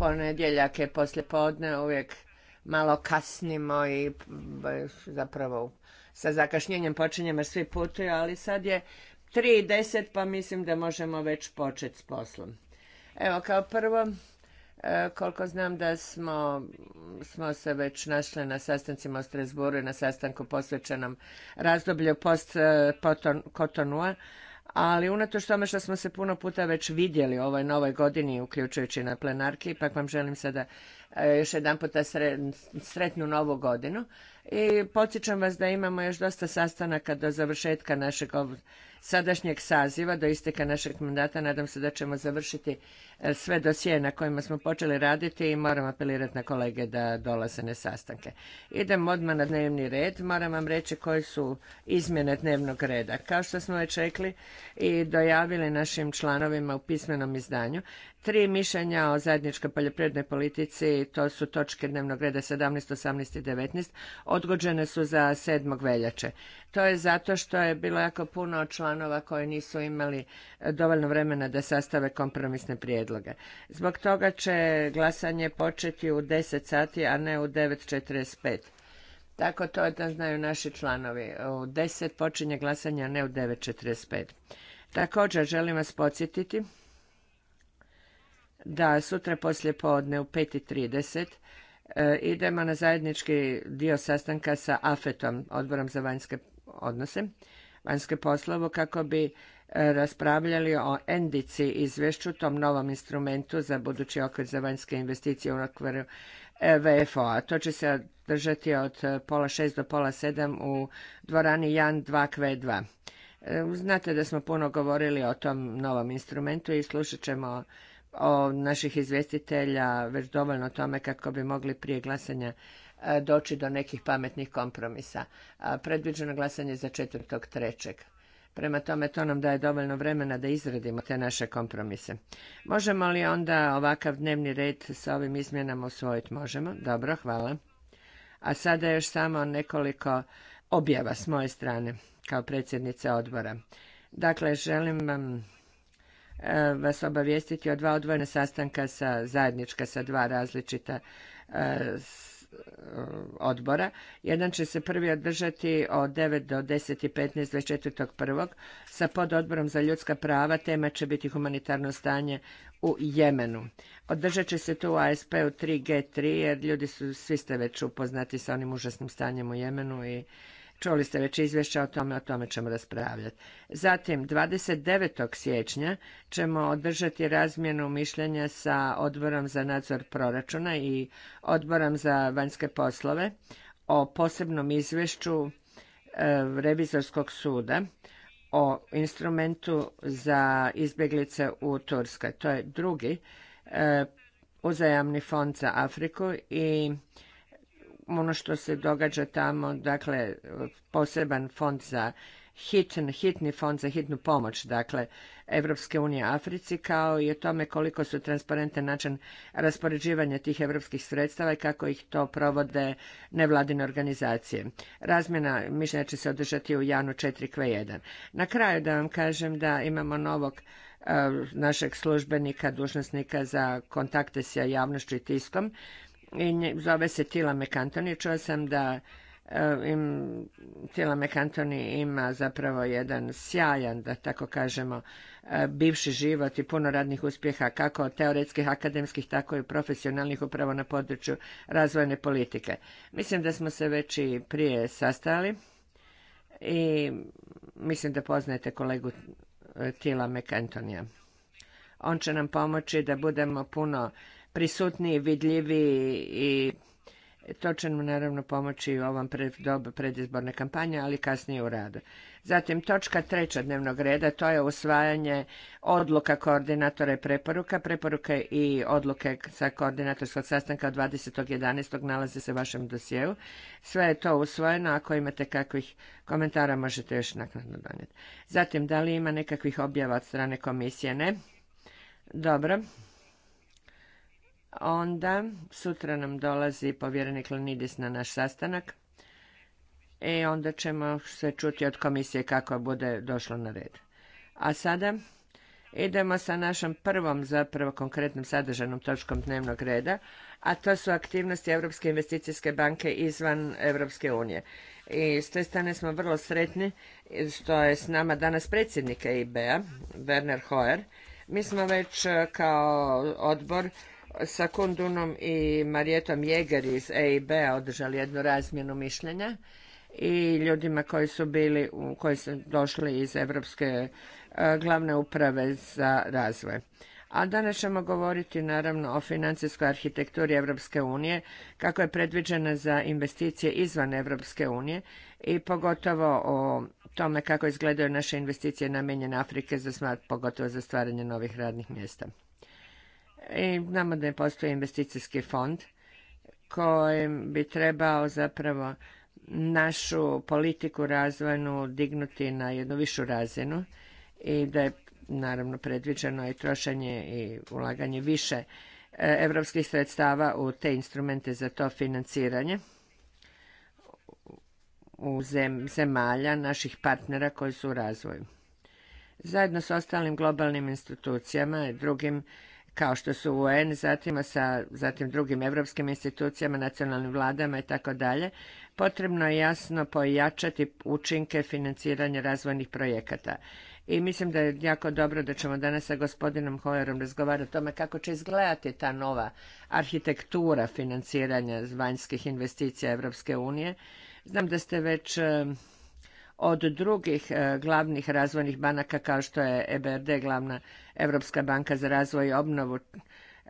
ponedjeljak je poslijepodne uvijek malo kasnimo i zapravo sa zakašnjenjem počinjemo svi putuju, ali sad je 3.10 pa mislim da možemo već početi s poslom. Evo kao prvo, e, koliko znam da smo, smo se već našli na sastancima u Strasburu i na sastanku posvećenom razdoblju post e, Kotonua, ali unatoč tome što smo se puno puta već vidjeli u ovoj novoj godini, uključujući na plenarki, ipak vam želim sada e, još jedan puta sretnu novu godinu, i podsjećam vas da imamo još dosta sastanaka do završetka našeg sadašnjeg saziva, do isteka našeg mandata. Nadam se da ćemo završiti e, sve dosije na kojima smo počeli raditi i moram apelirati na kolege da dolaze na sastanke. Idem odmah na dnevni red. Moram vam reći koje su izmjene dnevnog reda. Kao što smo već rekli i dojavili našim članovima u pismenom izdanju, tri mišljenja o zajedničkoj poljoprivrednoj politici, to su točke dnevnog reda 17, 18 i 19, od odgođene su za 7. veljače. To je zato što je bilo jako puno članova koji nisu imali e, dovoljno vremena da sastave kompromisne prijedloge. Zbog toga će glasanje početi u 10 sati, a ne u 9.45. Tako to je da znaju naši članovi. U 10 počinje glasanje, a ne u 9.45. Također želim vas podsjetiti da sutra poslije podne u 5.30 E, idemo na zajednički dio sastanka sa AFET-om, odborom za vanjske odnose, vanjske poslovu, kako bi e, raspravljali o Endici izvješću, tom novom instrumentu za budući okvir za vanjske investicije u okviru e, VFO-a. To će se držati od pola šest do pola sedam u dvorani Jan 2 kv 2 Znate da smo puno govorili o tom novom instrumentu i slušat ćemo o naših izvjestitelja već dovoljno o tome kako bi mogli prije glasanja e, doći do nekih pametnih kompromisa. Predviđeno glasanje za četvrtog trećeg. Prema tome, to nam daje dovoljno vremena da izradimo te naše kompromise. Možemo li onda ovakav dnevni red sa ovim izmjenama usvojiti? Možemo. Dobro, hvala. A sada još samo nekoliko objava s moje strane kao predsjednice odbora. Dakle, želim vam E, vas obavijestiti o dva odvojena sastanka sa zajednička sa dva različita e, e, odbora. Jedan će se prvi održati od 9 do 10 i 15, 24.1. sa pododborom za ljudska prava. Tema će biti humanitarno stanje u Jemenu. Održat će se to u ASP u 3G3 jer ljudi su, svi ste već upoznati sa onim užasnim stanjem u Jemenu i Čuli ste već izvješća o tome, o tome ćemo raspravljati. Zatim, 29. siječnja ćemo održati razmjenu mišljenja sa odborom za nadzor proračuna i odborom za vanjske poslove o posebnom izvješću e, revizorskog suda o instrumentu za izbjeglice u Turskoj. To je drugi e, uzajamni fond za Afriku i ono što se događa tamo, dakle poseban fond za hitni fond za hitnu pomoć, dakle Evropske unije Africi, kao i o tome koliko su transparentan način raspoređivanja tih evropskih sredstava i kako ih to provode nevladine organizacije. Razmjena mišljenja će se održati u janu 4Q1. Na kraju da vam kažem da imamo novog e, našeg službenika, dužnosnika za kontakte s javnošću i tiskom, i zove se Tila Mekantoni. Čuo sam da e, im, Tila Mekantoni ima zapravo jedan sjajan, da tako kažemo, e, bivši život i puno radnih uspjeha kako teoretskih, akademskih, tako i profesionalnih upravo na području razvojne politike. Mislim da smo se već i prije sastali i mislim da poznajete kolegu e, Tila Mekantonija. On će nam pomoći da budemo puno prisutniji, vidljiviji i to će nam naravno pomoći u ovom dobu predizborne kampanje, ali kasnije u radu. Zatim točka treća dnevnog reda, to je usvajanje odluka koordinatora i preporuka. Preporuke i odluke sa koordinatorskog sastanka od 20.11. nalaze se u vašem dosjeu. Sve je to usvojeno, ako imate kakvih komentara možete još naknadno donijeti. Zatim, da li ima nekakvih objava od strane komisije? Ne. Dobro onda sutra nam dolazi povjerenik Lonidis na naš sastanak i e, onda ćemo se čuti od komisije kako bude došlo na red. A sada idemo sa našom prvom zapravo konkretnom sadržanom točkom dnevnog reda, a to su aktivnosti Europske investicijske banke izvan Europske unije. I s te strane smo vrlo sretni što je s nama danas predsjednik EIB-a, Werner Hoer. Mi smo već e, kao odbor sa Kundunom i Marijetom Jeger iz eib održali jednu razmjenu mišljenja i ljudima koji su bili, koji su došli iz Europske e, glavne uprave za razvoj. A danas ćemo govoriti naravno o financijskoj arhitekturi Europske unije, kako je predviđena za investicije izvan Europske unije i pogotovo o tome kako izgledaju naše investicije namijenjene Afrike, za, pogotovo za stvaranje novih radnih mjesta. I znamo da je postoji investicijski fond kojim bi trebao zapravo našu politiku razvojnu dignuti na jednu višu razinu i da je naravno predviđeno i trošenje i ulaganje više europskih sredstava u te instrumente za to financiranje u zemalja naših partnera koji su u razvoju. Zajedno s ostalim globalnim institucijama i drugim kao što su UN, zatim sa zatim drugim europskim institucijama, nacionalnim vladama i tako dalje, potrebno je jasno pojačati učinke financiranja razvojnih projekata. I mislim da je jako dobro da ćemo danas sa gospodinom Hojerom razgovarati o tome kako će izgledati ta nova arhitektura financiranja vanjskih investicija Evropske unije. Znam da ste već od drugih e, glavnih razvojnih banaka kao što je EBRD, glavna Europska banka za razvoj i obnovu,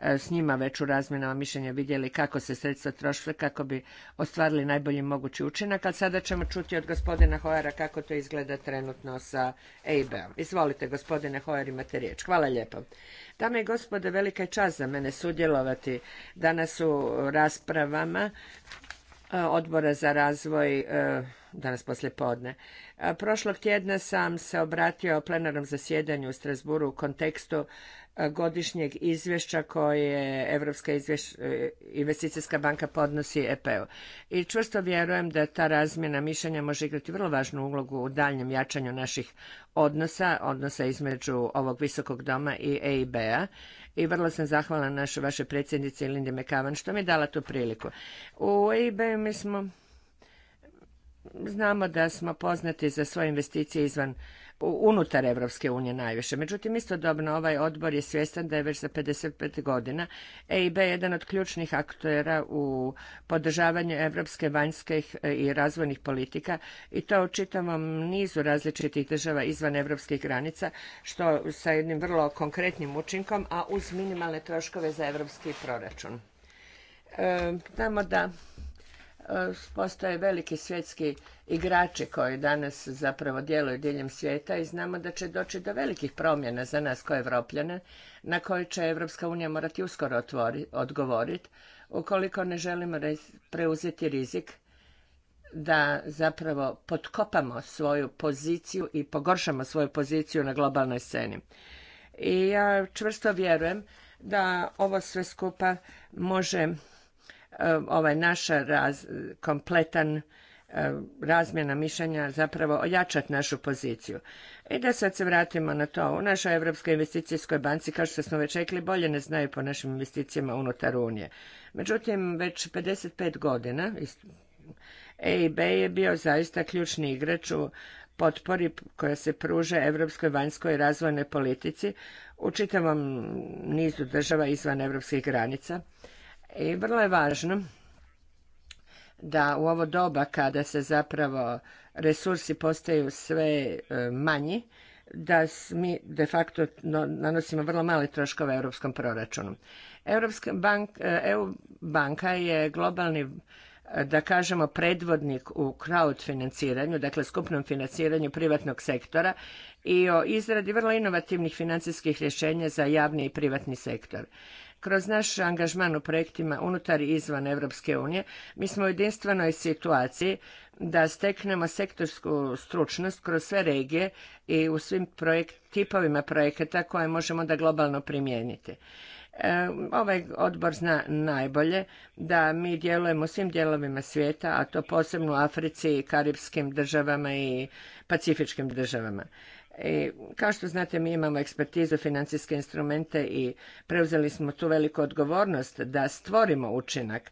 e, s njima već u razmjenama mišljenja vidjeli kako se sredstva troše kako bi ostvarili najbolji mogući učinak, a sada ćemo čuti od gospodina Hojara kako to izgleda trenutno sa EIB-om. Izvolite gospodine Hojar, imate riječ. Hvala lijepo. Dame i gospode, velika je čast za mene sudjelovati danas u raspravama e, Odbora za razvoj danas poslije podne. E, prošlog tjedna sam se obratio plenarnom zasjedanju u Strasburu u kontekstu e, godišnjeg izvješća koje Europska e, investicijska banka podnosi EPU. I čvrsto vjerujem da ta razmjena mišljenja može igrati vrlo važnu ulogu u daljnjem jačanju naših odnosa, odnosa između ovog visokog doma i EIB-a i vrlo sam zahvalna našoj vašoj predsjednici Lindi Mekavan što mi je dala tu priliku. U EIB mi smo Znamo da smo poznati za svoje investicije izvan unutar Evropske unije najviše. Međutim, istodobno ovaj odbor je svjestan da je već za 55 godina EIB jedan od ključnih aktera u podržavanju evropske vanjskih e, i razvojnih politika i to u čitavom nizu različitih država izvan evropskih granica, što sa jednim vrlo konkretnim učinkom, a uz minimalne troškove za evropski proračun. E, znamo da postoje veliki svjetski igrači koji danas zapravo djeluju diljem svijeta i znamo da će doći do velikih promjena za nas kao Evropljane na koje će Evropska unija morati uskoro odgovoriti ukoliko ne želimo preuzeti rizik da zapravo potkopamo svoju poziciju i pogoršamo svoju poziciju na globalnoj sceni. I ja čvrsto vjerujem da ovo sve skupa može Eh, ovaj naša raz, kompletan eh, razmjena mišljenja zapravo ojačati našu poziciju. I da sad se vratimo na to. U našoj Europskoj investicijskoj banci, kao što smo već rekli, bolje ne znaju po našim investicijama unutar Unije. Međutim, već 55 godina EIB je bio zaista ključni igrač u potpori koja se pruža europskoj vanjskoj razvojnoj politici u čitavom nizu država izvan europskih granica i vrlo je važno da u ovo doba kada se zapravo resursi postaju sve e, manji, da mi de facto nanosimo vrlo male troškove europskom proračunu. E, EU banka je globalni e, da kažemo predvodnik u crowd financiranju, dakle skupnom financiranju privatnog sektora i o izradi vrlo inovativnih financijskih rješenja za javni i privatni sektor. Kroz naš angažman u projektima unutar i izvan Europske unije mi smo u jedinstvenoj situaciji da steknemo sektorsku stručnost kroz sve regije i u svim tipovima projekata koje možemo da globalno primijeniti. E, ovaj odbor zna najbolje da mi djelujemo u svim dijelovima svijeta, a to posebno u Africi, Karibskim državama i Pacifičkim državama. I, kao što znate, mi imamo ekspertizu, financijske instrumente i preuzeli smo tu veliku odgovornost da stvorimo učinak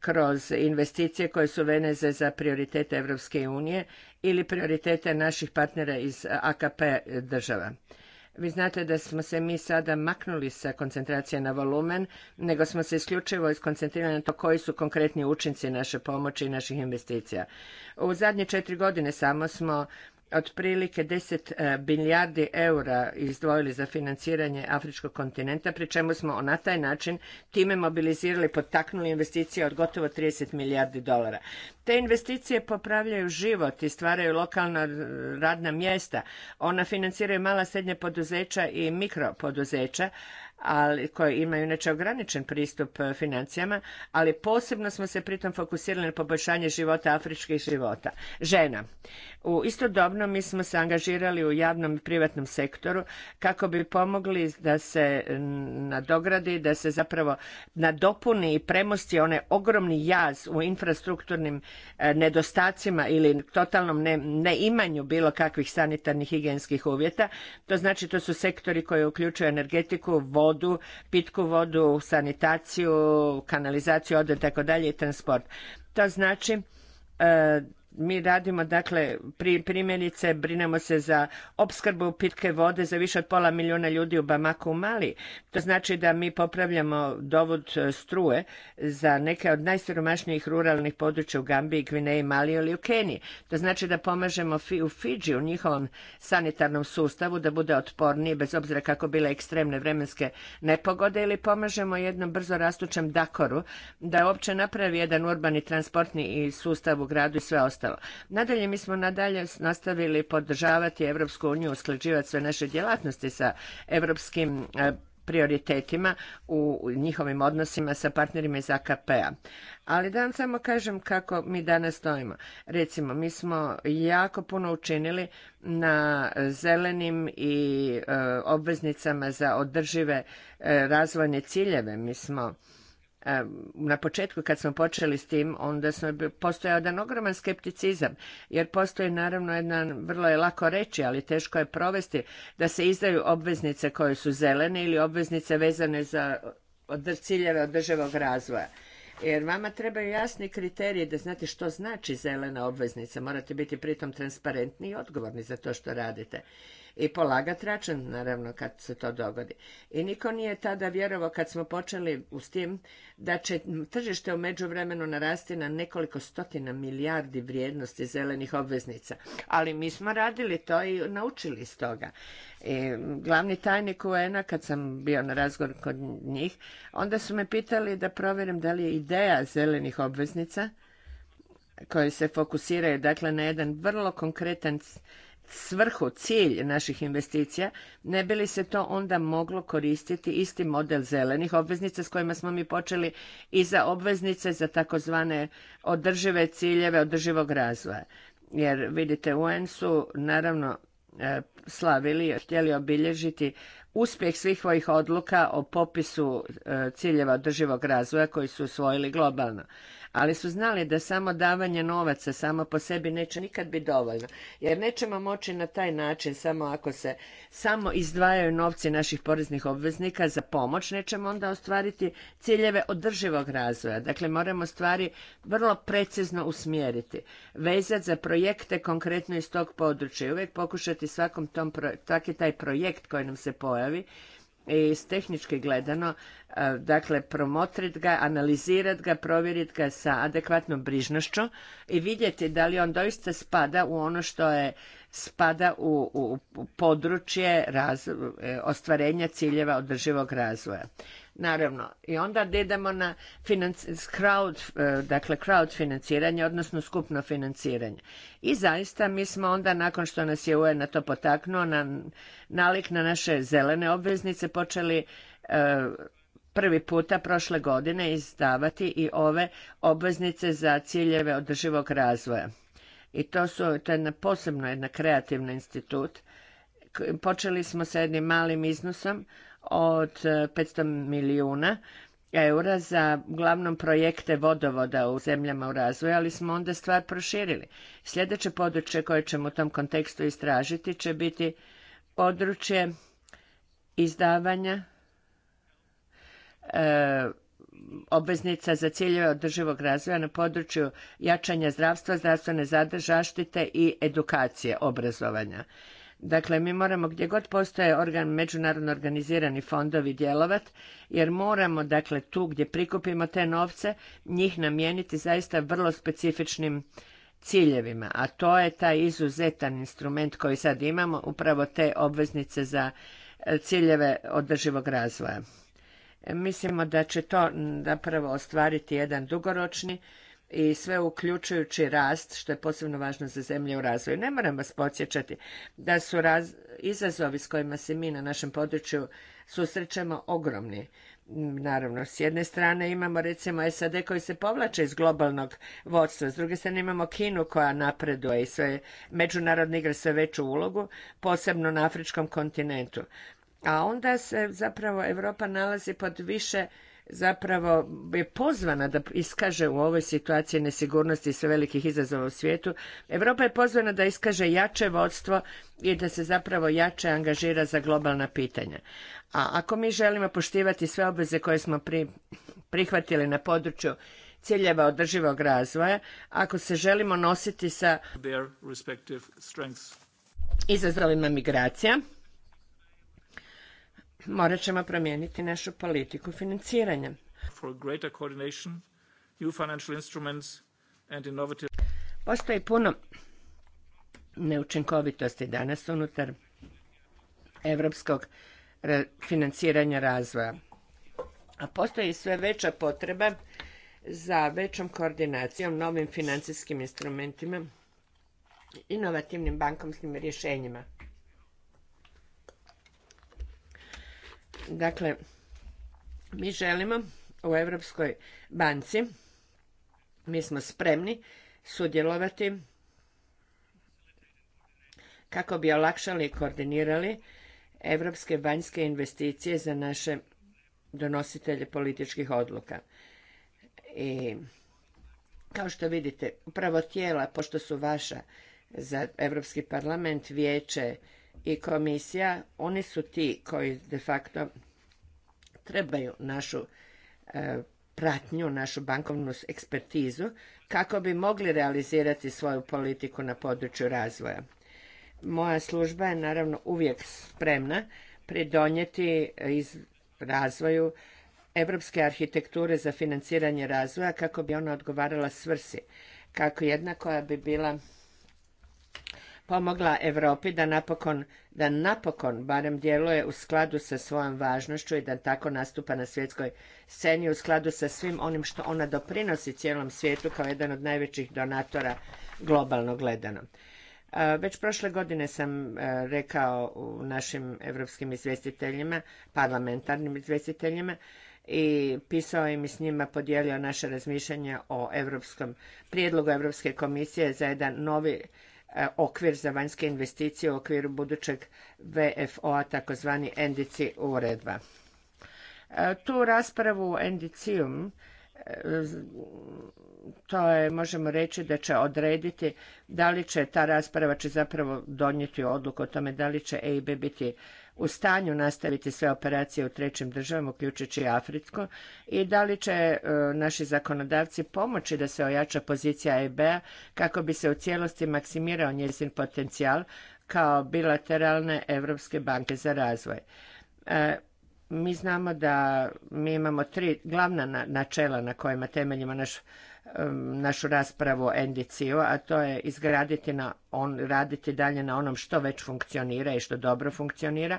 kroz investicije koje su veneze za prioritete Evropske unije ili prioritete naših partnera iz AKP država. Vi znate da smo se mi sada maknuli sa koncentracije na volumen, nego smo se isključivo iskoncentrirali na to koji su konkretni učinci naše pomoći i naših investicija. U zadnje četiri godine samo smo otprilike 10 e, milijardi eura izdvojili za financiranje afričkog kontinenta, pri čemu smo na taj način time mobilizirali, potaknuli investicije od gotovo 30 milijardi dolara. Te investicije popravljaju život i stvaraju lokalna e, radna mjesta. Ona financiraju mala srednja poduzeća i mikropoduzeća, ali koje imaju inače ograničen pristup e, financijama, ali posebno smo se pritom fokusirali na poboljšanje života afričkih života, žena. U istodobno mi smo se angažirali u javnom i privatnom sektoru kako bi pomogli da se nadogradi, da se zapravo nadopuni i premosti onaj ogromni jaz u infrastrukturnim e, nedostacima ili totalnom ne, neimanju bilo kakvih sanitarnih higijenskih uvjeta. To znači to su sektori koji uključuju energetiku, vodu, pitku vodu, sanitaciju, kanalizaciju, odred i tako dalje i transport. To znači e, mi radimo dakle primjerice brinemo se za opskrbu pitke vode za više od pola milijuna ljudi u Bamaku u Mali. To znači da mi popravljamo dovod e, struje za neke od najsiromašnijih ruralnih područja u Gambiji, Gvineji, Mali ili u Keniji. To znači da pomažemo u Fidži u njihovom sanitarnom sustavu da bude otporniji bez obzira kako bile ekstremne vremenske nepogode ili pomažemo jednom brzo rastućem Dakoru da uopće napravi jedan urbani transportni sustav u gradu i sve ostalo sustava. Nadalje, mi smo nadalje nastavili podržavati Evropsku uniju, usklađivati sve naše djelatnosti sa evropskim e, prioritetima u njihovim odnosima sa partnerima iz AKP-a. Ali da vam samo kažem kako mi danas stojimo. Recimo, mi smo jako puno učinili na zelenim i e, obveznicama za održive e, razvojne ciljeve. Mi smo na početku kad smo počeli s tim, onda smo, postojao jedan ogroman skepticizam, jer postoji naravno jedan, vrlo je lako reći, ali teško je provesti, da se izdaju obveznice koje su zelene ili obveznice vezane za ciljeve održivog razvoja. Jer vama trebaju jasni kriteriji da znate što znači zelena obveznica. Morate biti pritom transparentni i odgovorni za to što radite i polagati račun, naravno, kad se to dogodi. I niko nije tada vjerovao kad smo počeli s tim da će tržište u međuvremenu narasti na nekoliko stotina milijardi vrijednosti zelenih obveznica. Ali mi smo radili to i naučili iz toga. glavni tajnik UN-a, kad sam bio na razgovor kod njih, onda su me pitali da provjerim da li je ideja zelenih obveznica koje se fokusiraju dakle na jedan vrlo konkretan svrhu, cilj naših investicija, ne bi li se to onda moglo koristiti isti model zelenih obveznica s kojima smo mi počeli i za obveznice za takozvane održive ciljeve održivog razvoja. Jer vidite, UN su naravno e, slavili, htjeli obilježiti uspjeh svih ovih odluka o popisu e, ciljeva održivog razvoja koji su usvojili globalno ali su znali da samo davanje novaca samo po sebi neće nikad biti dovoljno, jer nećemo moći na taj način samo ako se samo izdvajaju novci naših poreznih obveznika za pomoć, nećemo onda ostvariti ciljeve održivog razvoja. Dakle, moramo stvari vrlo precizno usmjeriti, vezati za projekte konkretno iz tog područja i uvijek pokušati svakom tom, taki taj projekt koji nam se pojavi, iz tehnički gledano, e, dakle promotrit ga, analizirat ga, provjerit ga sa adekvatnom brižnošću i vidjeti da li on doista spada u ono što je spada u, u, područje e, ostvarenja ciljeva održivog razvoja. Naravno, i onda idemo na crowd, eh, dakle crowd financiranje, odnosno skupno financiranje. I zaista mi smo onda, nakon što nas je UN na to potaknuo, na nalik na naše zelene obveznice počeli eh, prvi puta prošle godine izdavati i ove obveznice za ciljeve održivog razvoja. I to su, to je jedna posebno jedna kreativna institut. Počeli smo sa jednim malim iznosom od 500 e, milijuna eura za glavnom projekte vodovoda u zemljama u razvoju, ali smo onda stvar proširili. Sljedeće područje koje ćemo u tom kontekstu istražiti će biti područje izdavanja e, obveznica za ciljeve održivog razvoja na području jačanja zdravstva, zdravstvene zaštite i edukacije obrazovanja. Dakle, mi moramo gdje god postoje organ, međunarodno organizirani fondovi djelovat, jer moramo, dakle, tu gdje prikupimo te novce, njih namijeniti zaista vrlo specifičnim ciljevima, a to je taj izuzetan instrument koji sad imamo, upravo te obveznice za e, ciljeve održivog razvoja. E, mislimo da će to zapravo ostvariti jedan dugoročni i sve uključujući rast, što je posebno važno za zemlje u razvoju. Ne moram vas podsjećati da su izazovi s kojima se mi na našem području susrećemo ogromni. Naravno, s jedne strane imamo recimo SAD koji se povlače iz globalnog vodstva, s druge strane imamo Kinu koja napreduje i sve međunarodne igre sve veću ulogu, posebno na afričkom kontinentu. A onda se zapravo Europa nalazi pod više zapravo je pozvana da iskaže u ovoj situaciji nesigurnosti i sve velikih izazova u svijetu. Europa je pozvana da iskaže jače vodstvo i da se zapravo jače angažira za globalna pitanja. A ako mi želimo poštivati sve obveze koje smo prihvatili na području ciljeva održivog razvoja, ako se želimo nositi sa izazovima migracija, morat ćemo promijeniti našu politiku financiranja. Postoji puno neučinkovitosti danas unutar evropskog financiranja razvoja. A postoji sve veća potreba za većom koordinacijom, novim financijskim instrumentima, i inovativnim bankovskim rješenjima. Dakle, mi želimo u Europskoj banci, mi smo spremni sudjelovati kako bi olakšali i koordinirali evropske vanjske investicije za naše donositelje političkih odluka. I kao što vidite, upravo tijela, pošto su vaša za Europski parlament, vijeće, i komisija, oni su ti koji de facto trebaju našu e, pratnju, našu bankovnu ekspertizu kako bi mogli realizirati svoju politiku na području razvoja. Moja služba je naravno uvijek spremna pridonijeti iz razvoju evropske arhitekture za financiranje razvoja kako bi ona odgovarala svrsi, kako jedna koja bi bila pomogla Europi da napokon, da napokon barem djeluje u skladu sa svojom važnošću i da tako nastupa na svjetskoj sceni u skladu sa svim onim što ona doprinosi cijelom svijetu kao jedan od najvećih donatora globalno gledano. E, već prošle godine sam e, rekao u našim europskim izvjestiteljima, parlamentarnim izvjestiteljima, i pisao im i s njima podijelio naše razmišljanja o europskom prijedlogu Europske komisije za jedan novi E, okvir za vanjske investicije u okviru budućeg VFO-a, takozvani NDC uredba. E, tu raspravu u NDC-u e, to je, možemo reći da će odrediti da li će ta rasprava će zapravo donijeti odluku o tome da li će EIB biti u stanju nastaviti sve operacije u trećim državama, uključujući i i da li će e, naši zakonodavci pomoći da se ojača pozicija EBA kako bi se u cijelosti maksimirao njezin potencijal kao bilateralne Europske banke za razvoj. E, mi znamo da mi imamo tri glavna načela na kojima temeljimo naš našu raspravu ndc a to je izgraditi na on, raditi dalje na onom što već funkcionira i što dobro funkcionira,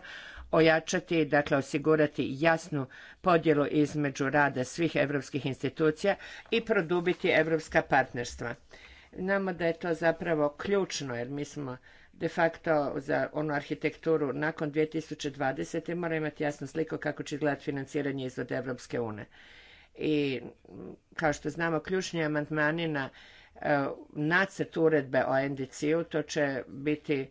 ojačati, dakle osigurati jasnu podjelu između rada svih europskih institucija i produbiti europska partnerstva. Znamo da je to zapravo ključno jer mi smo de facto za onu arhitekturu nakon 2020. mora imati jasnu sliku kako će gledati financiranje izvod Evropske unije i mm, kao što znamo ključni amandmani na e, nacrt uredbe o NDC-u, to će biti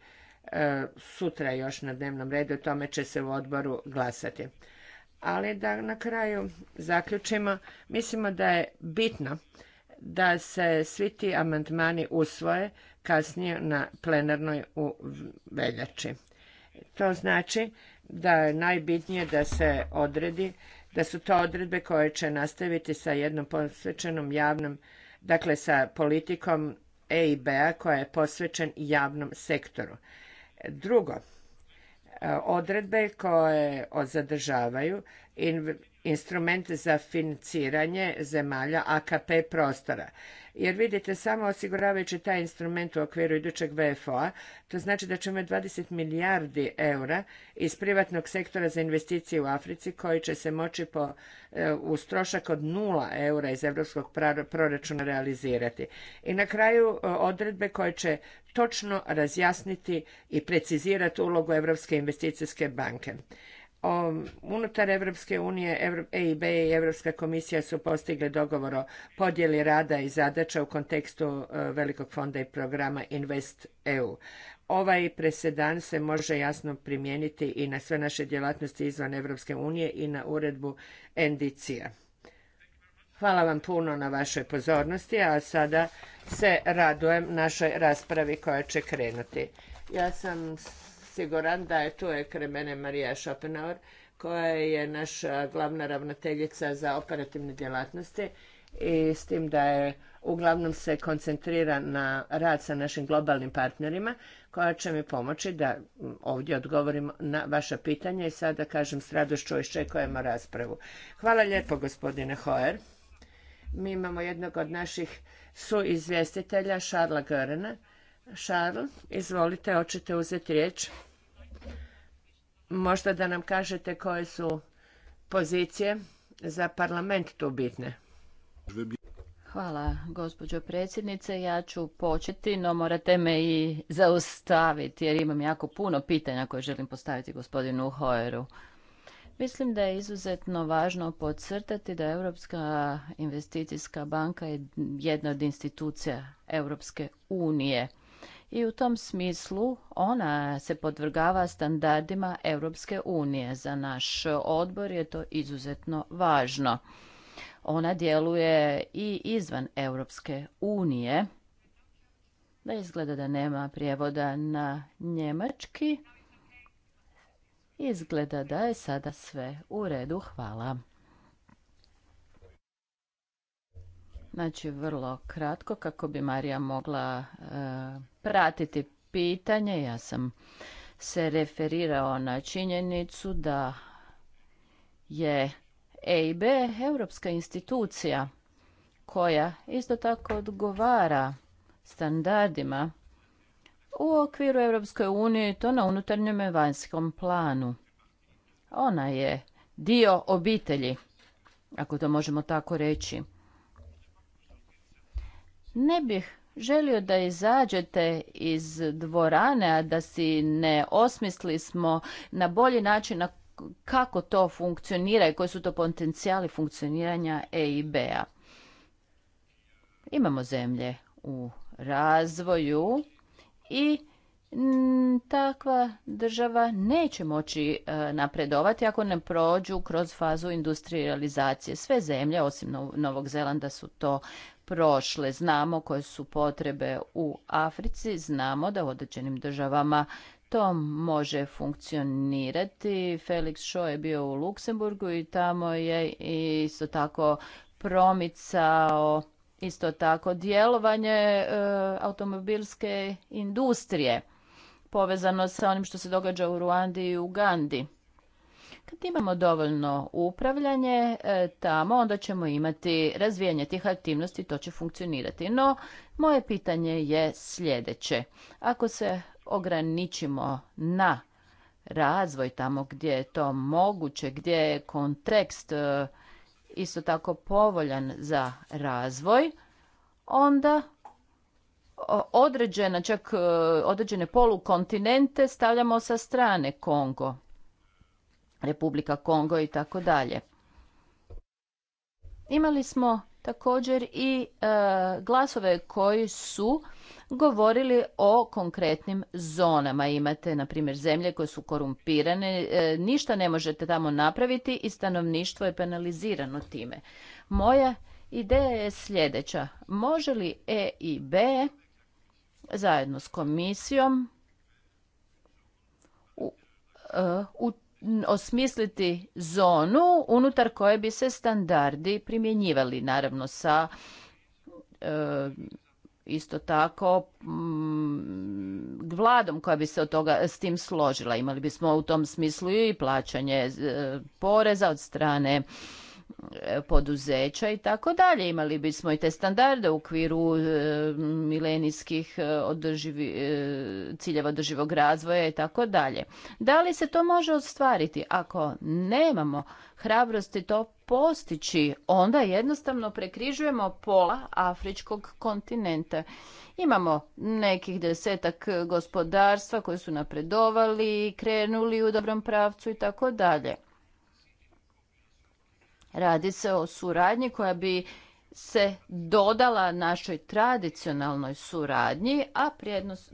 e, sutra još na dnevnom redu, o tome će se u odboru glasati. Ali da na kraju zaključimo, mislimo da je bitno da se svi ti amandmani usvoje kasnije na plenarnoj u veljači. To znači da je najbitnije da se odredi da su to odredbe koje će nastaviti sa jednom posvećenom javnom, dakle sa politikom e i a koja je posvećen javnom sektoru. Drugo, e, odredbe koje zadržavaju instrument za financiranje zemalja AKP prostora. Jer vidite, samo osiguravajući taj instrument u okviru idućeg VFO-a, to znači da ćemo 20 milijardi eura iz privatnog sektora za investicije u Africi koji će se moći po, e, uz trošak od nula eura iz europskog proračuna realizirati. I na kraju e, odredbe koje će točno razjasniti i precizirati ulogu Europske investicijske banke unutar Evropske unije EIB e i Evropska komisija su postigli dogovor o podjeli rada i zadaća u kontekstu e, Velikog fonda i programa Invest EU. Ovaj presedan se može jasno primijeniti i na sve naše djelatnosti izvan Evropske unije i na uredbu NDC-a. Hvala vam puno na vašoj pozornosti, a sada se radujem našoj raspravi koja će krenuti. Ja sam siguran da je tu je kremene Marija Schopenhauer koja je naša glavna ravnateljica za operativne djelatnosti i s tim da je uglavnom se koncentrira na rad sa našim globalnim partnerima koja će mi pomoći da ovdje odgovorim na vaša pitanja i sada kažem s radošću iščekujemo raspravu. Hvala lijepo gospodine Hoer. Mi imamo jednog od naših suizvjestitelja, Šarla Görena. Šarl, izvolite, hoćete uzeti riječ možda da nam kažete koje su pozicije za parlament tu bitne. Hvala, gospođo predsjednice. Ja ću početi, no morate me i zaustaviti, jer imam jako puno pitanja koje želim postaviti gospodinu Hoeru. Mislim da je izuzetno važno podcrtati da Europska investicijska banka je jedna od institucija Europske unije i u tom smislu ona se podvrgava standardima Europske unije. Za naš odbor je to izuzetno važno. Ona djeluje i izvan Europske unije. Da izgleda da nema prijevoda na njemački. Izgleda da je sada sve u redu. Hvala. Znači, vrlo kratko kako bi Marija mogla e, pratiti pitanje. Ja sam se referirao na činjenicu da je EIB europska institucija koja isto tako odgovara standardima u okviru Europske unije to na unutarnjem i vanjskom planu. Ona je dio obitelji, ako to možemo tako reći. Ne bih želio da izađete iz dvorane, a da si ne osmisli smo na bolji način kako to funkcionira i koji su to potencijali funkcioniranja EIB-a. Imamo zemlje u razvoju i mm, takva država neće moći e, napredovati ako ne prođu kroz fazu industrializacije. Sve zemlje, osim Novog Zelanda, su to prošle. Znamo koje su potrebe u Africi, znamo da u određenim državama to može funkcionirati. Felix Shaw je bio u Luksemburgu i tamo je isto tako promicao isto tako djelovanje e, automobilske industrije povezano sa onim što se događa u Ruandi i Ugandi. Kad imamo dovoljno upravljanje e, tamo, onda ćemo imati razvijanje tih aktivnosti, to će funkcionirati. No, moje pitanje je sljedeće. Ako se ograničimo na razvoj tamo gdje je to moguće, gdje je kontekst e, isto tako povoljan za razvoj, onda određena, čak e, određene polukontinente stavljamo sa strane Kongo. Republika Kongo i tako dalje. Imali smo također i e, glasove koji su govorili o konkretnim zonama. Imate, na primjer, zemlje koje su korumpirane, e, ništa ne možete tamo napraviti i stanovništvo je penalizirano time. Moja ideja je sljedeća. Može li E i B zajedno s komisijom u, e, u osmisliti zonu unutar koje bi se standardi primjenjivali, naravno sa e, isto tako m, mm, vladom koja bi se od toga s tim složila. Imali bismo u tom smislu i plaćanje e, poreza od strane E, poduzeća i tako dalje. Imali bismo i te standarde u okviru e, milenijskih e, održivi, ciljeva održivog razvoja i tako dalje. Da li se to može ostvariti? Ako nemamo hrabrosti to postići, onda jednostavno prekrižujemo pola afričkog kontinenta. Imamo nekih desetak gospodarstva koji su napredovali, krenuli u dobrom pravcu i tako dalje. Radi se o suradnji koja bi se dodala našoj tradicionalnoj suradnji, a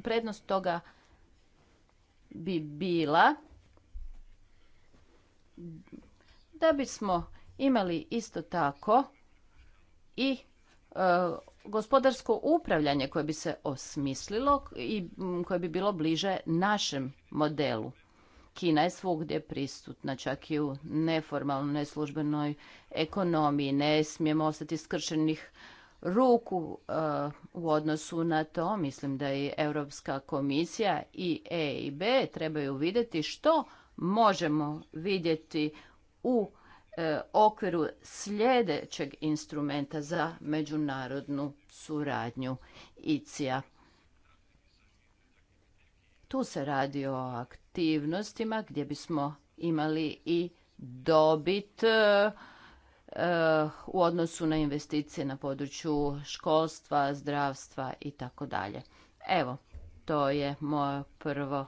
prednost, toga bi bila da bismo imali isto tako i e, gospodarsko upravljanje koje bi se osmislilo i koje bi bilo bliže našem modelu. Kina je svugdje prisutna, čak i u neformalnoj, neslužbenoj ekonomiji. Ne smijemo ostati skršenih ruku uh, u odnosu na to. Mislim da i Europska komisija i EIB trebaju vidjeti što možemo vidjeti u uh, okviru sljedećeg instrumenta za međunarodnu suradnju ICIA. Tu se radi o aktivnosti aktivnostima gdje bismo imali i dobit e, e, u odnosu na investicije na području školstva, zdravstva i tako dalje. Evo, to je moje prvo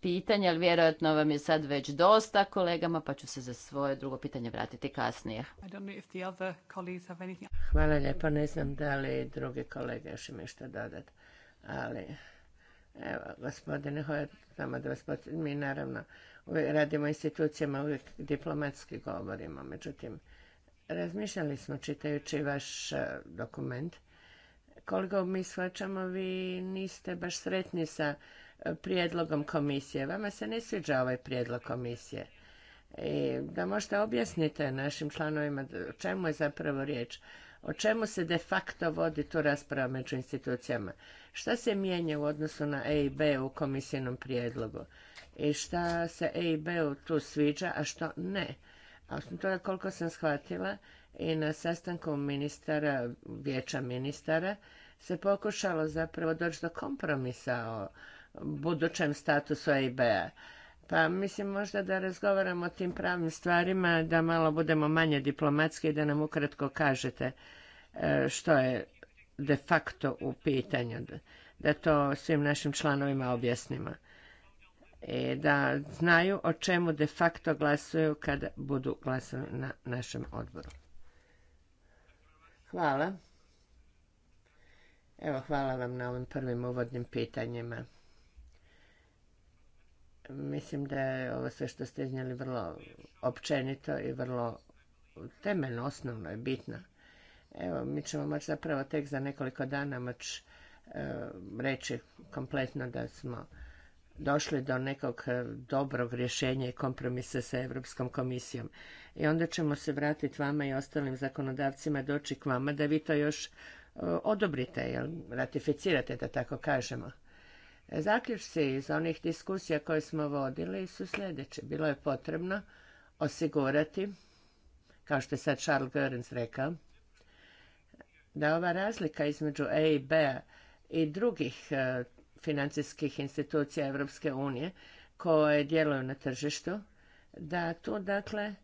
pitanje, ali vjerojatno vam je sad već dosta kolegama, pa ću se za svoje drugo pitanje vratiti kasnije. Hvala lijepo, ne znam da li druge kolege još imaju što dodati, ali Evo, gospodine samo da mi naravno radimo institucijama, uvijek diplomatski govorimo, međutim, razmišljali smo čitajući vaš e, dokument, koliko mi shvaćamo, vi niste baš sretni sa e, prijedlogom komisije. Vama se ne sviđa ovaj prijedlog komisije. da možete objasnite našim članovima o čemu je zapravo riječ. O čemu se de facto vodi tu rasprava među institucijama? Šta se mijenja u odnosu na EIB u komisijnom prijedlogu? I šta se EIB-u tu sviđa, a što ne? A osim toga, koliko sam shvatila, i na sastanku ministara, vijeća ministara, se pokušalo zapravo doći do kompromisa o budućem statusu EIB-a. Pa mislim možda da razgovaramo o tim pravnim stvarima, da malo budemo manje diplomatski i da nam ukratko kažete e, što je de facto u pitanju, da to svim našim članovima objasnimo. I e, da znaju o čemu de facto glasuju kada budu glasali na našem odboru. Hvala. Evo, hvala vam na ovim prvim uvodnim pitanjima. Mislim da je ovo sve što ste iznijeli vrlo općenito i vrlo temeljno, osnovno je bitno. Evo, mi ćemo moći zapravo tek za nekoliko dana moći e, reći kompletno da smo došli do nekog e, dobrog rješenja i kompromisa sa Europskom komisijom. I onda ćemo se vratiti vama i ostalim zakonodavcima doći k vama da vi to još e, odobrite, jel, ratificirate, da tako kažemo. Zaključci iz onih diskusija koje smo vodili su sljedeće Bilo je potrebno osigurati, kao što je sad Charles Goerens rekao, da ova razlika između eib B i drugih e, financijskih institucija Europske unije koje djeluju na tržištu, da tu dakle e,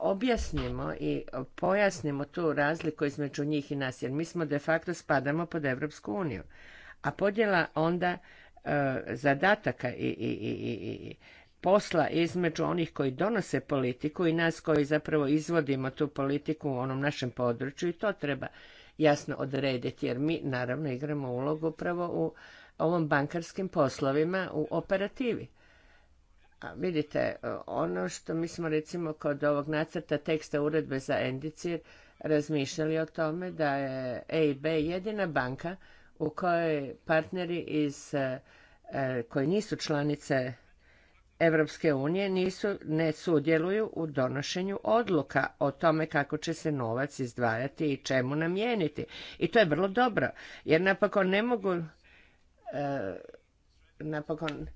objasnimo i pojasnimo tu razliku između njih i nas, jer mi smo de facto spadamo pod Europsku uniju a podjela onda e, zadataka i, i, i, i posla između onih koji donose politiku i nas koji zapravo izvodimo tu politiku u onom našem području i to treba jasno odrediti jer mi naravno igramo ulogu upravo u ovom bankarskim poslovima u operativi. A vidite, e, ono što mi smo recimo kod ovog nacrta teksta uredbe za Endicir razmišljali o tome da je EIB jedina banka u kojoj partneri iz e, koji nisu članice Evropske unije nisu, ne sudjeluju u donošenju odluka o tome kako će se novac izdvajati i čemu namijeniti. I to je vrlo dobro, jer napokon ne mogu, e, napokon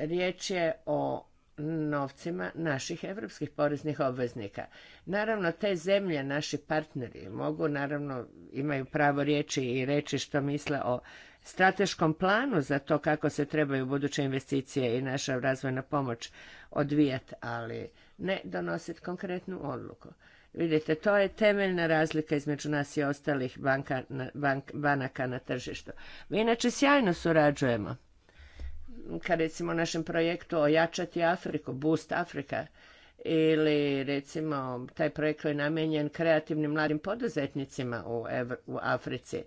riječ je o novcima naših evropskih poreznih obveznika. Naravno, te zemlje, naši partneri, mogu, naravno, imaju pravo riječi i reći što misle o strateškom planu za to kako se trebaju buduće investicije i naša razvojna pomoć odvijati, ali ne donositi konkretnu odluku. Vidite, to je temeljna razlika između nas i ostalih banka, bank, banaka na tržištu. Mi inače sjajno surađujemo ka recimo našem projektu Ojačati Afriku, Boost Afrika, ili recimo taj projekt koji je namenjen kreativnim mladim poduzetnicima u, u Africi.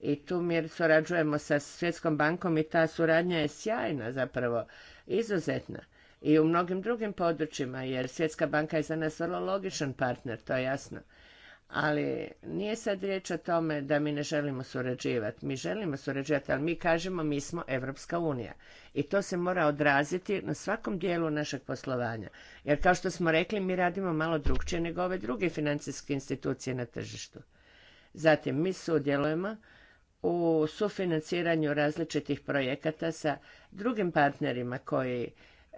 I tu mi surađujemo sa Svjetskom bankom i ta suradnja je sjajna zapravo, izuzetna. I u mnogim drugim područjima, jer Svjetska banka je za nas vrlo logičan partner, to je jasno ali nije sad riječ o tome da mi ne želimo surađivati. Mi želimo surađivati, ali mi kažemo mi smo Evropska unija. I to se mora odraziti na svakom dijelu našeg poslovanja. Jer kao što smo rekli, mi radimo malo drugčije nego ove druge financijske institucije na tržištu. Zatim, mi sudjelujemo u sufinanciranju različitih projekata sa drugim partnerima koji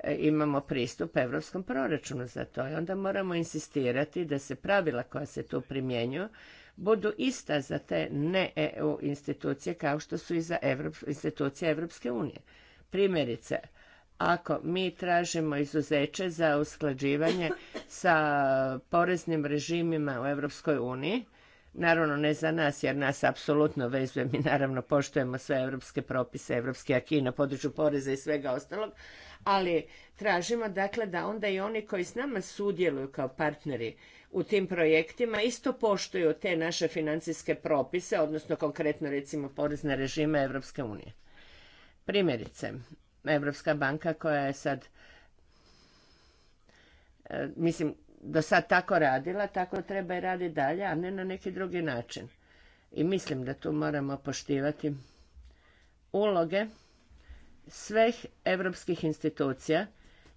E, imamo pristup europskom proračunu za to i onda moramo insistirati da se pravila koja se tu primjenjuju budu ista za te ne EU institucije kao što su i za institucije Evropske unije. Primjerice, ako mi tražimo izuzeće za usklađivanje sa poreznim režimima u Evropskoj uniji, Naravno ne za nas jer nas apsolutno vezuje, mi naravno poštujemo sve europske propise, europski aki na području poreza i svega ostalog, ali tražimo dakle da onda i oni koji s nama sudjeluju kao partneri u tim projektima isto poštuju te naše financijske propise, odnosno konkretno recimo porezne režime Evropske unije. Primjerice, Europska banka koja je sad e, mislim do sad tako radila, tako treba i raditi dalje, a ne na neki drugi način. I mislim da tu moramo poštivati uloge sveh europskih institucija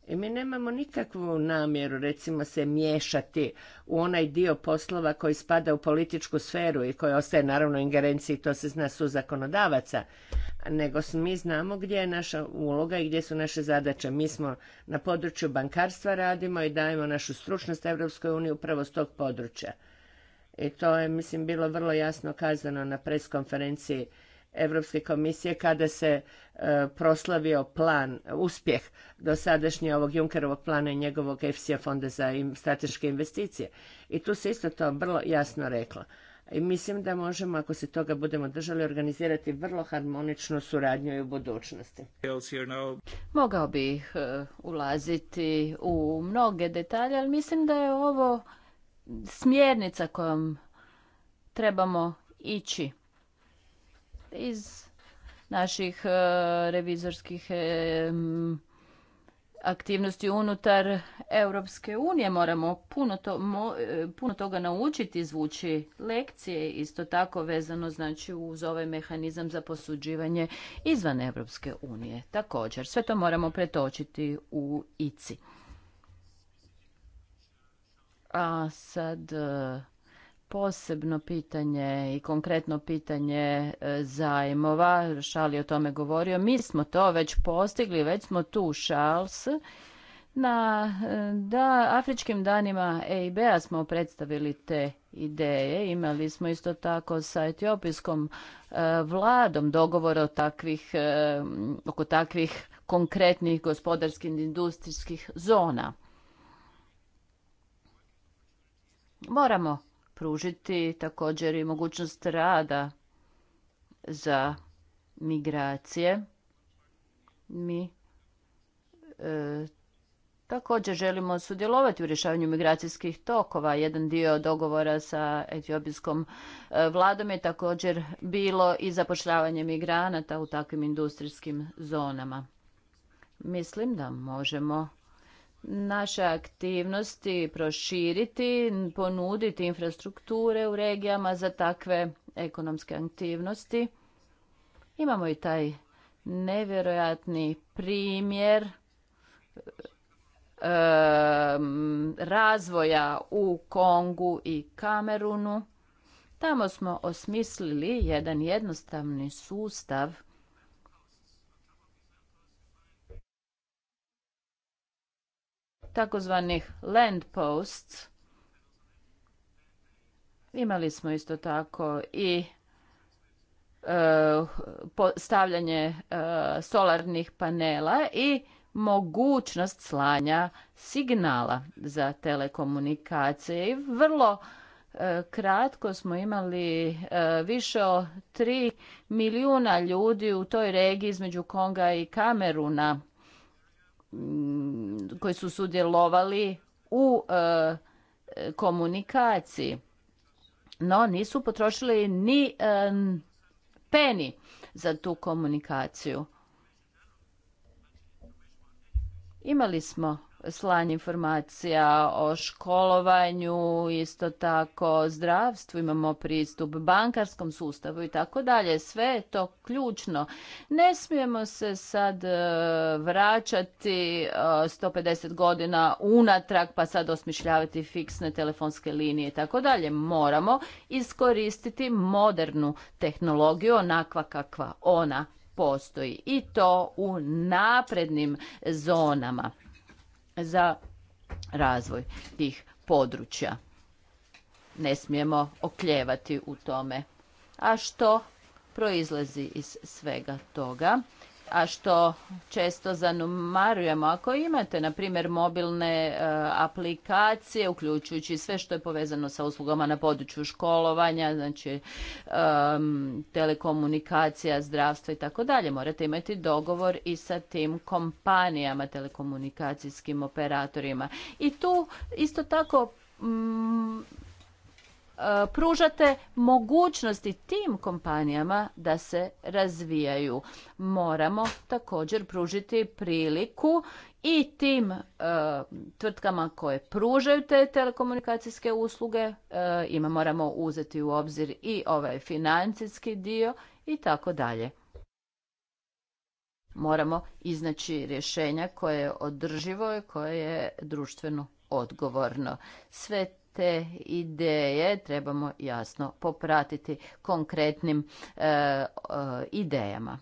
i mi nemamo nikakvu namjeru, recimo, se miješati u onaj dio poslova koji spada u političku sferu i koji ostaje naravno ingerenciji, to se zna, su zakonodavaca, nego mi znamo gdje je naša uloga i gdje su naše zadaće. Mi smo na području bankarstva radimo i dajemo našu stručnost Evropskoj uniji upravo s tog područja. I to je, mislim, bilo vrlo jasno kazano na preskonferenciji Europske komisije kada se E, proslavio plan, uspjeh dosadašnje ovog Junkerovog plana i njegovog efsi fonda za strateške investicije. I tu se isto to vrlo jasno reklo. I mislim da možemo, ako se toga budemo držali, organizirati vrlo harmoničnu suradnju i u budućnosti. Mogao bih e, ulaziti u mnoge detalje, ali mislim da je ovo smjernica kojom trebamo ići. Iz naših e, revizorskih e, aktivnosti unutar Europske unije. Moramo puno, to, e, puno toga naučiti, izvući lekcije, isto tako vezano znači uz ovaj mehanizam za posuđivanje izvan Europske unije. Također, sve to moramo pretočiti u ICI. A sad posebno pitanje i konkretno pitanje e, zajmova. Šal je o tome govorio. Mi smo to već postigli, već smo tu, Šals. Na e, da, afričkim danima EIB-a smo predstavili te ideje. Imali smo isto tako sa etiopijskom e, vladom dogovor o takvih, oko takvih konkretnih gospodarskih industrijskih zona. Moramo pružiti također i mogućnost rada za migracije. Mi e, također želimo sudjelovati u rješavanju migracijskih tokova. Jedan dio dogovora sa etiopijskom e, vladom je također bilo i zapošljavanje migranata u takvim industrijskim zonama. Mislim da možemo naše aktivnosti proširiti, ponuditi infrastrukture u regijama za takve ekonomske aktivnosti. Imamo i taj nevjerojatni primjer razvoja u Kongu i Kamerunu. Tamo smo osmislili jedan jednostavni sustav takozvanih land posts. Imali smo isto tako i e, stavljanje e, solarnih panela i mogućnost slanja signala za telekomunikacije. I vrlo e, kratko smo imali više od 3 milijuna ljudi u toj regiji između Konga i Kameruna Mm, koji su sudjelovali u e, komunikaciji. No, nisu potrošili ni e, peni za tu komunikaciju. Imali smo slanje informacija o školovanju, isto tako zdravstvu, imamo pristup bankarskom sustavu i tako dalje. Sve je to ključno. Ne smijemo se sad e, vraćati 150 e, godina unatrag pa sad osmišljavati fiksne telefonske linije i tako dalje. Moramo iskoristiti modernu tehnologiju onakva kakva ona postoji i to u naprednim zonama za razvoj tih područja. Ne smijemo okljevati u tome. A što proizlazi iz svega toga? a što često zanumarujemo. Ako imate, na primjer, mobilne e, aplikacije, uključujući sve što je povezano sa uslugama na području školovanja, znači telekomunikacija, zdravstvo i tako dalje, morate imati dogovor i sa tim kompanijama, telekomunikacijskim operatorima. I tu isto tako E, pružate mogućnosti tim kompanijama da se razvijaju. Moramo također pružiti priliku i tim e, tvrtkama koje pružaju te telekomunikacijske usluge, e, ima moramo uzeti u obzir i ovaj financijski dio i tako dalje. Moramo iznaći rješenja koje je održivo i koje je društveno odgovorno. Sve te ideje trebamo jasno popratiti konkretnim e, e, idejama.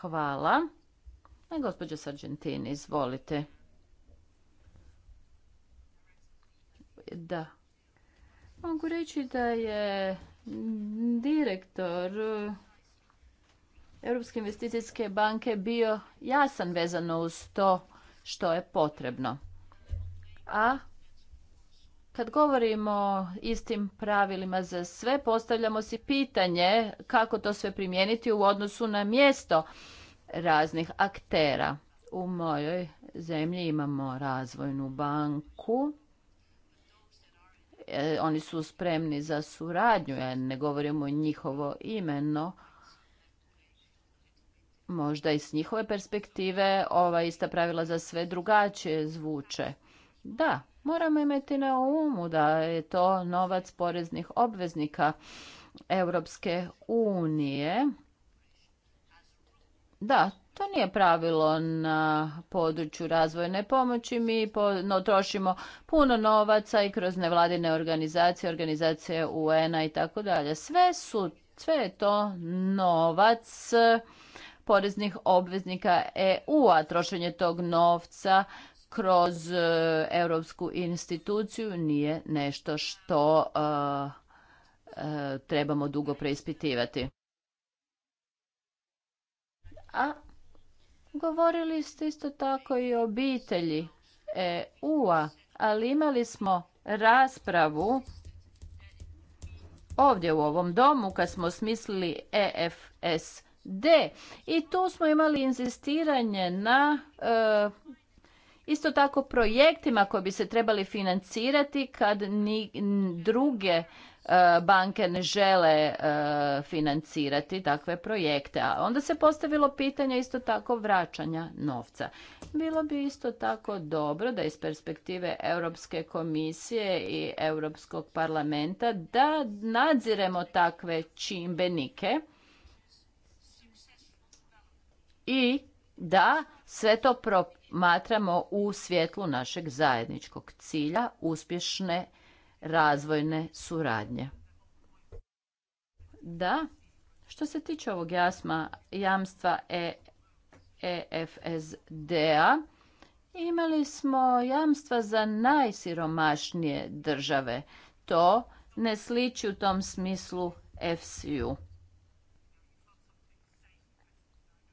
Hvala. E, gospođo Sargentini, izvolite. Da. Mogu reći da je direktor Europske investicijske banke bio jasan vezano uz to što je potrebno. A kad govorimo o istim pravilima za sve, postavljamo si pitanje kako to sve primijeniti u odnosu na mjesto raznih aktera. U mojoj zemlji imamo razvojnu banku. E, oni su spremni za suradnju, ja ne govorimo njihovo imeno. Možda i s njihove perspektive ova ista pravila za sve drugačije zvuče. Da, Moramo imati na umu da je to novac poreznih obveznika Europske unije. Da, to nije pravilo na području razvojne pomoći. Mi trošimo puno novaca i kroz nevladine organizacije, organizacije UN-a i tako dalje. Sve su, sve je to novac poreznih obveznika EU, a trošenje tog novca kroz e, europsku instituciju nije nešto što e, e, trebamo dugo preispitivati. A govorili ste isto tako i o obitelji EU-a, ali imali smo raspravu ovdje u ovom domu kad smo smislili EFSD i tu smo imali inzistiranje na Isto tako projektima koji bi se trebali financirati kad ni druge e, banke ne žele e, financirati takve projekte. A onda se postavilo pitanje isto tako vraćanja novca. Bilo bi isto tako dobro da iz perspektive Europske komisije i Europskog parlamenta da nadziremo takve čimbenike i da sve to propisujemo Matramo u svjetlu našeg zajedničkog cilja uspješne razvojne suradnje. Da, što se tiče ovog jasma, jamstva EFSD-a, e imali smo jamstva za najsiromašnije države. To ne sliči u tom smislu efsi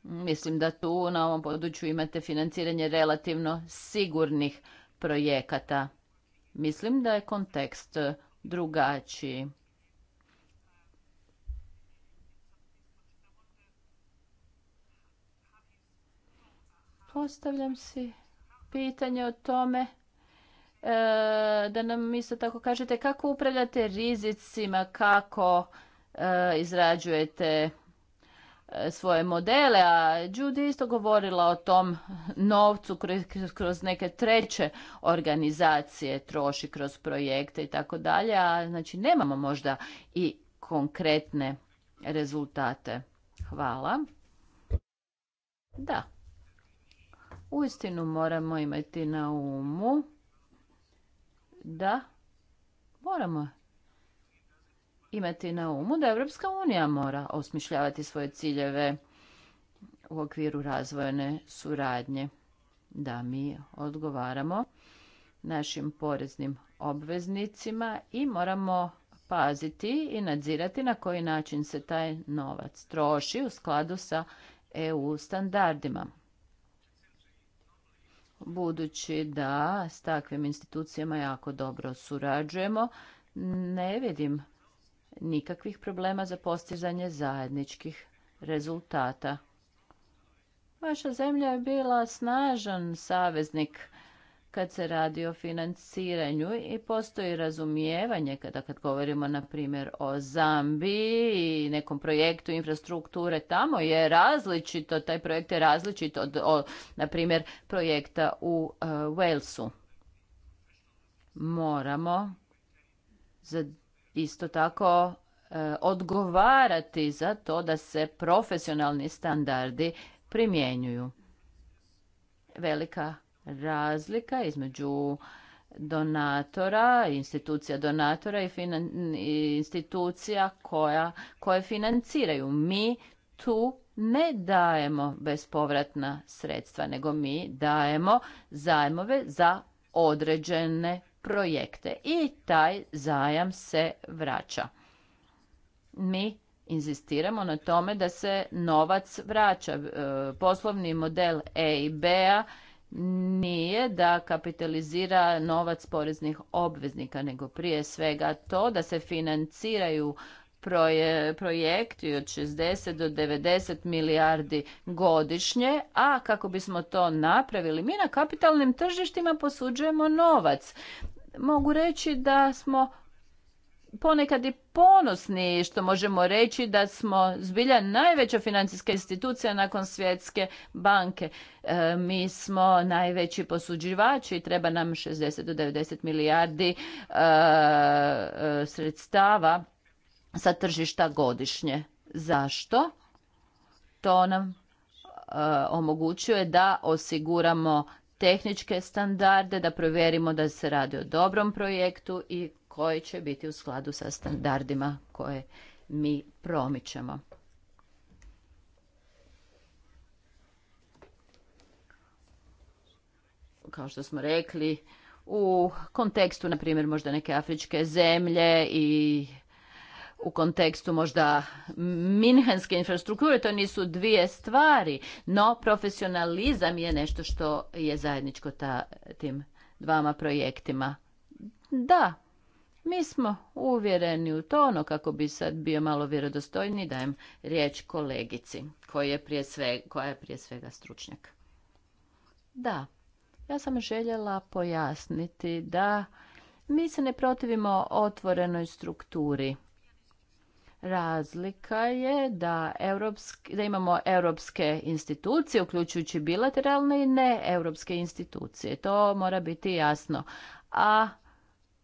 Mislim da tu na ovom području imate financiranje relativno sigurnih projekata. Mislim da je kontekst drugačiji. Postavljam si pitanje o tome e, da nam isto tako kažete kako upravljate rizicima, kako e, izrađujete svoje modele, a Judy isto govorila o tom novcu kroz neke treće organizacije, troši kroz projekte i tako dalje, a znači nemamo možda i konkretne rezultate. Hvala. Da. Uistinu moramo imati na umu da moramo imati na umu da Evropska unija mora osmišljavati svoje ciljeve u okviru razvojne suradnje, da mi odgovaramo našim poreznim obveznicima i moramo paziti i nadzirati na koji način se taj novac troši u skladu sa EU standardima. Budući da s takvim institucijama jako dobro surađujemo, ne vidim nikakvih problema za postizanje zajedničkih rezultata. Vaša zemlja je bila snažan saveznik kad se radi o financiranju i postoji razumijevanje kada kad govorimo na primjer o Zambiji i nekom projektu infrastrukture tamo je različito, taj projekt je različit od, o, na primjer projekta u uh, Walesu. Moramo za isto tako e, odgovarati za to da se profesionalni standardi primjenjuju. Velika razlika između donatora, institucija donatora i, institucija koja, koje financiraju. Mi tu ne dajemo bespovratna sredstva, nego mi dajemo zajmove za određene projekte i taj zajam se vraća. Mi inzistiramo na tome da se novac vraća. E, poslovni model EIB-a nije da kapitalizira novac poreznih obveznika, nego prije svega to da se financiraju projekti od 60 do 90 milijardi godišnje, a kako bismo to napravili, mi na kapitalnim tržištima posuđujemo novac mogu reći da smo ponekad i ponosni što možemo reći da smo zbilja najveća financijska institucija nakon svjetske banke. E, mi smo najveći posuđivači, treba nam 60 do 90 milijardi e, e, sredstava sa tržišta godišnje. Zašto? To nam omogućuje da osiguramo tehničke standarde, da provjerimo da se radi o dobrom projektu i koji će biti u skladu sa standardima koje mi promičemo. Kao što smo rekli, u kontekstu, na primjer, možda neke afričke zemlje i u kontekstu možda minhenske infrastrukture, to nisu dvije stvari, no profesionalizam je nešto što je zajedničko ta, tim dvama projektima. Da, mi smo uvjereni u to, ono kako bi sad bio malo vjerodostojniji, dajem riječ kolegici koja je prije svega, koja je prije svega stručnjak. Da, ja sam željela pojasniti da mi se ne protivimo otvorenoj strukturi Razlika je da, da imamo europske institucije, uključujući bilateralne i ne europske institucije. To mora biti jasno. A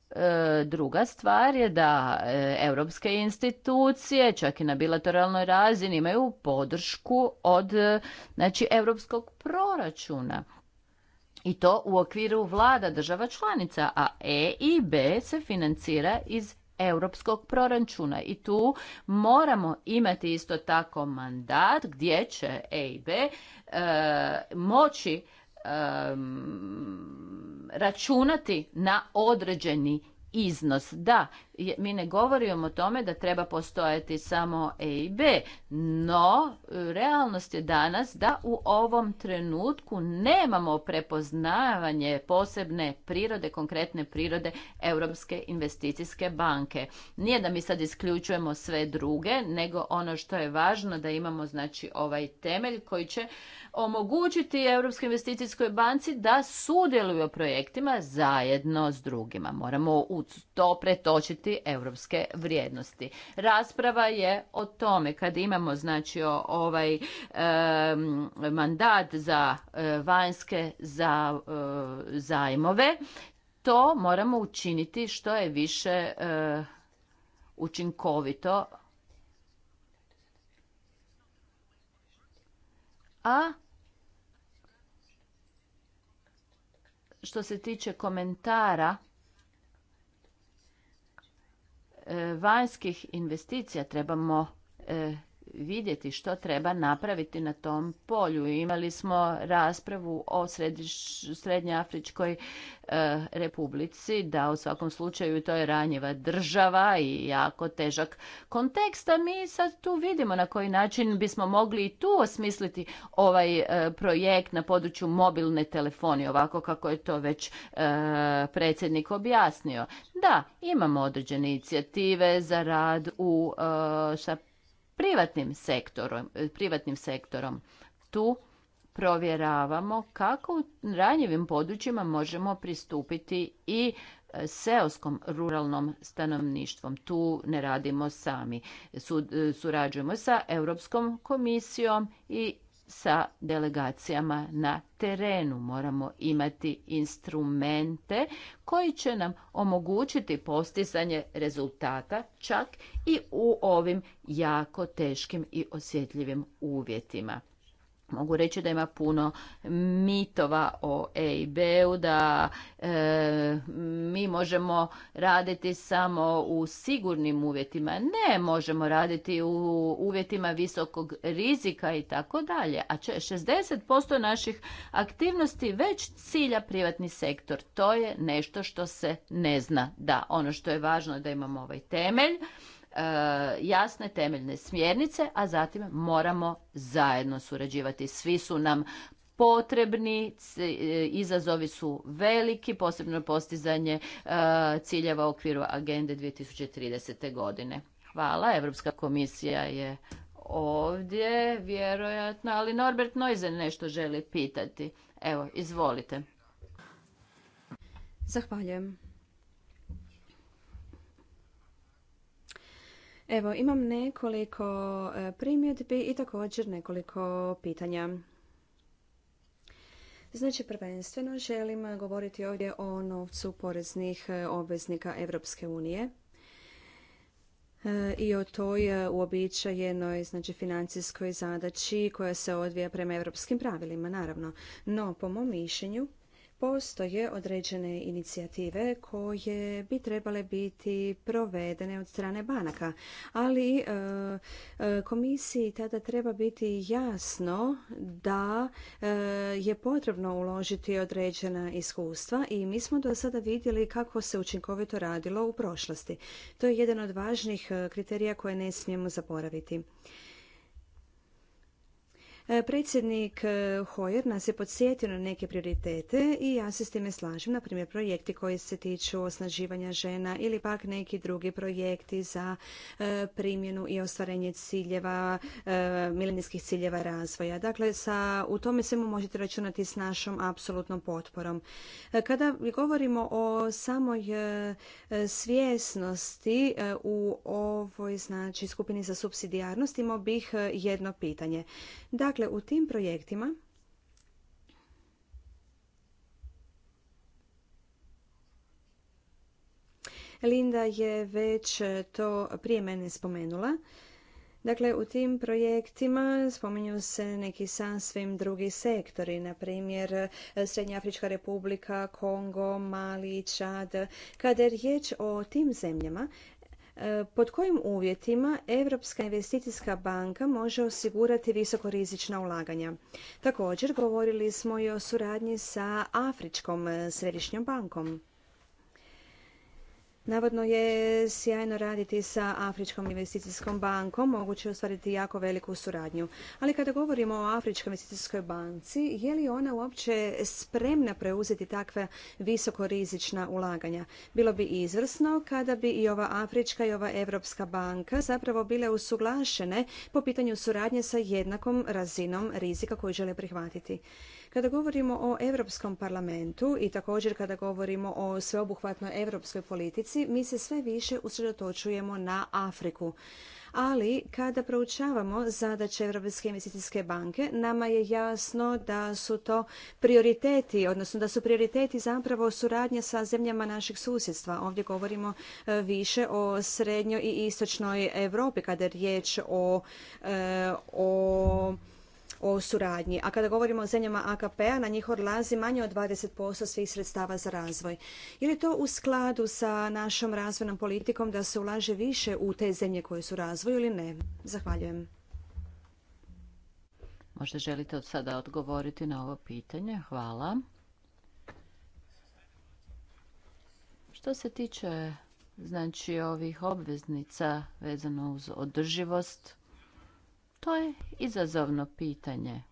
e, druga stvar je da europske institucije, čak i na bilateralnoj razini, imaju podršku od znači, europskog proračuna. I to u okviru vlada država članica, a E i B se financira iz europskog proračuna i tu moramo imati isto tako mandat gdje će EIB e, moći računati na određeni iznos. Da, mi ne govorimo o tome da treba postojati samo E i B, no e, realnost je danas da u ovom trenutku nemamo prepoznavanje posebne prirode, konkretne prirode Europske investicijske banke. Nije da mi sad isključujemo sve druge, nego ono što je važno da imamo znači ovaj temelj koji će omogućiti Europskoj investicijskoj banci da sudjeluju u projektima zajedno s drugima. Moramo u to pretočiti europske vrijednosti. Rasprava je o tome kad imamo znači ovaj mandat za e, vanjske za e, zajmove to moramo učiniti što je više e, učinkovito a što se tiče komentara vanjskih investicija trebamo e, vidjeti što treba napraviti na tom polju. Imali smo raspravu o Srednjoafričkoj e, republici, da u svakom slučaju to je ranjiva država i jako težak kontekst, a mi sad tu vidimo na koji način bismo mogli i tu osmisliti ovaj e, projekt na području mobilne telefonije, ovako kako je to već e, predsjednik objasnio. Da, imamo određene inicijative za rad u, sa privatnim sektorom. E, privatnim sektorom. Tu provjeravamo kako u ranjivim područjima možemo pristupiti i e, seoskom ruralnom stanovništvom. Tu ne radimo sami. E, surađujemo sa Europskom komisijom i sa delegacijama na terenu. Moramo imati instrumente koji će nam omogućiti postizanje rezultata čak i u ovim jako teškim i osjetljivim uvjetima. Mogu reći da ima puno mitova o EIB-u, da e, mi možemo raditi samo u sigurnim uvjetima. Ne, možemo raditi u uvjetima visokog rizika i tako dalje. A 60% naših aktivnosti već cilja privatni sektor. To je nešto što se ne zna. Da, ono što je važno da imamo ovaj temelj E, jasne temeljne smjernice, a zatim moramo zajedno surađivati. Svi su nam potrebni, e, izazovi su veliki, posebno postizanje e, ciljeva u okviru agende 2030. godine. Hvala, Europska komisija je ovdje, vjerojatno, ali Norbert Noizen nešto želi pitati. Evo, izvolite. Zahvaljujem. Evo, imam nekoliko e, primjedbi i također nekoliko pitanja. Znači, prvenstveno želim govoriti ovdje o novcu poreznih e, obveznika Europske unije e, i o toj uobičajenoj znači, financijskoj zadaći koja se odvija prema europskim pravilima, naravno. No, po mom mišljenju, Postoje određene inicijative koje bi trebale biti provedene od strane banaka, ali e, e, komisiji tada treba biti jasno da e, je potrebno uložiti određena iskustva i mi smo do sada vidjeli kako se učinkovito radilo u prošlosti. To je jedan od važnih kriterija koje ne smijemo zaboraviti. E, predsjednik e, Hoyer nas je podsjetio na neke prioritete i ja se s time slažem, na primjer projekti koji se tiču osnaživanja žena ili pak neki drugi projekti za e, primjenu i ostvarenje ciljeva, milenijskih ciljeva razvoja. Dakle, sa, u tome svemu možete računati s našom apsolutnom potporom. Kada govorimo o samoj svjesnosti u ovoj znači, skupini za subsidijarnost, imao bih jedno pitanje. Dakle, Dakle, u tim projektima Linda je već to prije mene spomenula. Dakle, u tim projektima spominju se neki sasvim drugi sektori, na primjer Srednja Afrička republika, Kongo, Mali, Čad. Kada je riječ o tim zemljama, E, pod kojim uvjetima Europska investicijska banka može osigurati visokorizična ulaganja. Također govorili smo i o suradnji sa Afričkom e, središnjom bankom. Navodno je sjajno raditi sa Afričkom investicijskom bankom, moguće ostvariti jako veliku suradnju. Ali kada govorimo o Afričkoj investicijskoj banci, je li ona uopće spremna preuzeti takve visokorizična ulaganja? Bilo bi izvrsno kada bi i ova Afrička i ova Europska banka zapravo bile usuglašene po pitanju suradnje sa jednakom razinom rizika koju žele prihvatiti. Kada govorimo o Europskom parlamentu i također kada govorimo o sveobuhvatnoj europskoj politici, mi se sve više usredotočujemo na Afriku. Ali kada proučavamo zadaće Europske investicijske banke, nama je jasno da su to prioriteti, odnosno da su prioriteti zapravo suradnja sa zemljama našeg susjedstva. Ovdje govorimo e, više o srednjoj i istočnoj Europi kada je riječ o, e, o o suradnji. A kada govorimo o zemljama AKP-a, na njih odlazi manje od 20% svih sredstava za razvoj. Je li to u skladu sa našom razvojnom politikom da se ulaže više u te zemlje koje su u razvoju ili ne? Zahvaljujem. Možda želite od sada odgovoriti na ovo pitanje. Hvala. Što se tiče znači ovih obveznica vezano uz održivost, to je izazovno pitanje.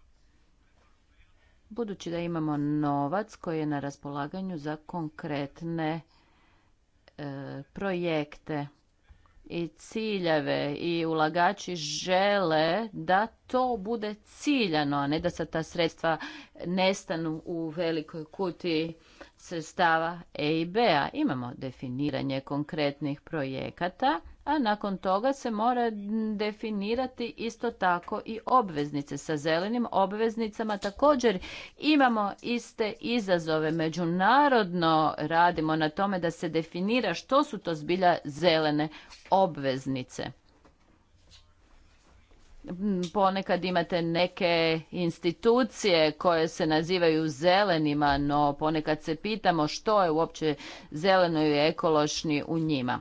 Budući da imamo novac koji je na raspolaganju za konkretne e, projekte i ciljeve i ulagači žele da to bude ciljano, a ne da se ta sredstva nestanu u velikoj kuti sredstava b a Imamo definiranje konkretnih projekata a nakon toga se mora definirati isto tako i obveznice. Sa zelenim obveznicama također imamo iste izazove. Međunarodno radimo na tome da se definira što su to zbilja zelene obveznice. Ponekad imate neke institucije koje se nazivaju zelenima, no ponekad se pitamo što je uopće zeleno i ekološni u njima.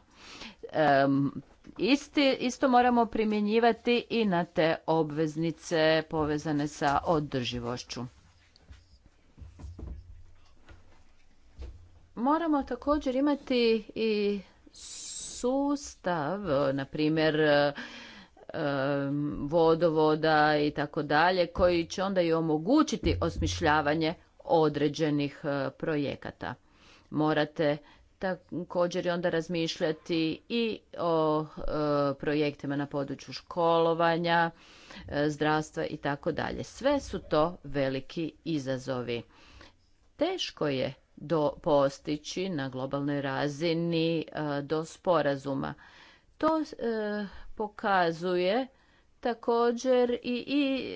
Isti, isto moramo primjenjivati i na te obveznice povezane sa održivošću. Moramo također imati i sustav, na primjer vodovoda i tako dalje, koji će onda i omogućiti osmišljavanje određenih eh, projekata. Morate također i onda razmišljati i o e, projektima na području školovanja, e, zdravstva i tako dalje. Sve su to veliki izazovi. Teško je do postići na globalnoj razini e, do sporazuma. To pokazuje također i, i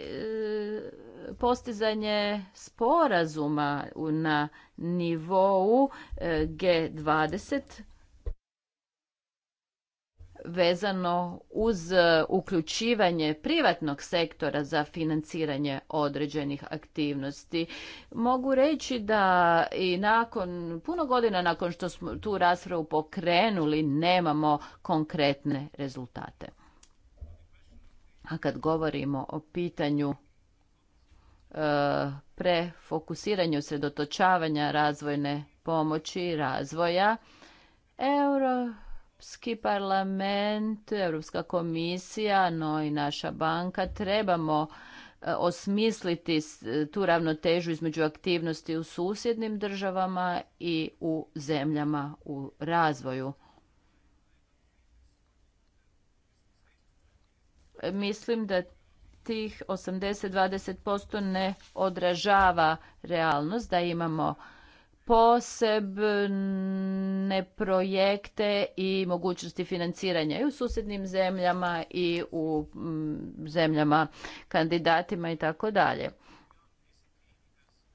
postizanje sporazuma na nivou e, G20 vezano uz e, uključivanje privatnog sektora za financiranje određenih aktivnosti. Mogu reći da i nakon puno godina nakon što smo tu raspravu pokrenuli nemamo konkretne rezultate. A kad govorimo o pitanju E, prefokusiranja, usredotočavanja razvojne pomoći, i razvoja, Europski parlament, Europska komisija, no i naša banka trebamo e, osmisliti e, tu ravnotežu između aktivnosti u susjednim državama i u zemljama u razvoju. Mislim da tih 80-20% ne odražava realnost, da imamo posebne projekte i mogućnosti financiranja i u susjednim zemljama i u mm, zemljama kandidatima i tako dalje.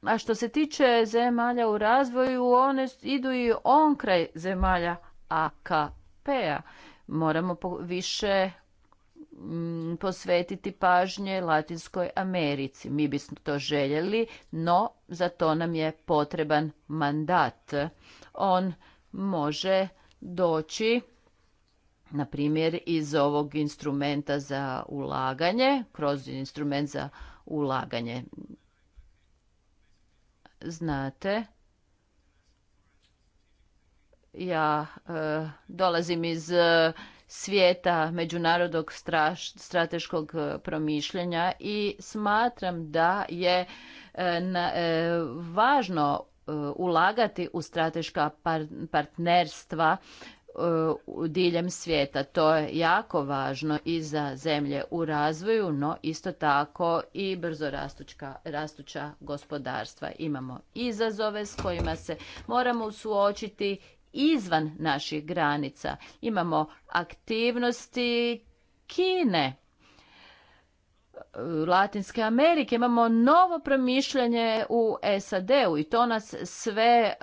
A što se tiče zemalja u razvoju, one idu i on kraj zemalja AKP-a. Moramo više Mm, posvetiti pažnje Latinskoj Americi. Mi bismo to željeli, no za to nam je potreban mandat. On može doći na primjer iz ovog instrumenta za ulaganje, kroz instrument za ulaganje. Znate, ja eh, dolazim iz svijeta međunarodnog strateškog e, promišljanja i smatram da je e, e, važno ulagati u strateška partnerstva u diljem svijeta. To je jako važno i za zemlje u razvoju, no isto tako i brzo rastučka, rastuća gospodarstva. Imamo izazove s kojima se moramo suočiti izvan naših granica. Imamo aktivnosti Kine, Latinske Amerike, imamo novo promišljanje u SAD-u i to nas sve e,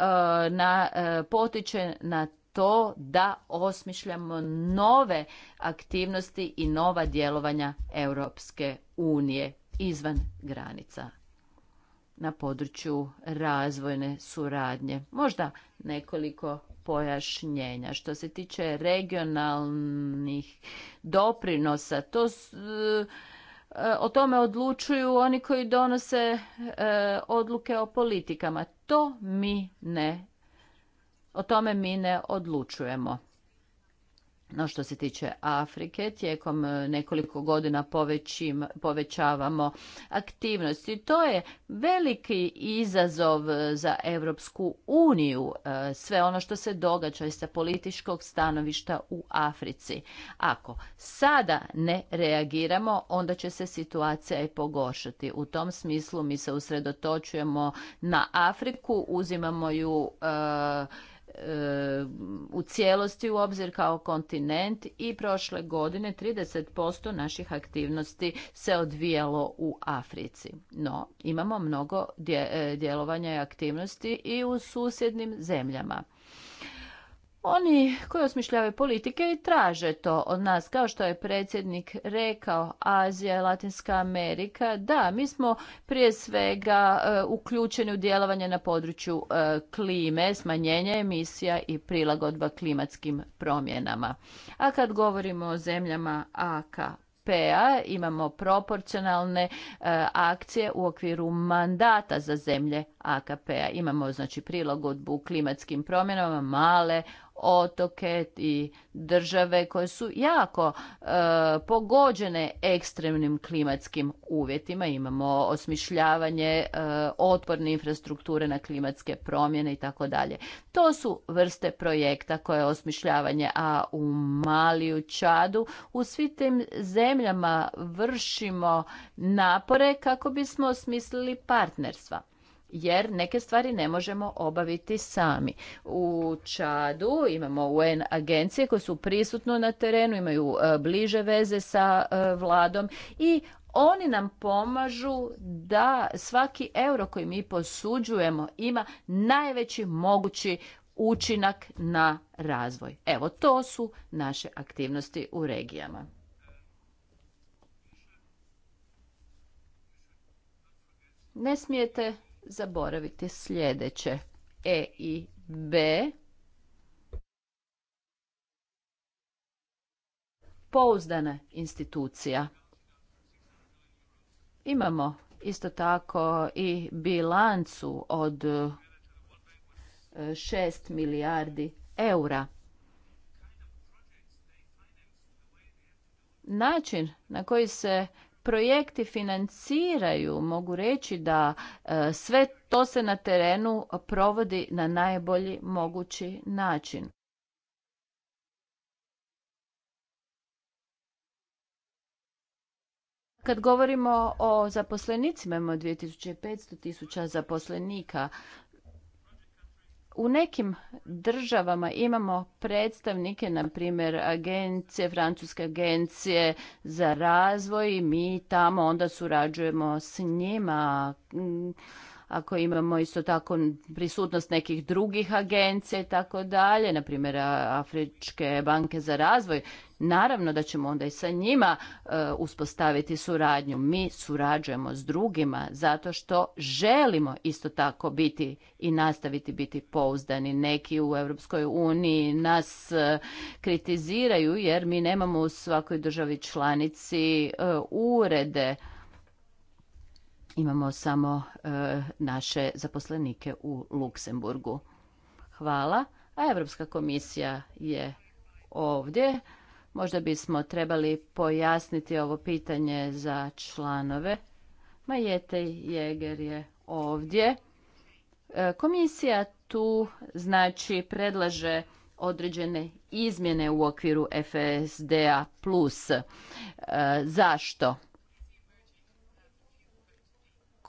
na, e, potiče na to da osmišljamo nove aktivnosti i nova djelovanja Europske unije izvan granica na području razvojne suradnje. Možda nekoliko pojašnjenja. Što se tiče regionalnih doprinosa, to e, e, o tome odlučuju oni koji donose e, odluke o politikama. To mi ne, o tome mi ne odlučujemo. No što se tiče Afrike, tijekom e, nekoliko godina povećim, povećavamo aktivnosti. To je veliki izazov e, za Europsku uniju, e, sve ono što se događa iz političkog stanovišta u Africi. Ako sada ne reagiramo, onda će se situacija i pogoršati. U tom smislu mi se usredotočujemo na Afriku, uzimamo ju u cijelosti u obzir kao kontinent i prošle godine 30% naših aktivnosti se odvijalo u Africi. No, imamo mnogo e, djelovanja i aktivnosti i u susjednim zemljama oni koji osmišljavaju politike i traže to od nas, kao što je predsjednik rekao, Azija i Latinska Amerika, da, mi smo prije svega e, uključeni u djelovanje na području e, klime, smanjenje emisija i prilagodba klimatskim promjenama. A kad govorimo o zemljama AKP-a, imamo proporcionalne e, akcije u okviru mandata za zemlje AKP-a. Imamo znači prilagodbu klimatskim promjenama, male otoke i države koje su jako e, pogođene ekstremnim klimatskim uvjetima. Imamo osmišljavanje e, otporne infrastrukture na klimatske promjene i tako dalje. To su vrste projekta koje je osmišljavanje, a u Maliju, Čadu, u svim tim zemljama vršimo napore kako bismo osmislili partnerstva jer neke stvari ne možemo obaviti sami. U Čadu imamo UN agencije koje su prisutno na terenu, imaju e, bliže veze sa e, vladom i oni nam pomažu da svaki euro koji mi posuđujemo ima najveći mogući učinak na razvoj. Evo, to su naše aktivnosti u regijama. Ne smijete zaboraviti sljedeće. E i B pouzdana institucija. Imamo isto tako i bilancu od 6 e, milijardi eura. Način na koji se projekti financiraju, mogu reći da e, sve to se na terenu provodi na najbolji mogući način. Kad govorimo o zaposlenicima, imamo 2500 tisuća zaposlenika, u nekim državama imamo predstavnike, na primjer agencije, francuske agencije za razvoj i mi tamo onda surađujemo s njima mm, ako imamo isto tako prisutnost nekih drugih agencija i tako dalje, na primjer Afričke banke za razvoj, naravno da ćemo onda i sa njima e, uspostaviti suradnju. Mi surađujemo s drugima zato što želimo isto tako biti i nastaviti biti pouzdani. Neki u Europskoj uniji nas e, kritiziraju jer mi nemamo u svakoj državi članici e, urede imamo samo e, naše zaposlenike u Luksemburgu. Hvala. A Europska komisija je ovdje. Možda bismo trebali pojasniti ovo pitanje za članove. Majete Jeger je ovdje. E, komisija tu znači predlaže određene izmjene u okviru FSDA+. E, zašto?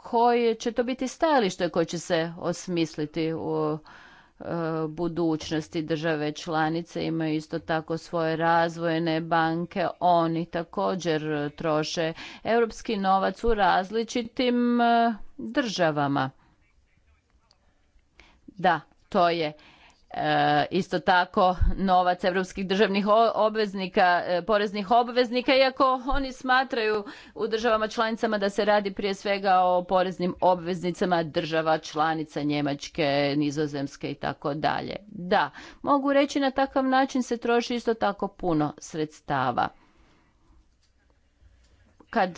koje će to biti stajalište koje će se osmisliti u e, budućnosti države članice imaju isto tako svoje razvojne banke oni također troše europski novac u različitim e, državama da to je E, isto tako novac europskih državnih obveznika, e, poreznih obveznika, iako oni smatraju u državama članicama da se radi prije svega o poreznim obveznicama država članica Njemačke, Nizozemske i tako dalje. Da, mogu reći na takav način se troši isto tako puno sredstava. Kad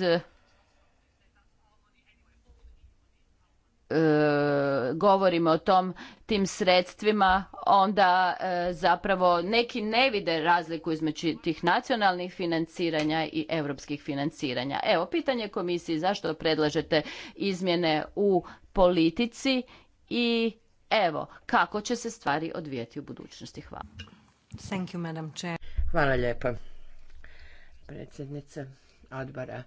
E, govorimo o tom tim sredstvima onda e, zapravo neki ne vide razliku između tih nacionalnih financiranja i europskih financiranja. Evo pitanje komisiji zašto predlažete izmjene u politici i evo kako će se stvari odvijati u budućnosti. Hvala. Thank you, madam chair. Hvala lijepa. Predsjednica odbora.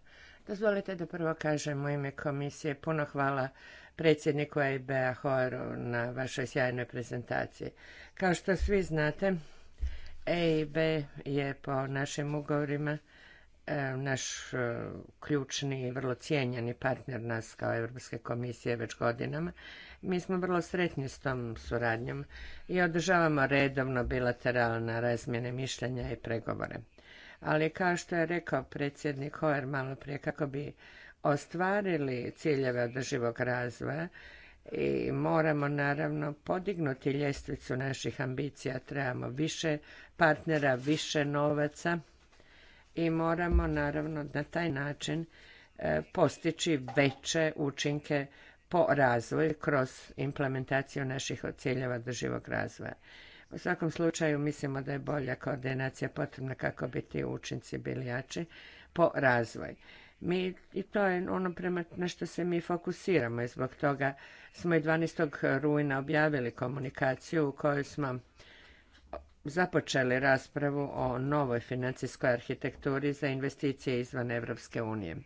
Dozvolite da prvo kažem u ime komisije puno hvala predsjedniku EIB-a na vašoj sjajnoj prezentaciji. Kao što svi znate, EIB je po našim ugovorima e, naš e, ključni i vrlo cijenjeni partner nas kao Europske komisije već godinama. Mi smo vrlo sretni s tom suradnjom i održavamo redovno bilateralne razmjene mišljenja i pregovore. Ali kao što je rekao predsjednik Hoer malo prije, kako bi ostvarili ciljeve održivog razvoja i moramo naravno podignuti ljestvicu naših ambicija. Trebamo više partnera, više novaca i moramo naravno na taj način e, postići veće učinke po razvoju kroz implementaciju naših ciljeva održivog razvoja. U svakom slučaju mislimo da je bolja koordinacija potrebna kako bi ti učinci bili jači po razvoj. Mi, I to je ono prema na što se mi fokusiramo i zbog toga smo i 12. rujna objavili komunikaciju u kojoj smo započeli raspravu o novoj financijskoj arhitekturi za investicije izvan Evropske unije.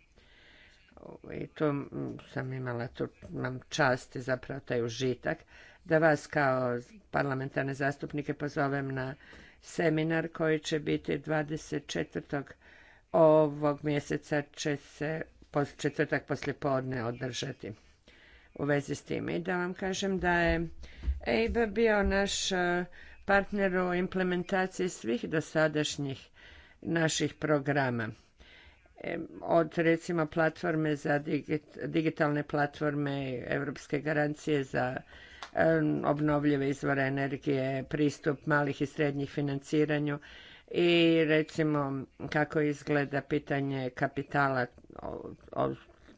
I tu sam imala tu, nam čast i zapravo taj užitak da vas kao parlamentarne zastupnike pozovem na seminar koji će biti 24 ovog mjeseca će se četvrtak poslijepodne održati u vezi s time. I da vam kažem da je EIB bio naš e, partner u implementaciji svih dosadašnjih naših programa. E, od recimo platforme za digitalne platforme, europske garancije za e, obnovljive izvore energije, pristup malih i srednjih financiranju i recimo kako izgleda pitanje kapitala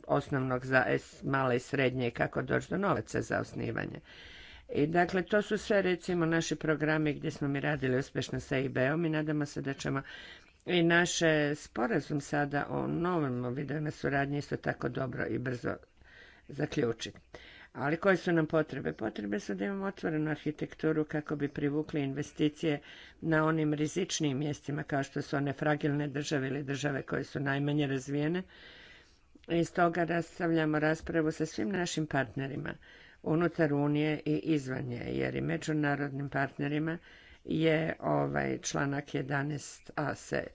osnovnog za male i srednje i kako doći do novaca za osnivanje. I dakle, to su sve recimo naši programi gdje smo mi radili uspješno sa IB-om i nadamo se da ćemo i naše sporazum sada o novim vidovima suradnje isto tako dobro i brzo zaključiti. Ali koje su nam potrebe? Potrebe su da imamo otvorenu arhitekturu kako bi privukli investicije na onim rizičnim mjestima kao što su one fragilne države ili države koje su najmanje razvijene. I stoga rastavljamo raspravu sa svim našim partnerima unutar Unije i izvan nje, jer i međunarodnim partnerima je ovaj članak 11a se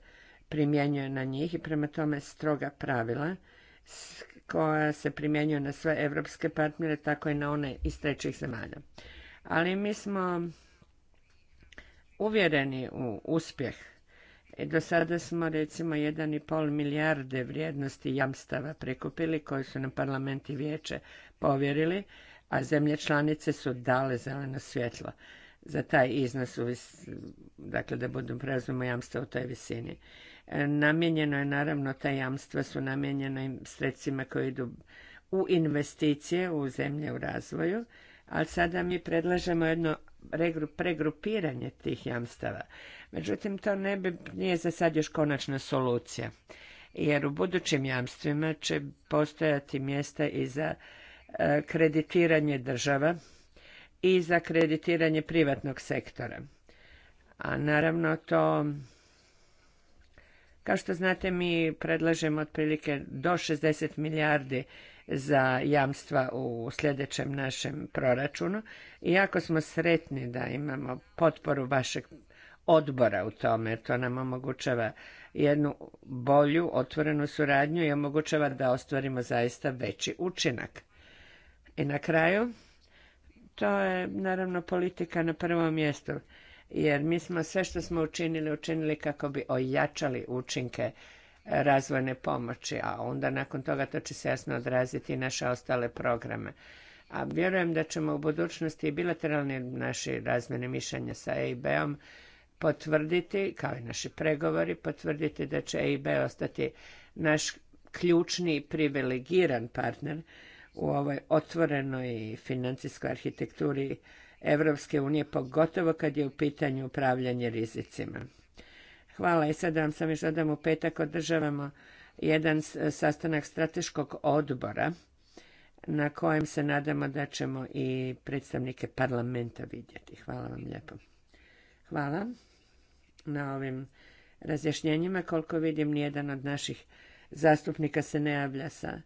primjenjuje na njih i prema tome stroga pravila koja se primjenjuje na sve evropske partnere, tako i na one iz trećih zemalja. Ali mi smo uvjereni u uspjeh. E, do sada smo recimo 1,5 milijarde vrijednosti jamstava prekupili koje su nam parlament i vijeće povjerili, a zemlje članice su dale zeleno svjetlo za taj iznos, dakle da budu preuzmemo jamstva u toj visini. Namijenjeno je naravno, ta jamstva su namijenjena im sredstvima koji idu u investicije u zemlje u razvoju, ali sada mi predlažemo jedno pregrupiranje tih jamstava. Međutim, to ne bi, nije za sad još konačna solucija, jer u budućim jamstvima će postojati mjesta i za e, kreditiranje država i za kreditiranje privatnog sektora. A naravno to kao što znate, mi predlažemo otprilike do 60 milijardi za jamstva u sljedećem našem proračunu i jako smo sretni da imamo potporu vašeg odbora u tome, to nam omogućava jednu bolju, otvorenu suradnju i omogućava da ostvarimo zaista veći učinak. I na kraju, to je naravno politika na prvom mjestu jer mi smo sve što smo učinili, učinili kako bi ojačali učinke razvojne pomoći, a onda nakon toga to će se jasno odraziti i naše ostale programe. A vjerujem da ćemo u budućnosti i bilateralni naše razmjene mišljenja sa EIB-om potvrditi, kao i naši pregovori, potvrditi da će EIB ostati naš ključni privilegiran partner u ovoj otvorenoj financijskoj arhitekturi Evropske unije, pogotovo kad je u pitanju upravljanje rizicima. Hvala i sada vam sam još sada u petak održavamo jedan sastanak strateškog odbora na kojem se nadamo da ćemo i predstavnike parlamenta vidjeti. Hvala vam lijepo. Hvala na ovim razjašnjenjima. Koliko vidim, nijedan od naših zastupnika se ne javlja sa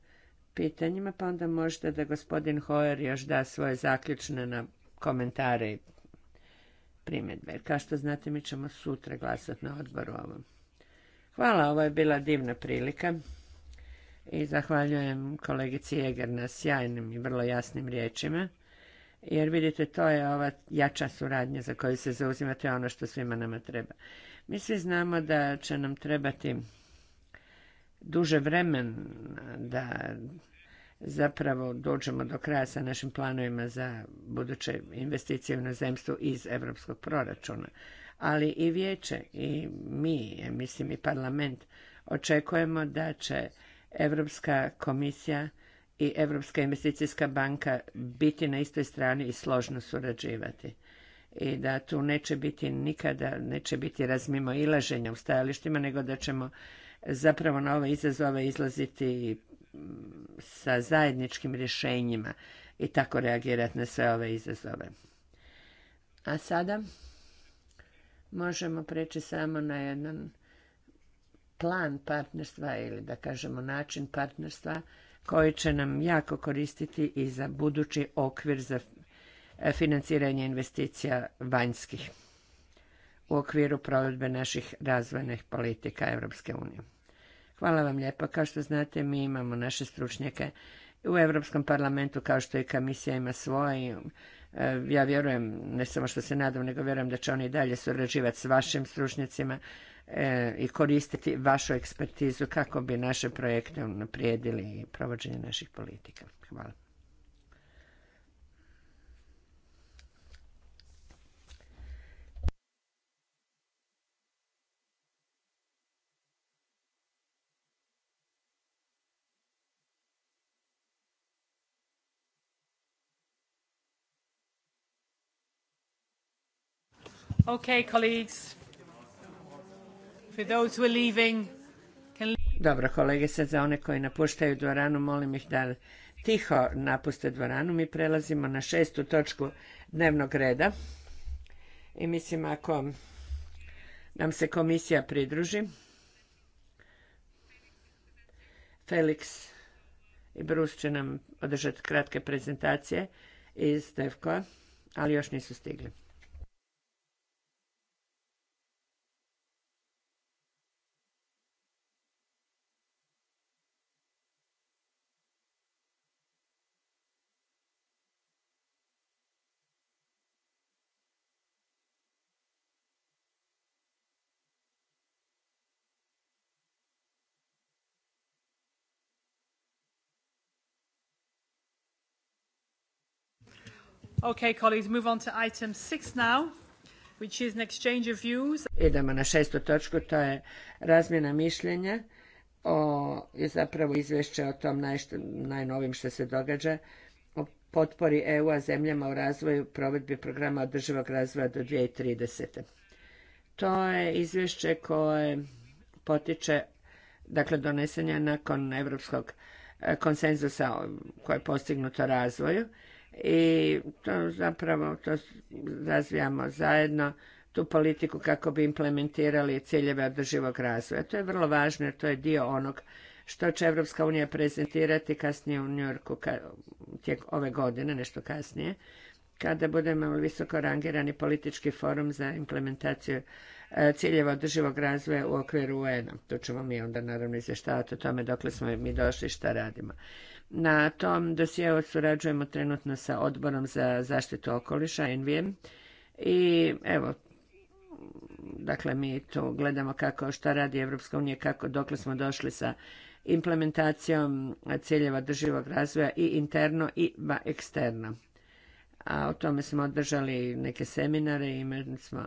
pitanjima, pa onda možete da gospodin Hojer još da svoje zaključne na komentare i primjedbe. Kao što znate, mi ćemo sutra glasati na odboru ovom. Hvala, ovo je bila divna prilika i zahvaljujem kolegici Jeger na sjajnim i vrlo jasnim riječima. Jer vidite, to je ova jača suradnja za koju se zauzimate ono što svima nama treba. Mi svi znamo da će nam trebati duže vremena da zapravo dođemo do kraja sa našim planovima za buduće investicije u zemstvu iz europskog proračuna. Ali i vijeće i mi, mislim i parlament, očekujemo da će Europska komisija i Europska investicijska banka biti na istoj strani i složno surađivati. I da tu neće biti nikada, neće biti razmimo ilaženja u stajalištima, nego da ćemo zapravo na ove izazove izlaziti sa zajedničkim rješenjima i tako reagirati na sve ove izazove. A sada možemo preći samo na jedan plan partnerstva ili da kažemo način partnerstva koji će nam jako koristiti i za budući okvir za financiranje investicija vanjskih u okviru provedbe naših razvojnih politika Europske unije. Hvala vam lijepa. Kao što znate, mi imamo naše stručnjake u Europskom parlamentu, kao što i komisija ima svoje. Ja vjerujem, ne samo što se nadam, nego vjerujem da će oni i dalje surađivati s vašim stručnjacima e, i koristiti vašu ekspertizu kako bi naše projekte unaprijedili i provođenje naših politika. Hvala. Okay, colleagues. Dobro, kolege, sad za one koji napuštaju dvoranu, molim ih da tiho napuste dvoranu. Mi prelazimo na šestu točku dnevnog reda. I mislim, ako nam se komisija pridruži, Felix i Bruce će nam održati kratke prezentacije iz Devkoa, ali još nisu stigli. Okay, colleagues, move on to item six now, which is an exchange of views. Idemo na šestu točku, to je razmjena mišljenja o, je zapravo izvješće o tom naj, najnovim što se događa o potpori EU-a zemljama u razvoju provedbi programa održivog razvoja do 2030. To je izvješće koje potiče, dakle donesen nakon europskog eh, konsenzusa koje je postignuto razvoju i to zapravo to razvijamo zajedno tu politiku kako bi implementirali ciljeve održivog razvoja. To je vrlo važno jer to je dio onog što će Evropska unija prezentirati kasnije u Yorku tijek ove godine, nešto kasnije, kada budemo visoko rangirani politički forum za implementaciju e, ciljeva održivog razvoja u okviru UN-a. Tu ćemo mi onda naravno izvještavati o tome dokle smo mi došli i šta radimo. Na tom dosjeu surađujemo trenutno sa odborom za zaštitu okoliša, NVM, i evo, dakle mi tu gledamo kako, šta radi Evropska unija, kako, dokle smo došli sa implementacijom ciljeva drživog razvoja i interno i eksterno. A o tome smo održali neke seminare i imali smo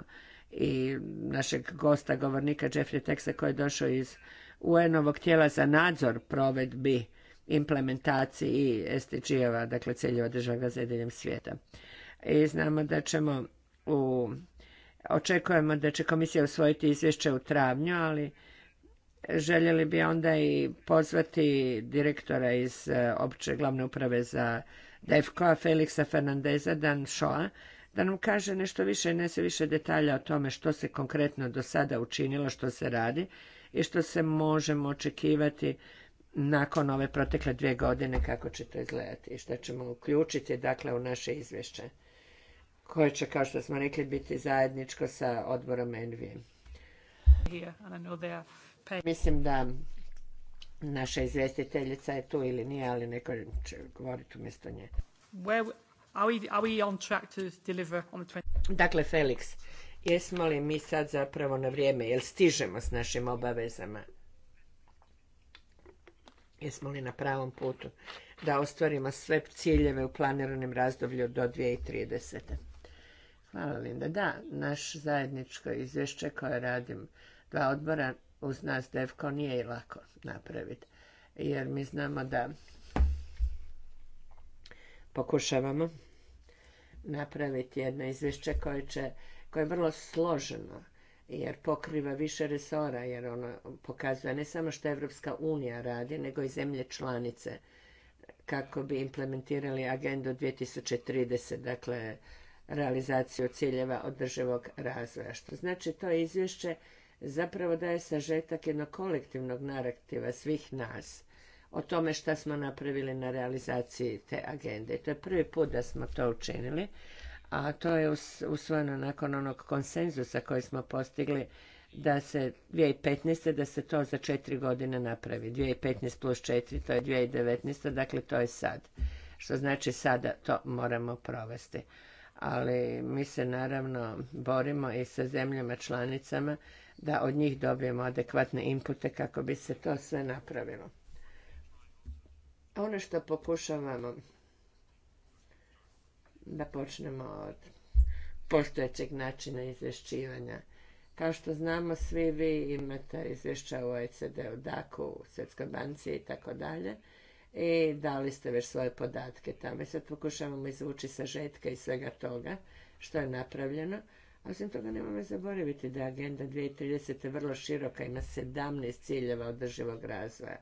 i našeg gosta, govornika Jeffrey Texa koji je došao iz UN-ovog tijela za nadzor provedbi implementaciji SDG-ova, dakle ciljeva država za diljem svijeta. I znamo da ćemo u očekujemo da će komisija usvojiti izvješće u travnju, ali željeli bi onda i pozvati direktora iz e, opće glavne uprave za DEFCO-a, Felixa Fernandeza, Dan Shoa, da nam kaže nešto više, i nese više detalja o tome što se konkretno do sada učinilo, što se radi i što se možemo očekivati nakon ove protekle dvije godine kako će to izgledati i što ćemo uključiti dakle u naše izvješće koje će kao što smo rekli biti zajedničko sa odborom Envije pa- Mislim da naša izvjestiteljica je tu ili nije, ali neko će govoriti umjesto nje. Dakle, Felix, jesmo li mi sad zapravo na vrijeme, jel stižemo s našim obavezama? jesmo li na pravom putu da ostvarimo sve ciljeve u planiranom razdoblju do 2030. Hvala Linda. Da, naš zajedničko izvješće koje radim dva odbora uz nas DEVKO nije lako napraviti. Jer mi znamo da pokušavamo napraviti jedno izvješće koje, koje je vrlo složeno jer pokriva više resora, jer ono pokazuje ne samo što Evropska unija radi, nego i zemlje članice kako bi implementirali agendu 2030, dakle realizaciju ciljeva održivog razvoja. Što znači to izvješće zapravo daje sažetak jednog kolektivnog naraktiva svih nas o tome šta smo napravili na realizaciji te agende. To je prvi put da smo to učinili a to je usvojeno nakon onog konsenzusa koji smo postigli da se 2015. da se to za četiri godine napravi. 2015 plus četiri to je 2019. Dakle, to je sad. Što znači sada to moramo provesti. Ali mi se naravno borimo i sa zemljama članicama da od njih dobijemo adekvatne impute kako bi se to sve napravilo. Ono što pokušavamo da počnemo od postojećeg načina izvješćivanja. Kao što znamo, svi vi imate izvješća u OECD, u DAC-u, u Svjetskoj banci i tako dalje i dali ste već svoje podatke tamo. I sad pokušavamo izvući sažetke i svega toga što je napravljeno. osim toga nemojmo zaboraviti da je Agenda 2030. vrlo široka, ima 17 ciljeva održivog razvoja.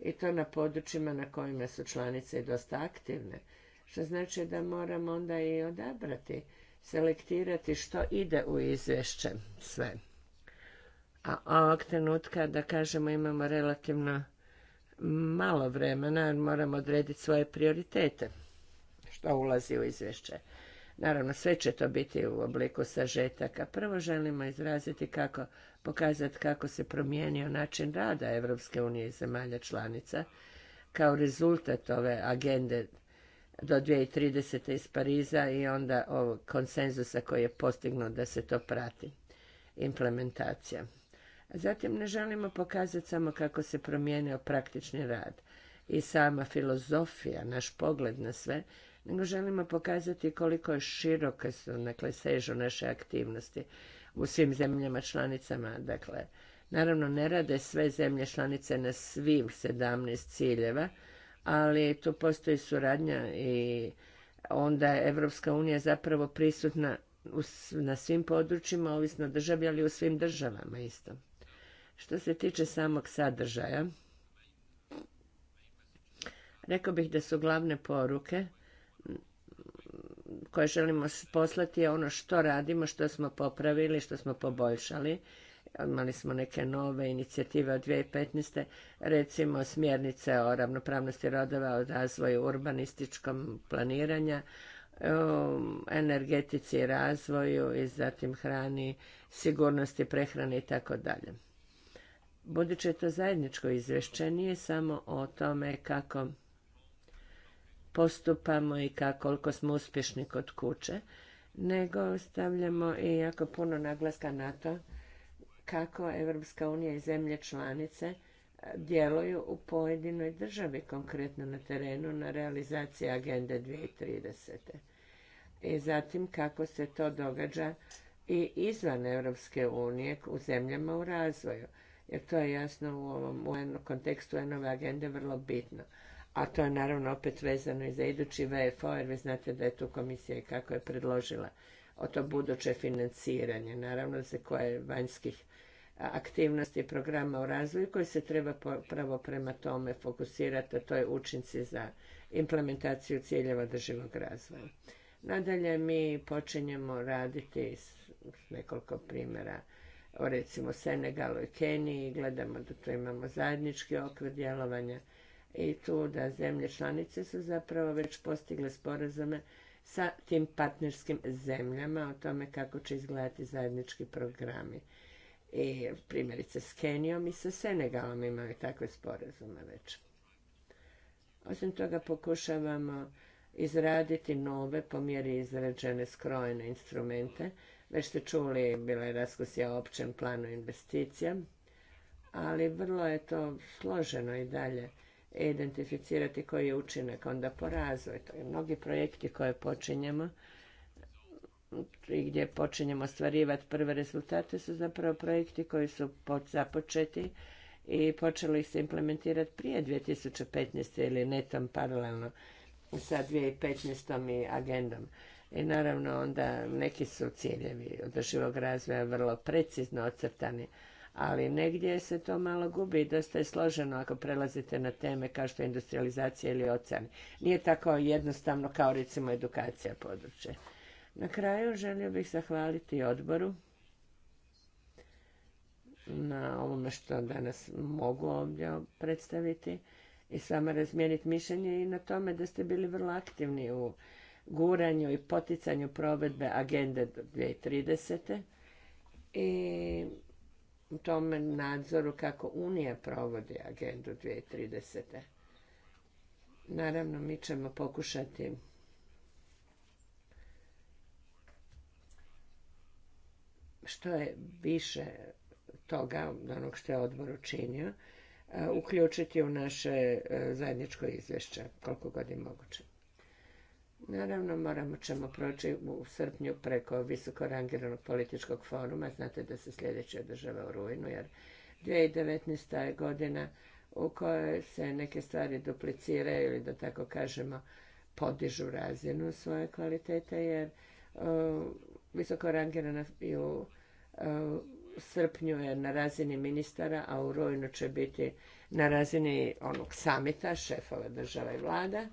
I to na područjima na kojima su članice i dosta aktivne. Što znači da moramo onda i odabrati, selektirati što ide u izvješće sve. A ovog trenutka, da kažemo, imamo relativno malo vremena moramo odrediti svoje prioritete što ulazi u izvješće. Naravno, sve će to biti u obliku sažetaka. Prvo želimo izraziti kako, pokazati kako se promijenio način rada Europske unije i zemalja članica kao rezultat ove agende do 2030. iz Pariza i onda ovog konsenzusa koji je postignut da se to prati, implementacija. Zatim ne želimo pokazati samo kako se promijenio praktični rad i sama filozofija, naš pogled na sve, nego želimo pokazati koliko je široke su, dakle, sežu naše aktivnosti u svim zemljama članicama. Dakle, naravno ne rade sve zemlje članice na svim 17 ciljeva, ali tu postoji suradnja i onda je Evropska unija zapravo prisutna na svim područjima, ovisno državi, ali u svim državama isto. Što se tiče samog sadržaja, rekao bih da su glavne poruke koje želimo poslati je ono što radimo, što smo popravili, što smo poboljšali imali smo neke nove inicijative od 2015. recimo smjernice o ravnopravnosti rodova, o razvoju urbanističkom planiranja, energetici i razvoju i zatim hrani, sigurnosti prehrane i tako dalje. Budući je to zajedničko izvješće, nije samo o tome kako postupamo i kako, koliko smo uspješni kod kuće, nego stavljamo i jako puno naglaska na to kako Evropska unija i zemlje članice e, djeluju u pojedinoj državi, konkretno na terenu, na realizaciji agende 2030. I zatim kako se to događa i izvan Europske unije u zemljama u razvoju. Jer to je jasno u ovom kontekstu nove agende vrlo bitno. A to je naravno opet vezano i za idući VFO, jer vi znate da je tu komisija i kako je predložila o to buduće financiranje, naravno se koje vanjskih aktivnosti programa u razvoju koji se treba pravo prema tome fokusirati, a to je učinci za implementaciju ciljeva održivog razvoja. Nadalje mi počinjemo raditi s nekoliko primjera o recimo Senegalu i Keniji, gledamo da tu imamo zajednički okvir djelovanja i tu da zemlje članice su zapravo već postigle sporazume sa tim partnerskim zemljama o tome kako će izgledati zajednički programi i primjerice s Kenijom i sa Senegalom imaju takve sporazume već. Osim toga pokušavamo izraditi nove, po mjeri izrađene, skrojene instrumente. Već ste čuli, bila je raskusija o općem planu investicija, ali vrlo je to složeno i dalje identificirati koji je učinak onda po razvoju. Mnogi projekti koje počinjemo i gdje počinjemo ostvarivati prve rezultate su zapravo projekti koji su započeti i počeli se implementirati prije 2015. ili netom paralelno sa 2015. i agendom. I naravno onda neki su ciljevi održivog razvoja vrlo precizno ocrtani, ali negdje se to malo gubi i dosta je složeno ako prelazite na teme kao što je industrializacija ili ocean. Nije tako jednostavno kao recimo edukacija područja. Na kraju želio bih zahvaliti odboru na ovome što danas mogu ovdje predstaviti i samo razmijeniti mišljenje i na tome da ste bili vrlo aktivni u guranju i poticanju provedbe agende 2030. i u tome nadzoru kako Unija provodi agendu 2030. Naravno, mi ćemo pokušati što je više toga, onog što je odbor učinio, e, uključiti u naše e, zajedničko izvješće, koliko god je moguće. Naravno, moramo ćemo proći u srpnju preko visoko rangiranog političkog foruma. Znate da se sljedeće održava u rujnu, jer 2019. je godina u kojoj se neke stvari dupliciraju ili da tako kažemo podižu razinu svoje kvalitete, jer e, visoko rangirana i u srpnju je na razini ministara, a u Rojnu će biti na razini onog samita, šefova država i vlada.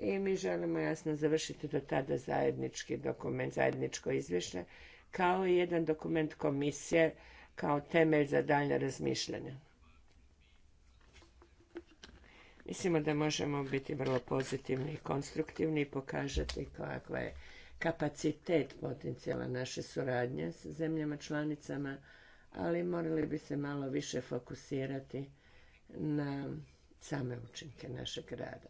I mi želimo jasno završiti do tada zajednički dokument, zajedničko izvješće, kao i jedan dokument komisije kao temelj za dalje razmišljanje. Mislimo da možemo biti vrlo pozitivni i konstruktivni i pokazati kakva je kapacitet potencijala naše suradnje s zemljama članicama, ali morali bi se malo više fokusirati na same učinke našeg rada.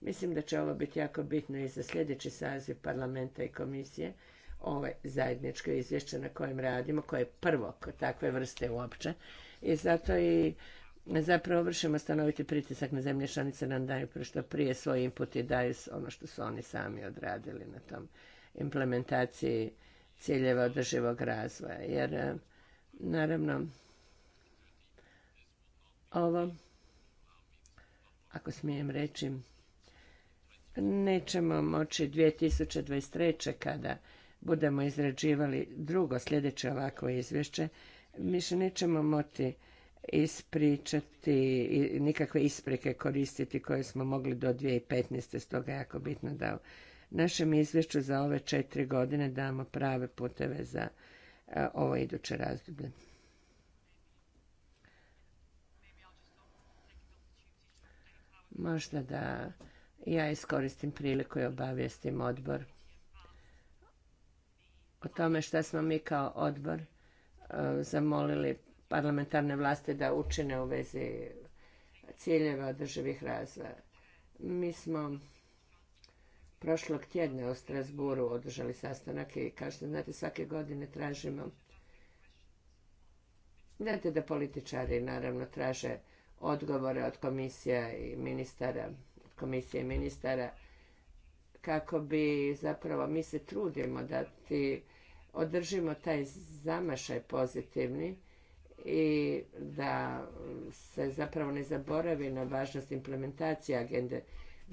Mislim da će ovo biti jako bitno i za sljedeći saziv parlamenta i komisije, ovaj zajedničko izvješće na kojem radimo, koje je prvo takve vrste uopće. I zato i zapravo vršimo stanoviti pritisak na zemlje članice nam daju prije svoj input i daju ono što su oni sami odradili na tom implementaciji ciljeva održivog razvoja. Jer, eh, naravno, ovo, ako smijem reći, nećemo moći 2023. kada budemo izrađivali drugo sljedeće ovako izvješće, mi se nećemo moći ispričati nikakve isprike koristiti koje smo mogli do 2015. Stoga je jako bitno da našem izvješću za ove četiri godine damo prave puteve za e, ovo iduće razdoblje. Možda da ja iskoristim priliku i obavijestim odbor o tome šta smo mi kao odbor e, zamolili parlamentarne vlasti da učine u vezi ciljeva održivih razvoja. Mi smo prošlog tjedna u Strasburu održali sastanak i kažete, znate, svake godine tražimo Znate da političari naravno traže odgovore od komisija i ministara, komisije i ministara, kako bi zapravo mi se trudimo da ti održimo taj zamašaj pozitivni i da se zapravo ne zaboravi na važnost implementacije agende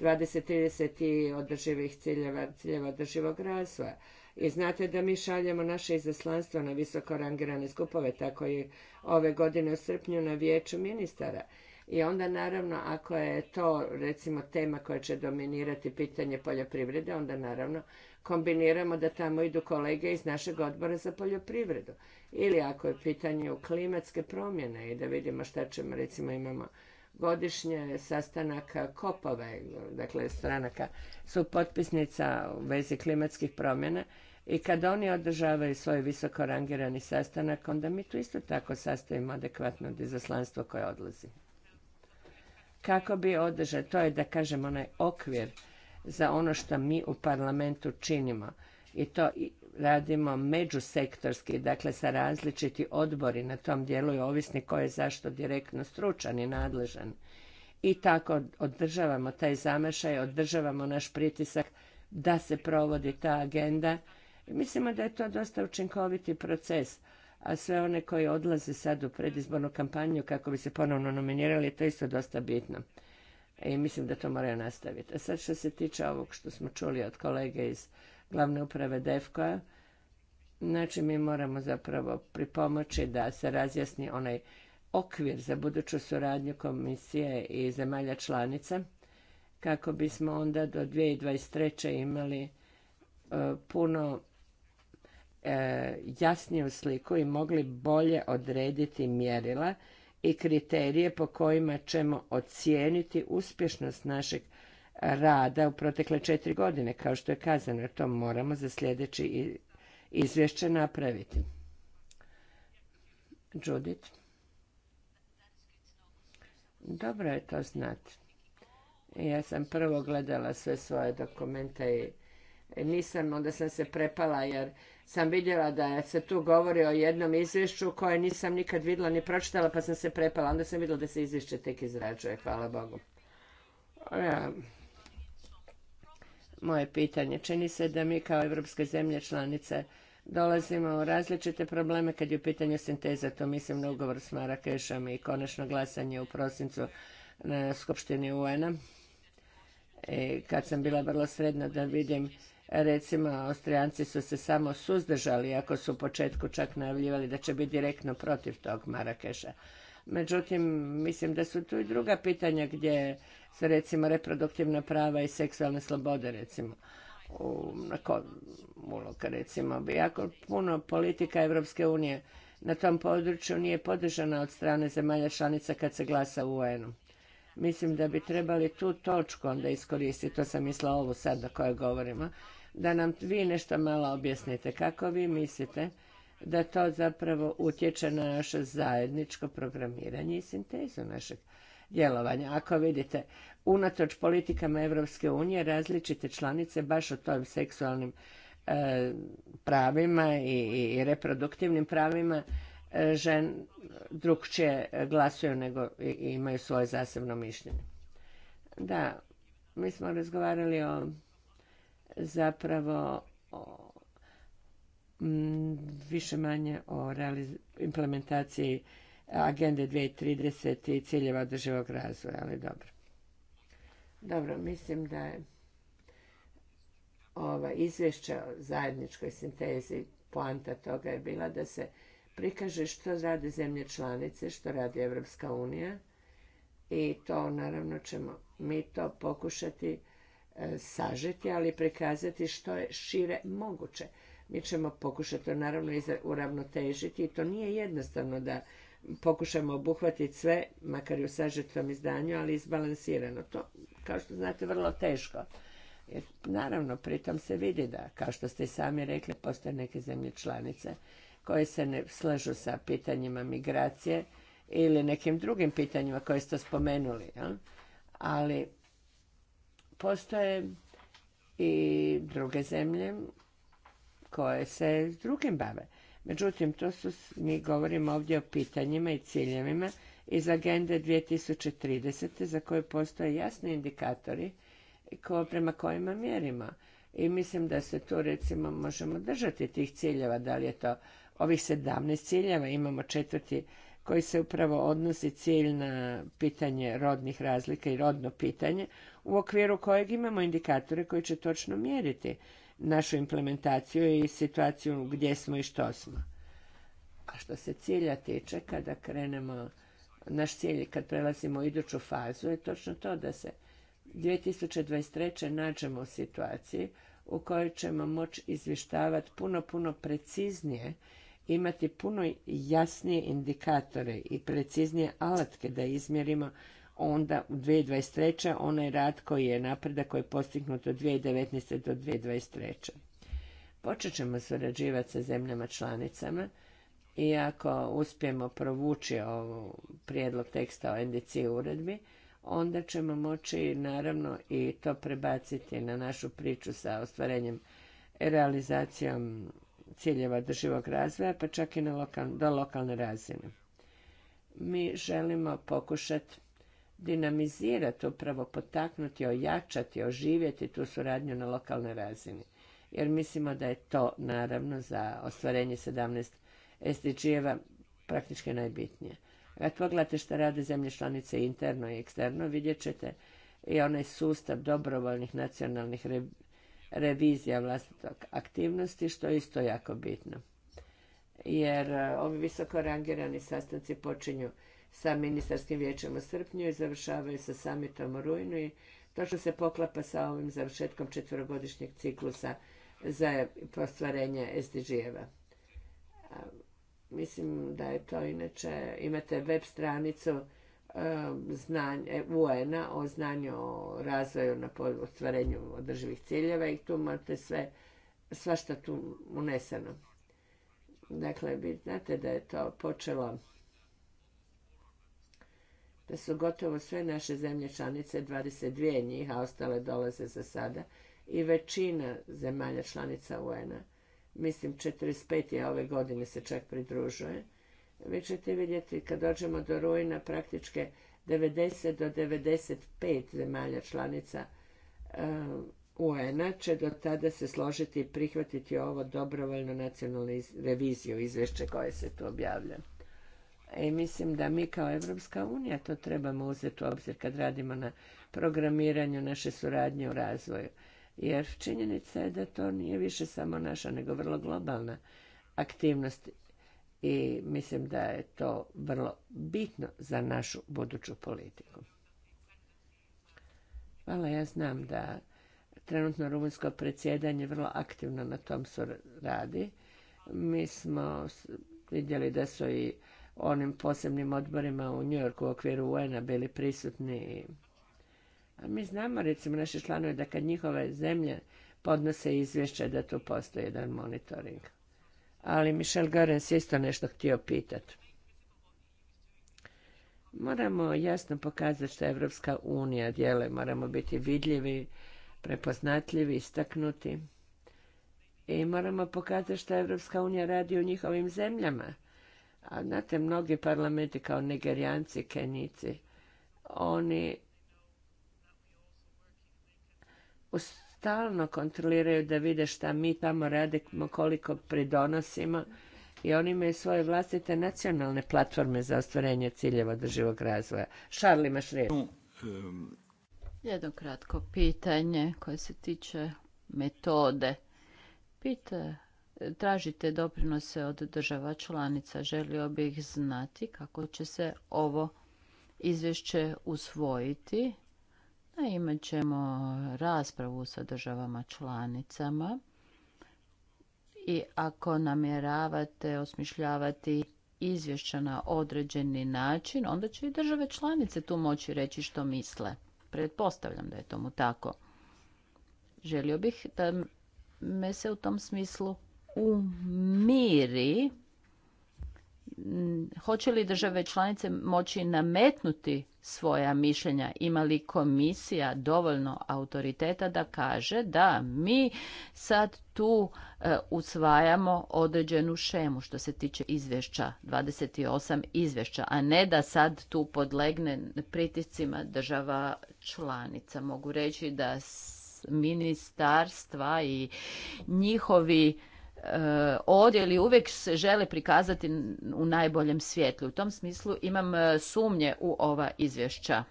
2030 i održivih ciljeva, ciljeva održivog razvoja. I znate da mi šaljemo naše izaslanstvo na visoko rangirane skupove, tako i ove godine u srpnju na vijeću ministara. I onda naravno ako je to recimo tema koja će dominirati pitanje poljoprivrede, onda naravno kombiniramo da tamo idu kolege iz našeg odbora za poljoprivredu. Ili ako je pitanje klimatske promjene i da vidimo šta ćemo, recimo imamo godišnje sastanaka kopove, dakle stranaka, su potpisnica u vezi klimatskih promjena i kad oni održavaju svoj visoko rangirani sastanak, onda mi tu isto tako sastavimo adekvatno dizaslanstvo koje odlazi. Kako bi održali, to je da kažem onaj okvir za ono što mi u parlamentu činimo i to radimo međusektorski, dakle sa različiti odbori na tom dijelu i ovisni ko je zašto direktno stručan i nadležan. I tako održavamo taj zamašaj, održavamo naš pritisak da se provodi ta agenda. Mislimo da je to dosta učinkoviti proces, a sve one koji odlaze sad u predizbornu kampanju kako bi se ponovno nominirali, to je isto dosta bitno. I mislim da to moraju nastaviti. A sad što se tiče ovog što smo čuli od kolege iz glavne uprave DEFKO-a. Znači, mi moramo zapravo pripomoći da se razjasni onaj okvir za buduću suradnju komisije i zemalja članica, kako bismo onda do 2023. imali e, puno e, jasniju sliku i mogli bolje odrediti mjerila i kriterije po kojima ćemo ocijeniti uspješnost našeg rada u protekle četiri godine, kao što je kazano, jer to moramo za sljedeći izvješće napraviti. Judith? Dobro je to znati. Ja sam prvo gledala sve svoje dokumente i nisam, onda sam se prepala jer sam vidjela da se tu govori o jednom izvješću koje nisam nikad vidjela ni pročitala pa sam se prepala. Onda sam vidjela da se izvješće tek izrađuje, hvala Bogu moje pitanje. Čini se da mi kao evropske zemlje članice dolazimo u različite probleme kad je u pitanju sinteza, to mislim na ugovor s Marakešom i konačno glasanje u prosincu na Skupštini UN-a. E, kad sam bila vrlo sredna da vidim recimo Austrijanci su se samo suzdržali ako su u početku čak najavljivali da će biti direktno protiv tog Marakeša. Međutim, mislim da su tu i druga pitanja gdje se recimo reproduktivna prava i seksualne slobode recimo u, uloga recimo. Jako puno politika Evropske unije na tom području nije podržana od strane zemalja članica kad se glasa u UN-u. Mislim da bi trebali tu točku onda iskoristiti, to sam mislila ovu sad o kojoj govorimo, da nam vi nešto malo objasnite. Kako vi mislite da to zapravo utječe na naše zajedničko programiranje i sintezu našeg djelovanja. Ako vidite, unatoč politikama Europske unije različite članice baš o tom seksualnim e, pravima i, i reproduktivnim pravima e, žen drugčije glasuju nego imaju svoje zasebno mišljenje. Da, mi smo razgovarali o zapravo o više manje o implementaciji agende 2030 i ciljeva održivog razvoja, ali dobro. Dobro, mislim da je ova izvješća o zajedničkoj sintezi, poanta toga je bila da se prikaže što rade zemlje članice, što radi Evropska unija i to naravno ćemo mi to pokušati e, sažeti, ali prikazati što je šire moguće mi ćemo pokušati to naravno uravnotežiti i to nije jednostavno da pokušamo obuhvatiti sve, makar i u sažetom izdanju, ali izbalansirano. To, kao što znate, vrlo teško. Jer, naravno, pritom se vidi da, kao što ste i sami rekli, postoje neke zemlje članice koje se ne slažu sa pitanjima migracije ili nekim drugim pitanjima koje ste spomenuli. Ali postoje i druge zemlje koje se s drugim bave. Međutim, to su, mi govorimo ovdje o pitanjima i ciljevima iz agende 2030. za koje postoje jasni indikatori ko, prema kojima mjerimo. I mislim da se tu recimo možemo držati tih ciljeva, da li je to ovih 17 ciljeva, imamo četvrti koji se upravo odnosi cilj na pitanje rodnih razlika i rodno pitanje, u okviru kojeg imamo indikatore koji će točno mjeriti našu implementaciju i situaciju gdje smo i što smo. A što se cilja tiče, kada krenemo, naš cilj kad prelazimo u iduću fazu je točno to da se 2023. nađemo u situaciji u kojoj ćemo moći izvještavati puno, puno preciznije, imati puno jasnije indikatore i preciznije alatke da izmjerimo onda u 2023. onaj rad koji je napredak koji je postignut od 2019. do 2023. Počet ćemo surađivati sa zemljama članicama i ako uspijemo provući ovu prijedlog teksta o NDC uredbi, onda ćemo moći naravno i to prebaciti na našu priču sa ostvarenjem realizacijom ciljeva održivog razvoja, pa čak i do lokalne razine. Mi želimo pokušati dinamizirati, upravo potaknuti, ojačati, oživjeti tu suradnju na lokalnoj razini. Jer mislimo da je to naravno za ostvarenje 17 SDG-eva praktički najbitnije. Kad pogledate što rade zemlje članice interno i eksterno, vidjet ćete i onaj sustav dobrovoljnih nacionalnih revizija vlastitog aktivnosti, što je isto jako bitno. Jer eh, ovi visoko rangirani sastanci počinju sa ministarskim vijećem u srpnju i završavaju sa samitom u rujnu i točno se poklapa sa ovim završetkom četvrogodišnjeg ciklusa za postvarenje SDG-eva. Mislim da je to inače, imate web stranicu e, znanje, e, un o znanju o razvoju na ostvarenju održivih ciljeva i tu imate sve, svašta tu uneseno. Dakle, vi znate da je to počelo da su gotovo sve naše zemlje članice, 22 njih, a ostale dolaze za sada, i većina zemalja članica UN-a, mislim 45 je ove godine se čak pridružuje, vi ćete vidjeti kad dođemo do rujna praktičke 90 do 95 zemalja članica eh, UN-a će do tada se složiti i prihvatiti ovo dobrovoljno nacionalnu reviziju izvješće koje se tu objavlja. I mislim da mi kao Evropska unija to trebamo uzeti u obzir kad radimo na programiranju naše suradnje u razvoju. Jer činjenica je da to nije više samo naša, nego vrlo globalna aktivnost i mislim da je to vrlo bitno za našu buduću politiku. Hvala, ja znam da trenutno rumunsko predsjedanje vrlo aktivno na tom radi. Mi smo vidjeli da su i onim posebnim odborima u Yorku u okviru UN-a bili prisutni. A mi znamo, recimo, naši članovi da kad njihove zemlje podnose izvješće da tu postoji jedan monitoring. Ali Michel Gorens je isto nešto htio pitati. Moramo jasno pokazati što Evropska unija djeluje. Moramo biti vidljivi, prepoznatljivi, istaknuti. I moramo pokazati što Evropska unija radi u njihovim zemljama a znate, mnogi parlamenti kao Nigerijanci, Kenici, oni stalno kontroliraju da vide šta mi tamo radimo, koliko pridonosimo i oni imaju svoje vlastite nacionalne platforme za ostvarenje ciljeva održivog razvoja. Šarli, imaš Jedno kratko pitanje koje se tiče metode. Pita tražite doprinose od država članica. Želio bih znati kako će se ovo izvješće usvojiti. Na imat ćemo raspravu sa državama članicama i ako namjeravate osmišljavati izvješća na određeni način, onda će i države članice tu moći reći što misle. Pretpostavljam da je tomu tako. Želio bih da me se u tom smislu miri, hoće li države članice moći nametnuti svoja mišljenja? Ima li komisija dovoljno autoriteta da kaže da mi sad tu e, usvajamo određenu šemu što se tiče izvješća, 28 izvješća, a ne da sad tu podlegne pritiscima država članica. Mogu reći da ministarstva i njihovi Eh, odjeli uvijek se žele prikazati u najboljem svjetlu. U tom smislu imam eh, sumnje u ova izvješća.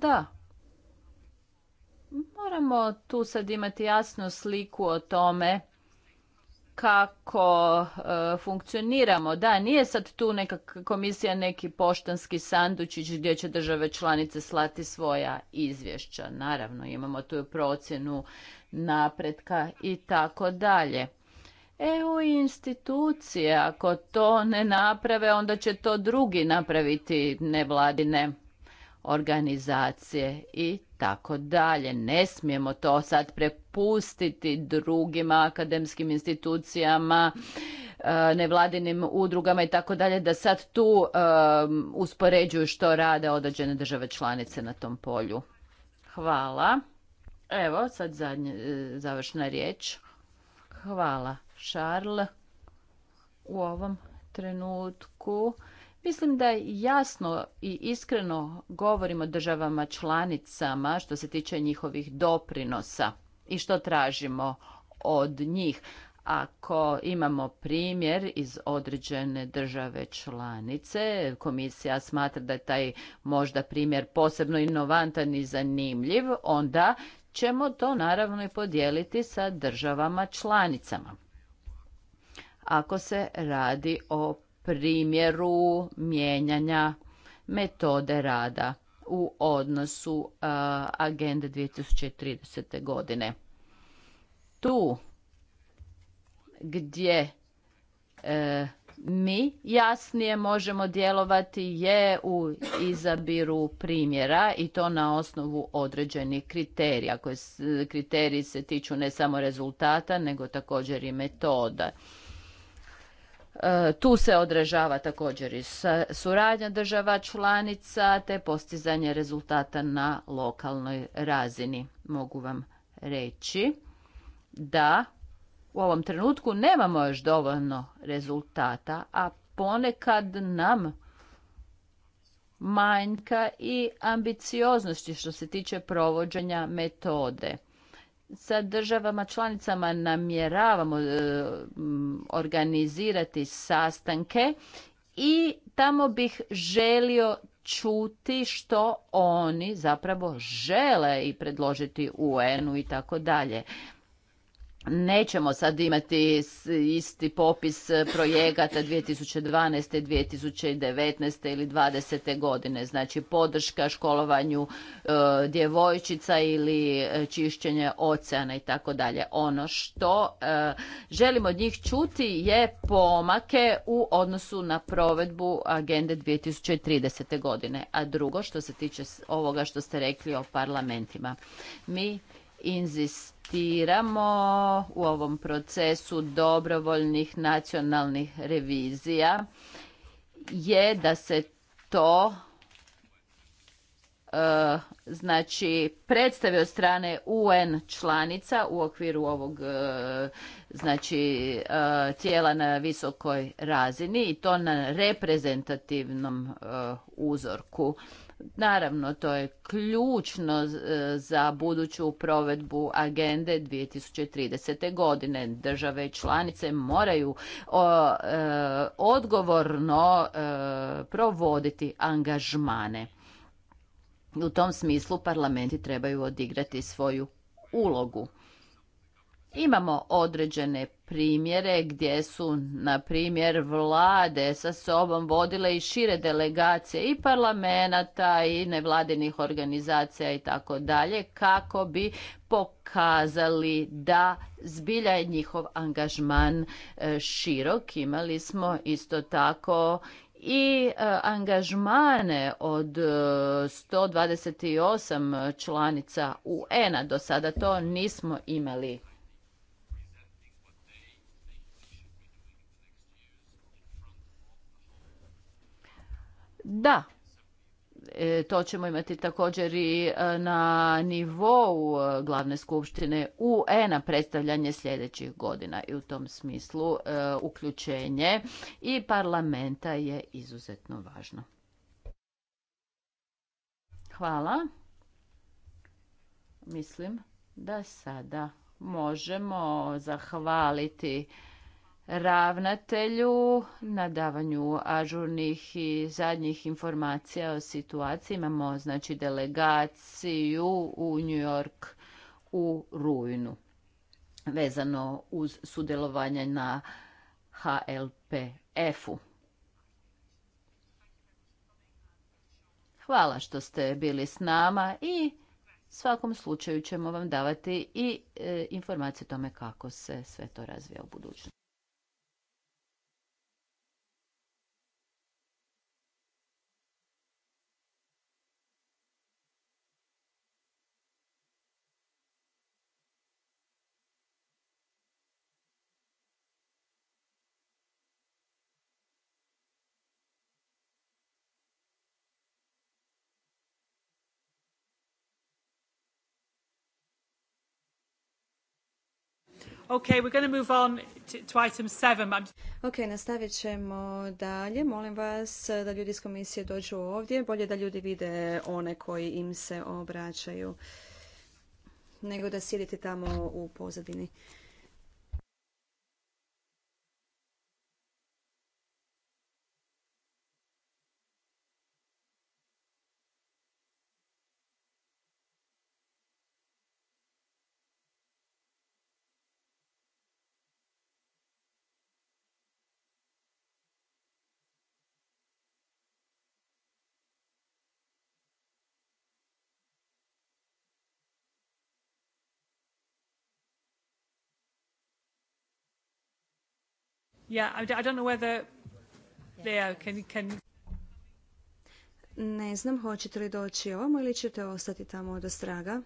Da. Moramo tu sad imati jasnu sliku o tome kako eh, funkcioniramo. Da, nije sad tu neka komisija neki poštanski sandučić gdje će države članice slati svoja izvješća. Naravno, imamo tu procjenu napretka i tako dalje. EU institucije, ako to ne naprave, onda će to drugi napraviti nevladine organizacije i tako dalje. Ne smijemo to sad prepustiti drugima akademskim institucijama, e, nevladinim udrugama i tako dalje, da sad tu e, uspoređuju što rade određene države članice na tom polju. Hvala. Evo, sad zadnje, e, završna riječ. Hvala, Charles. U ovom trenutku Mislim da jasno i iskreno govorimo državama članicama što se tiče njihovih doprinosa i što tražimo od njih. Ako imamo primjer iz određene države članice, komisija smatra da je taj možda primjer posebno inovantan i zanimljiv, onda ćemo to naravno i podijeliti sa državama članicama. Ako se radi o primjeru mijenjanja metode rada u odnosu agende 2030. godine. Tu gdje e, mi jasnije možemo djelovati je u izabiru primjera i to na osnovu određenih kriterija. koje kriteriji se tiču ne samo rezultata, nego također i metoda. E, tu se odražava također i suradnja država članica te postizanje rezultata na lokalnoj razini. Mogu vam reći da u ovom trenutku nemamo još dovoljno rezultata, a ponekad nam manjka i ambicioznosti što se tiče provođenja metode. Sa državama članicama namjeravamo e, organizirati sastanke i tamo bih želio čuti što oni zapravo žele i predložiti UN-u i tako dalje. Nećemo sad imati isti popis e, projekata 2012. 2019. ili 2020. godine. Znači podrška školovanju e, djevojčica ili e, čišćenje oceana i tako dalje. Ono što želimo od njih čuti je pomake u odnosu na provedbu agende 2030. godine. A drugo što se tiče ovoga što ste rekli o parlamentima. Mi inzistiramo u ovom procesu dobrovoljnih nacionalnih revizija je da se to e, znači predstavi od strane UN članica u okviru ovog e, znači e, tijela na visokoj razini i to na reprezentativnom uzorku Naravno, to je ključno e, za buduću provedbu agende 2030. godine. Države članice moraju e, odgovorno e, provoditi angažmane. U tom smislu parlamenti trebaju odigrati svoju ulogu. Imamo određene primjere gdje su, na primjer, vlade sa sobom vodile i šire delegacije i parlamenta i nevladinih organizacija i tako dalje kako bi pokazali da zbilja je njihov angažman e, širok. Imali smo isto tako i e, angažmane od 128 e, članica UN-a. Do sada to nismo imali Da, e, to ćemo imati također i e, na nivou e, glavne skupštine un na predstavljanje sljedećih godina i u tom smislu uključenje i parlamenta je izuzetno važno. Hvala. Mislim da sada možemo zahvaliti ravnatelju na davanju ažurnih i zadnjih informacija o situaciji. Imamo znači delegaciju u New York u rujnu vezano uz sudjelovanje na HLPF-u. Hvala što ste bili s nama i svakom slučaju ćemo vam davati i e, informacije o tome kako se sve to razvija u budućnosti. Okay, we're going to move on to item seven. Ok, nastavit ćemo dalje. Molim vas eh, da ljudi iz komisije dođu ovdje. Bolje da ljudi vide one koji im se obraćaju nego da sjedite tamo u pozadini. Yeah, I, Ne znam, hoćete li doći ovamo ili ćete ostati tamo do straga?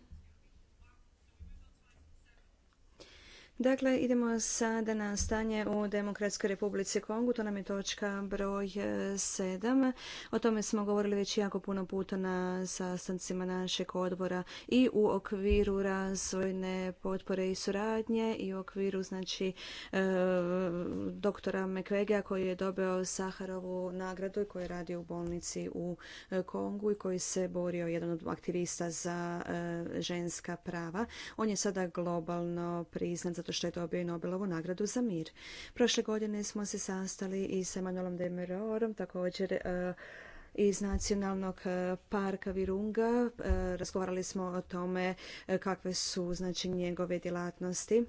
Dakle, idemo sada na stanje u Demokratskoj republici Kongu. To nam je točka broj e, sedam. O tome smo govorili već jako puno puta na sastancima našeg odbora i u okviru razvojne potpore i suradnje i u okviru znači e, doktora Mekvega koji je dobio Saharovu nagradu i koji je radio u bolnici u e, Kongu i koji se borio jedan od aktivista za e, ženska prava. On je sada globalno priznat zato što je dobio i Nobelovu nagradu za mir. Prošle godine smo se sastali i sa de Demerorom, također e, iz nacionalnog e, parka Virunga. E, razgovarali smo o tome kakve su znači njegove djelatnosti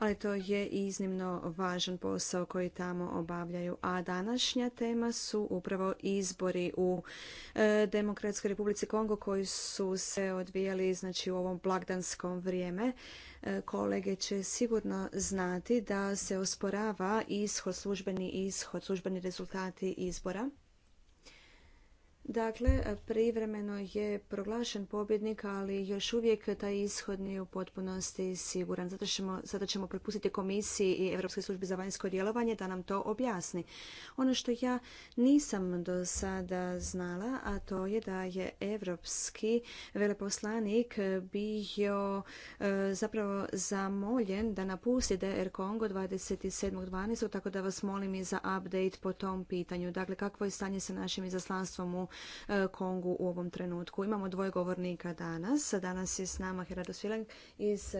ali to je iznimno važan posao koji tamo obavljaju. A današnja tema su upravo izbori u e, Demokratskoj Republici Kongo koji su se odvijali znači, u ovom blagdanskom vrijeme. E, kolege će sigurno znati da se osporava ishod, službeni ishod, službeni rezultati izbora Dakle, privremeno je proglašen pobjednik, ali još uvijek taj ishod nije u potpunosti siguran. Zato ćemo, sada ćemo prepustiti komisiji i Europskoj službi za vanjsko djelovanje da nam to objasni. Ono što ja nisam do sada znala, a to je da je europski veleposlanik bio e, zapravo zamoljen da napusti DR Kongo 27.12. Tako da vas molim i za update po tom pitanju. Dakle, kakvo je stanje sa našim izaslanstvom u E, Kongu u ovom trenutku. Imamo dvoje govornika danas. Danas je s nama Herado iz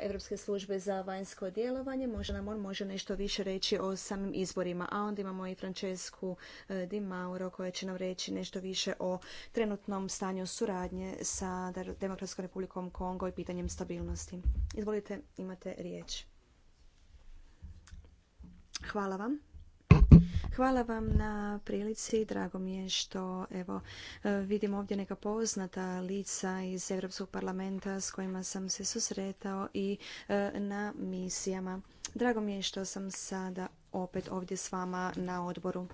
Europske službe za vanjsko djelovanje. Možda nam on može nešto više reći o samim izborima. A onda imamo i Francesku e, Di Mauro koja će nam reći nešto više o trenutnom stanju suradnje sa Demokratskom republikom Kongo i pitanjem stabilnosti. Izvolite, imate riječ. Hvala vam. Hvala vam na prilici. Drago mi je što evo, e, vidim ovdje neka poznata lica iz Europskog parlamenta s kojima sam se susretao i e, na misijama. Drago mi je što sam sada opet ovdje s vama na odboru.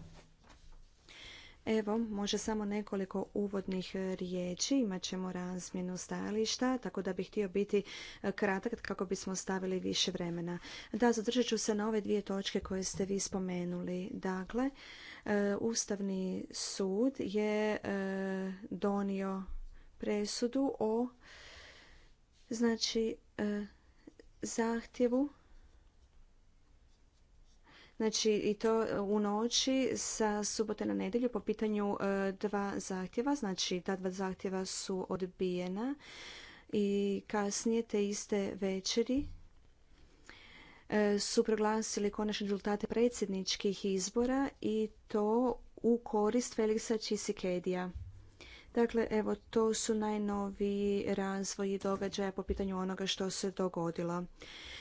Evo, može samo nekoliko uvodnih riječi, imat ćemo razmjenu stajališta, tako da bih htio biti kratak kako bismo stavili više vremena. Da, zadržat ću se na ove dvije točke koje ste vi spomenuli. Dakle, e, Ustavni sud je e, donio presudu o znači e, zahtjevu Znači i to e, u noći sa subote na nedjelju po pitanju e, dva zahtjeva. Znači ta dva zahtjeva su odbijena i kasnije te iste večeri e, su proglasili konačne rezultate predsjedničkih izbora i to u korist Feliksa Čisikedija. Dakle, evo, to su najnoviji razvoji događaja po pitanju onoga što se dogodilo.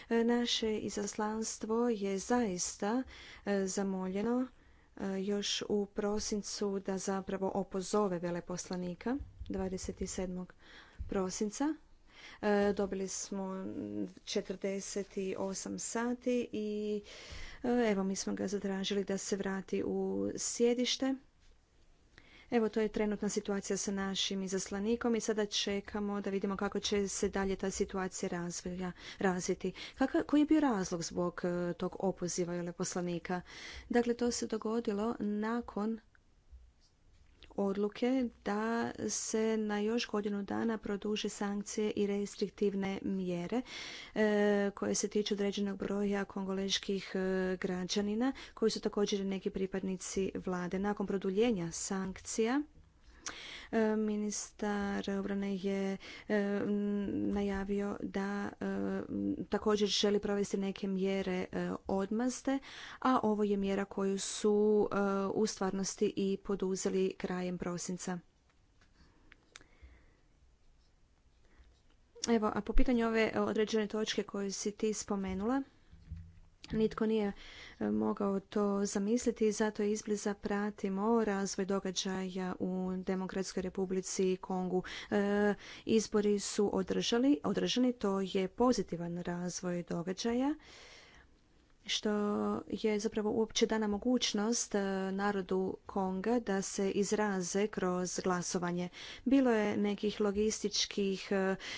E, naše izaslanstvo je zaista e, zamoljeno e, još u prosincu da zapravo opozove veleposlanika 27. prosinca. Dobili smo 48 sati i evo mi smo ga zatražili da se vrati u sjedište Evo, to je trenutna situacija sa našim izaslanikom i sada čekamo da vidimo kako će se dalje ta situacija razvija, razviti. koji je bio razlog zbog eh, tog opoziva poslanika? Dakle, to se dogodilo nakon odluke da se na još godinu dana produže sankcije i restriktivne mjere e, koje se tiču određenog broja kongoleških e, građanina koji su također neki pripadnici vlade. Nakon produljenja sankcija E, ministar obrane je e, najavio da e, također želi provesti neke mjere odmazde, a ovo je mjera koju su u stvarnosti i poduzeli krajem prosinca. Evo, a po pitanju ove određene točke koju si ti spomenula, Nitko nije e, mogao to zamisliti i zato izbliza pratimo razvoj događaja u Demokratskoj republici Kongu. E, izbori su održali, održani, to je pozitivan razvoj događaja što je zapravo uopće dana mogućnost e, narodu Konga da se izraze kroz glasovanje. Bilo je nekih logističkih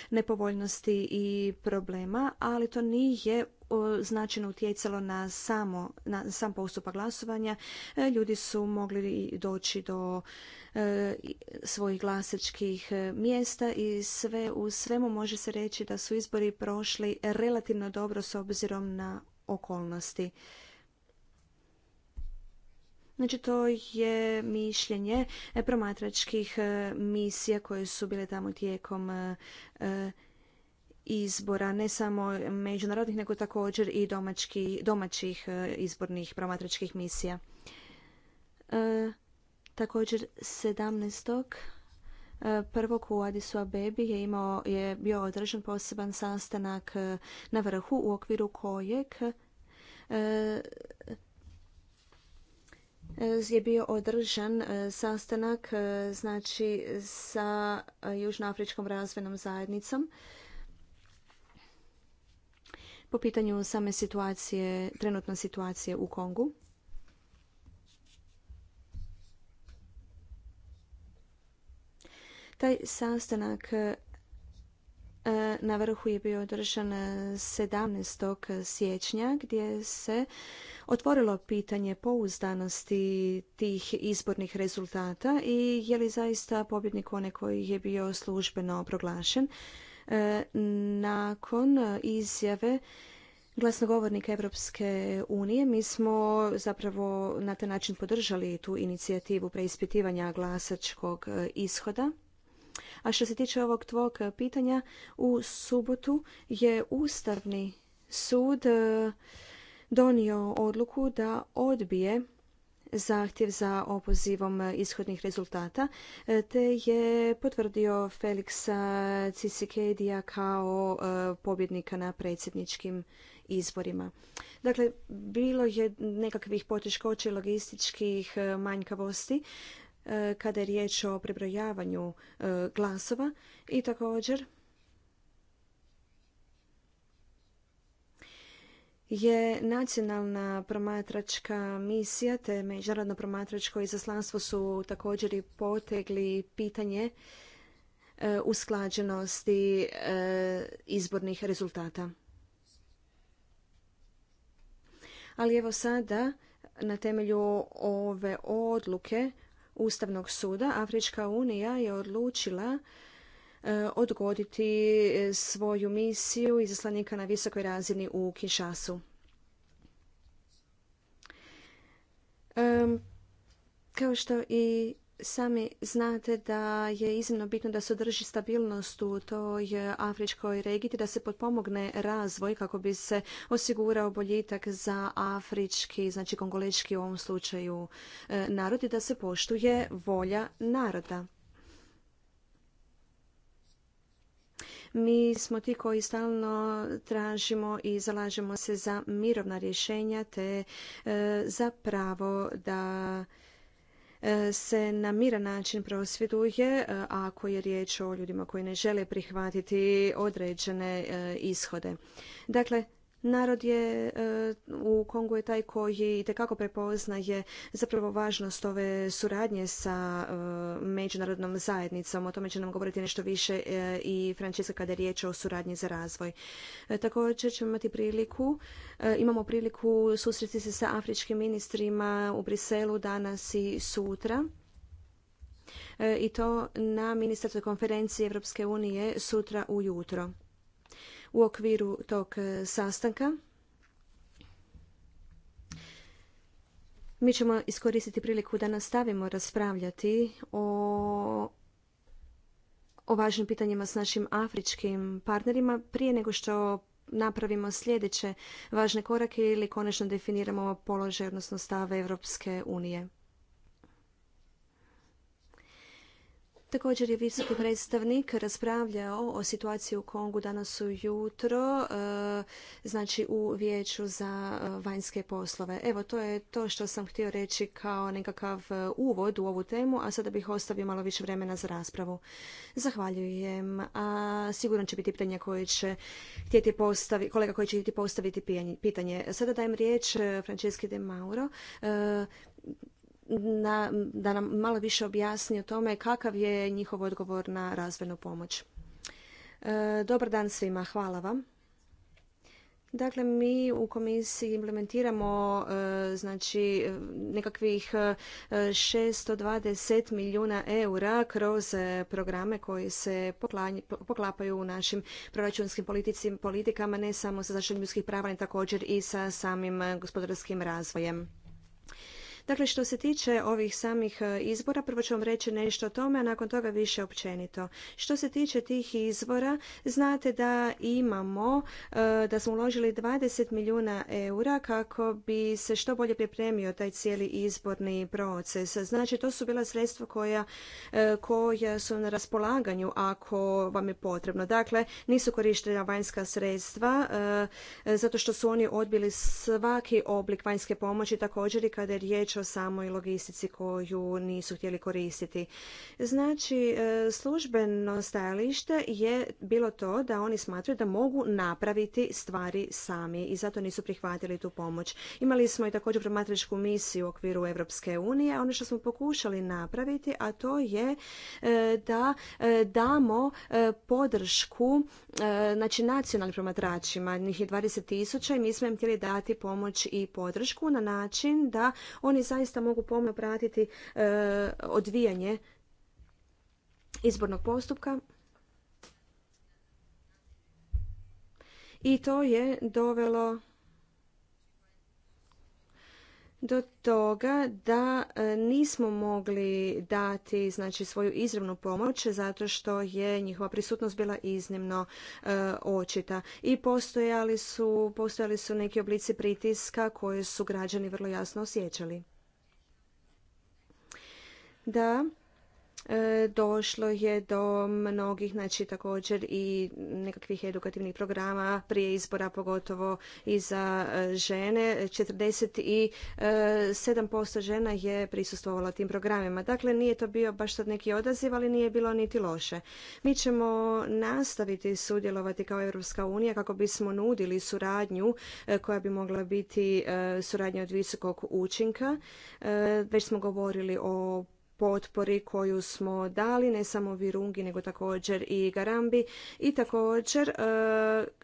nepovoljnosti i problema, ali to nije značajno utjecalo na, samo, na sam postupak glasovanja. E, ljudi su mogli doći do e, svojih glasačkih e, mjesta i sve u svemu može se reći da su izbori prošli relativno dobro s obzirom na okolnosti. Znači, to je mišljenje promatračkih misija koje su bile tamo tijekom izbora, ne samo međunarodnih, nego također i domaćih e, izbornih promatračkih misija. E, također 17. E, prvog u Adisu Abebi je, imao, je bio održan poseban sastanak na vrhu u okviru kojeg je bio održan sastanak znači sa Južnoafričkom razvojnom zajednicom po pitanju same situacije, trenutno situacije u Kongu. Taj sastanak e, na vrhu je bio održan 17. siječnja gdje se otvorilo pitanje pouzdanosti tih izbornih rezultata i je li zaista pobjednik onaj koji je bio službeno proglašen. E, nakon izjave glasnogovornika Europske unije. Mi smo zapravo na taj način podržali tu inicijativu preispitivanja glasačkog e, ishoda. A što se tiče ovog tvog pitanja, u subotu je Ustavni sud e, donio odluku da odbije zahtjev za opozivom e, ishodnih rezultata, e, te je potvrdio Feliksa Cisikedija kao e, pobjednika na predsjedničkim izborima. Dakle, bilo je nekakvih poteškoća i logističkih manjkavosti kada je riječ o prebrojavanju glasova i također je nacionalna promatračka misija te međunarodno promatračko izaslanstvo su također i potegli pitanje e, usklađenosti e, izbornih rezultata. Ali evo sada na temelju ove odluke Ustavnog suda Afrička unija je odlučila E, odgoditi e, svoju misiju izaslanika na visokoj razini u Kinshasu. Kao što i sami znate da je iznimno bitno da se održi stabilnost u toj afričkoj regiji, da se potpomogne razvoj kako bi se osigurao boljitak za afrički, znači kongolečki u ovom slučaju e, narod i da se poštuje volja naroda. Mi smo ti koji stalno tražimo i zalažemo se za mirovna rješenja te e, za pravo da e, se na miran način prosvjeduje e, ako je riječ o ljudima koji ne žele prihvatiti određene ishode. Dakle, Narod je e, u Kongu je taj koji itekako prepoznaje zapravo važnost ove suradnje sa e, međunarodnom zajednicom. O tome će nam govoriti nešto više e, i Francesca kada je riječ o suradnji za razvoj. Također ćemo imati priliku, imamo priliku susreti se sa afričkim ministrima u Briselu danas i sutra i to na ministarskoj konferenciji Europske unije sutra ujutro u okviru tog e, sastanka. Mi ćemo iskoristiti priliku da nastavimo raspravljati o o važnim pitanjima s našim afričkim partnerima prije nego što napravimo sljedeće važne korake ili konačno definiramo položaj, odnosno stave Europske unije. Također je visoki predstavnik raspravljao o situaciji u Kongu danas ujutro, e, znači u vijeću za e, vanjske poslove. Evo, to je to što sam htio reći kao nekakav e, uvod u ovu temu, a sada bih ostavio malo više vremena za raspravu. Zahvaljujem. A sigurno će biti pitanja koje će htjeti postaviti, kolega koji će htjeti postaviti pitanje. Sada dajem riječ Franceski de Mauro na, da nam malo više objasni o tome kakav je njihov odgovor na razvojnu pomoć. E, dobar dan svima, hvala vam. Dakle, mi u komisiji implementiramo e, znači, e, nekakvih 620 milijuna eura kroz programe koji se poklapaju u našim proračunskim politikama, ne samo sa zaštitom ljudskih prava, ne također i sa samim gospodarskim razvojem. Dakle, što se tiče ovih samih e, izbora, prvo ću vam reći nešto o tome, a nakon toga više općenito. Što se tiče tih izbora, znate da imamo, e, da smo uložili 20 milijuna eura kako bi se što bolje pripremio taj cijeli izborni proces. Znači, to su bila sredstva koja, e, koja su na raspolaganju ako vam je potrebno. Dakle, nisu korištena vanjska sredstva zato što su oni odbili svaki oblik vanjske pomoći također i kada je riječ o samoj logistici koju nisu htjeli koristiti. Znači, e, službeno stajalište je bilo to da oni smatraju da mogu napraviti stvari sami i zato nisu prihvatili tu pomoć. Imali smo i također promatračku misiju u okviru Europske unije. Ono što smo pokušali napraviti, a to je e, da e, damo podršku znači nacionalnim promatračima, njih je 20 tisuća i mi smo im htjeli dati pomoć i podršku na način da oni zaista mogu pomno pratiti e, odvijanje izbornog postupka. I to je dovelo do toga da e, nismo mogli dati znači, svoju izravnu pomoć zato što je njihova prisutnost bila iznimno e, očita. I postojali su, postojali su neki oblici pritiska koje su građani vrlo jasno osjećali da e, došlo je do mnogih, znači također i nekakvih edukativnih programa prije izbora, pogotovo i za e, žene. 47% e, žena je prisustvovala tim programima. Dakle, nije to bio baš sad neki odaziv, ali nije bilo niti loše. Mi ćemo nastaviti sudjelovati kao Europska unija kako bismo nudili suradnju koja bi mogla biti suradnja od visokog učinka. Već smo govorili o potpori koju smo dali, ne samo Virungi, nego također i Garambi. I također, e,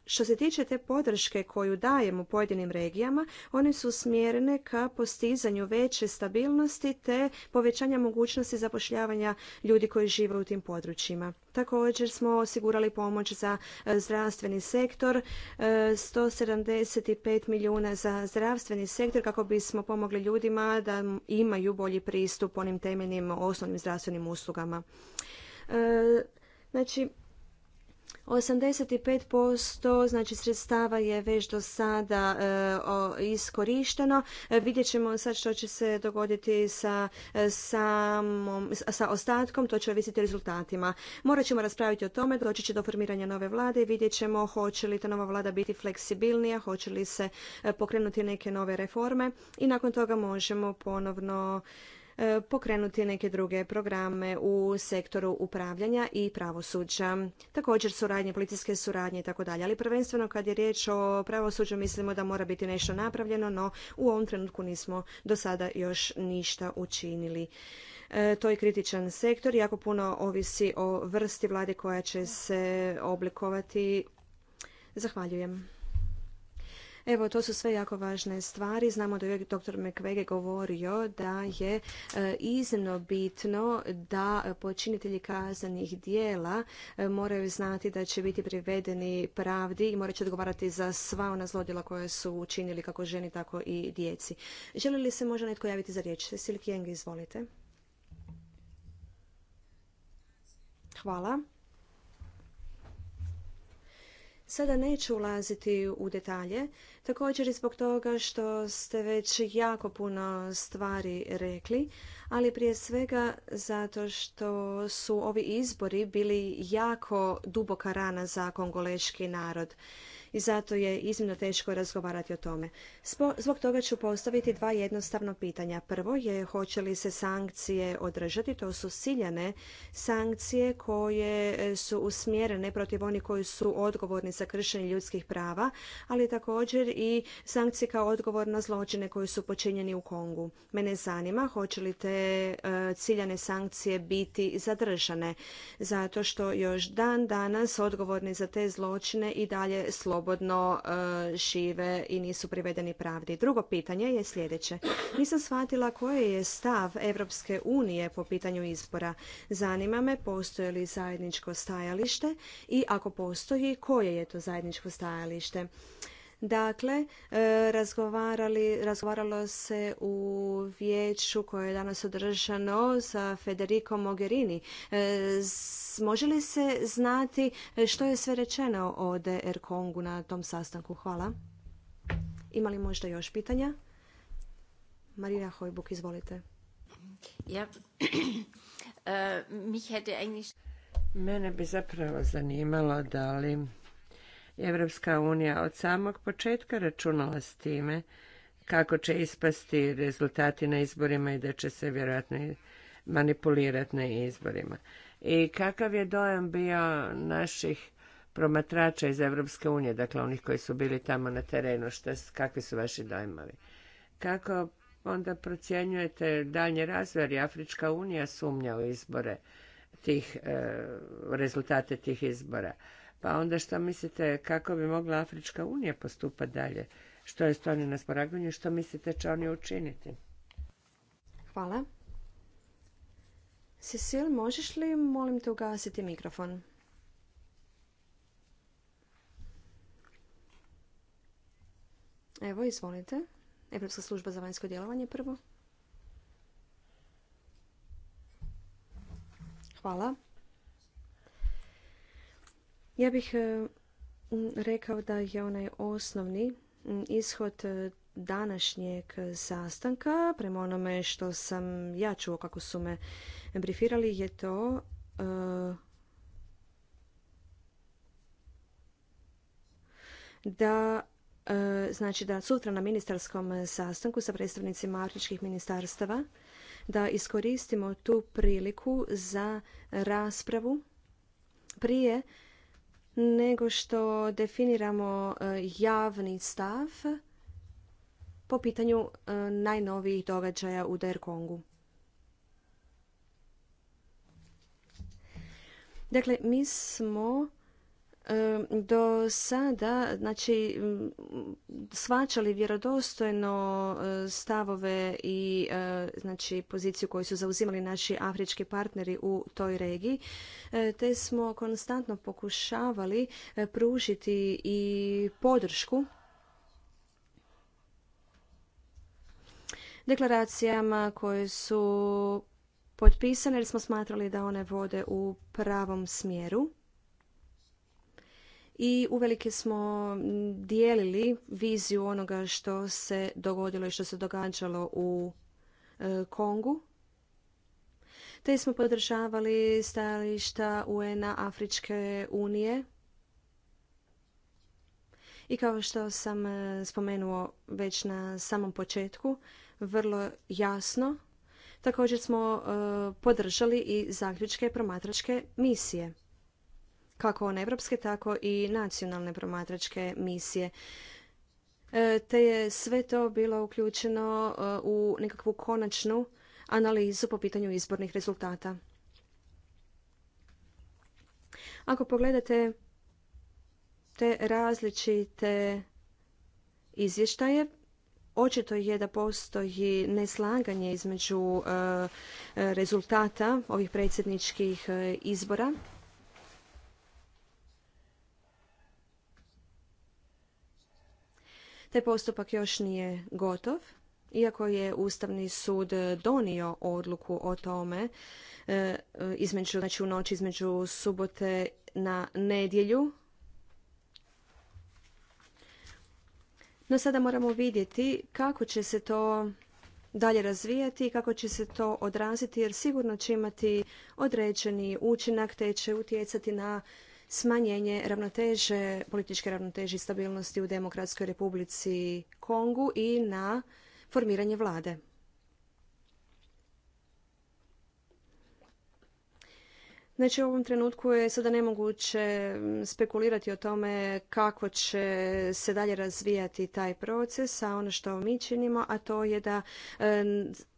što se tiče te podrške koju dajemo pojedinim regijama, one su smjerene ka postizanju veće stabilnosti te povećanja mogućnosti zapošljavanja ljudi koji žive u tim područjima. Također smo osigurali pomoć za e, zdravstveni sektor, 175 e, milijuna za zdravstveni sektor kako bismo pomogli ljudima da imaju bolji pristup onim temeljnim osnovnim zdravstvenim uslugama. E, znači, 85% znači sredstava je već do sada e, iskorišteno. E, vidjet ćemo sad što će se dogoditi sa, e, samom, sa ostatkom, to će ovisiti rezultatima. Morat ćemo raspraviti o tome, doći će do formiranja nove vlade i vidjet ćemo hoće li ta nova vlada biti fleksibilnija, hoće li se pokrenuti neke nove reforme i nakon toga možemo ponovno E, pokrenuti neke druge programe u sektoru upravljanja i pravosuđa. Također suradnje, policijske suradnje i tako dalje. Ali prvenstveno kad je riječ o pravosuđu mislimo da mora biti nešto napravljeno, no u ovom trenutku nismo do sada još ništa učinili. E, to je kritičan sektor, jako puno ovisi o vrsti vlade koja će se oblikovati. Zahvaljujem. Evo, to su sve jako važne stvari. Znamo da je dr. McVege govorio da je e, iznimno bitno da počinitelji kazanih dijela e, moraju znati da će biti privedeni pravdi i morat će odgovarati za sva ona zlodjela koje su učinili kako ženi, tako i djeci. Želi li se možda netko javiti za riječ? Cecil izvolite. Hvala. Sada neću ulaziti u detalje, Također i zbog toga što ste već jako puno stvari rekli, ali prije svega zato što su ovi izbori bili jako duboka rana za kongoleški narod i zato je iznimno teško razgovarati o tome. Zbog toga ću postaviti dva jednostavna pitanja. Prvo je hoće li se sankcije održati, to su ciljane sankcije koje su usmjerene protiv onih koji su odgovorni za kršenje ljudskih prava, ali također i sankcije kao odgovor na zločine koji su počinjeni u Kongu. Mene zanima hoće li te e, ciljane sankcije biti zadržane, zato što još dan danas odgovorni za te zločine i dalje slobodno slobodno e, žive i nisu privedeni pravdi. Drugo pitanje je sljedeće. Nisam shvatila koji je stav Europske unije po pitanju izbora. Zanima me postoje li zajedničko stajalište i ako postoji koje je to zajedničko stajalište. Dakle, e, razgovarali, razgovaralo se u vijeću koje je danas održano sa Federico Mogherini. E, može li se znati što je sve rečeno o DR Kongu na tom sastanku? Hvala. Imali možda još pitanja? Marina Hojbuk, izvolite. Ja, e, Mene bi zapravo zanimalo da li Evropska unija od samog početka računala s time kako će ispasti rezultati na izborima i da će se vjerojatno manipulirati na izborima. I kakav je dojam bio naših promatrača iz Evropske unije, dakle onih koji su bili tamo na terenu, šta, kakvi su vaši dojmovi? Kako onda procjenjujete daljnji razvoj, jer Afrička unija sumnja u izbore tih, e, rezultate tih izbora. Pa onda što mislite kako bi mogla Afrička unija postupati dalje? Što je stvarno na sporaganju što mislite će oni učiniti? Hvala. Cecil, možeš li, molim te, ugasiti mikrofon? Evo, izvolite. Evropska služba za vanjsko djelovanje prvo. Hvala. Ja bih e, rekao da je onaj osnovni ishod e, današnjeg sastanka, prema onome što sam ja čuo kako su me brifirali, je to e, da znači da sutra na ministarskom sastanku sa predstavnicima afričkih ministarstava da iskoristimo tu priliku za raspravu prije nego što definiramo e, javni stav po pitanju e, najnovijih događaja u DR Kongu. Dakle, mi smo do sada znači svačali vjerodostojno e, stavove i e, znači poziciju koju su zauzimali naši afrički partneri u toj regiji e, te smo konstantno pokušavali pružiti i podršku deklaracijama koje su potpisane jer smo smatrali da one vode u pravom smjeru i uvelike smo dijelili viziju onoga što se dogodilo i što se događalo u e, Kongu. Te smo podržavali stajališta un Afričke unije. I kao što sam e, spomenuo već na samom početku, vrlo jasno, također smo e, podržali i zaključke promatračke misije kako one evropske, tako i nacionalne promatračke misije e, te je sve to bilo uključeno e, u nekakvu konačnu analizu po pitanju izbornih rezultata. Ako pogledate te različite izvještaje, očito je da postoji neslaganje između e, rezultata ovih predsjedničkih izbora Taj postupak još nije gotov. Iako je Ustavni sud donio odluku o tome e, između, znači u noći između subote na nedjelju, no sada moramo vidjeti kako će se to dalje razvijati i kako će se to odraziti jer sigurno će imati određeni učinak te će utjecati na smanjenje ravnoteže, političke ravnoteže i stabilnosti u Demokratskoj republici Kongu i na formiranje vlade. Znači u ovom trenutku je sada nemoguće spekulirati o tome kako će se dalje razvijati taj proces, a ono što mi činimo, a to je da e,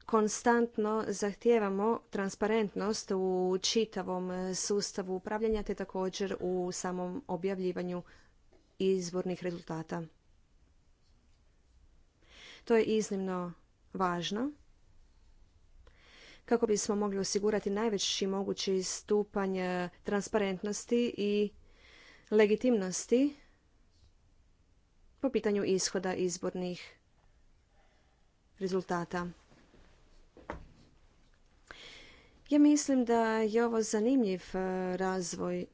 konstantno zahtijevamo transparentnost u čitavom sustavu upravljanja te također u samom objavljivanju izbornih rezultata. To je iznimno važno kako bismo mogli osigurati najveći mogući stupanj transparentnosti i legitimnosti po pitanju ishoda izbornih rezultata. Ja mislim da je ovo zanimljiv e, razvoj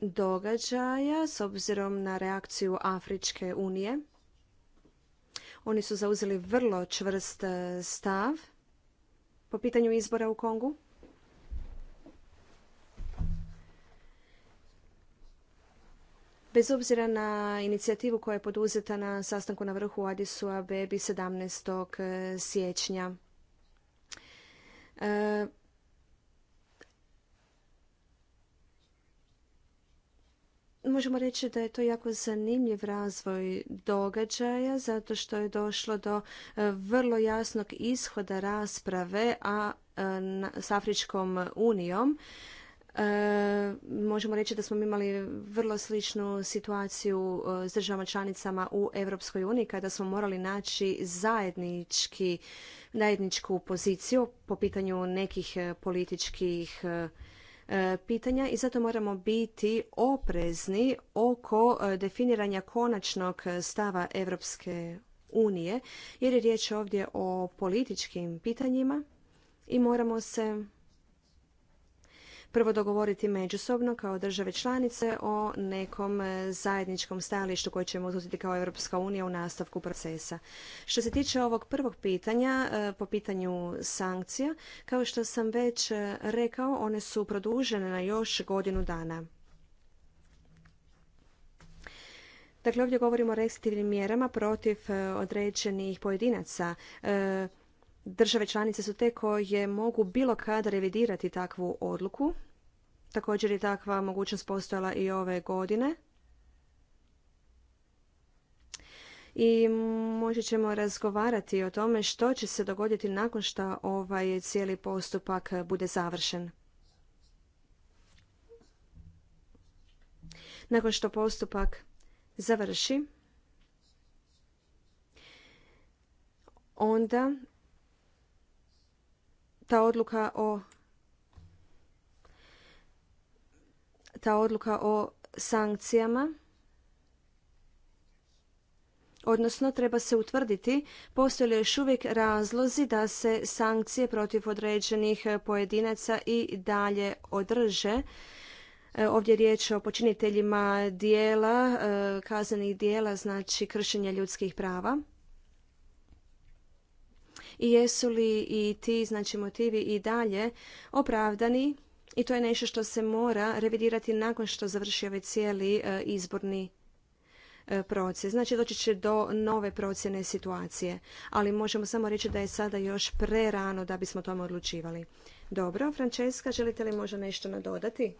događaja s obzirom na reakciju Afričke unije. Oni su zauzeli vrlo čvrst e, stav po pitanju izbora u Kongu. Bez obzira na inicijativu koja je poduzeta na sastanku na vrhu Adisu Abebi 17. siječnja. E, možemo reći da je to jako zanimljiv razvoj događaja zato što je došlo do e, vrlo jasnog ishoda rasprave a e, s Afričkom unijom E, možemo reći da smo imali vrlo sličnu situaciju e, s državama članicama u Europskoj uniji kada smo morali naći zajednički, zajedničku poziciju po pitanju nekih e, političkih e, pitanja i zato moramo biti oprezni oko definiranja konačnog stava Europske unije jer je riječ ovdje o političkim pitanjima i moramo se prvo dogovoriti međusobno kao države članice o nekom e, zajedničkom stajalištu koje ćemo uzeti kao Europska unija u nastavku procesa. Što se tiče ovog prvog pitanja, e, po pitanju sankcija, kao što sam već e, rekao, one su produžene na još godinu dana. Dakle, ovdje govorimo o restriktivnim mjerama protiv određenih pojedinaca. Države članice su te koje mogu bilo kada revidirati takvu odluku. Također je takva mogućnost postojala i ove godine. i možda ćemo razgovarati o tome što će se dogoditi nakon što ovaj cijeli postupak bude završen. Nakon što postupak završi, onda ta odluka o ta odluka o sankcijama odnosno treba se utvrditi postoje li još uvijek razlozi da se sankcije protiv određenih pojedinaca i dalje održe. E, ovdje je riječ o počiniteljima dijela, e, kaznenih dijela, znači kršenja ljudskih prava i jesu li i ti znači motivi i dalje opravdani i to je nešto što se mora revidirati nakon što završi ovaj cijeli e, izborni e, proces. Znači doći će do nove procjene situacije, ali možemo samo reći da je sada još prerano da bismo tome odlučivali. Dobro, Francesca, želite li možda nešto nadodati?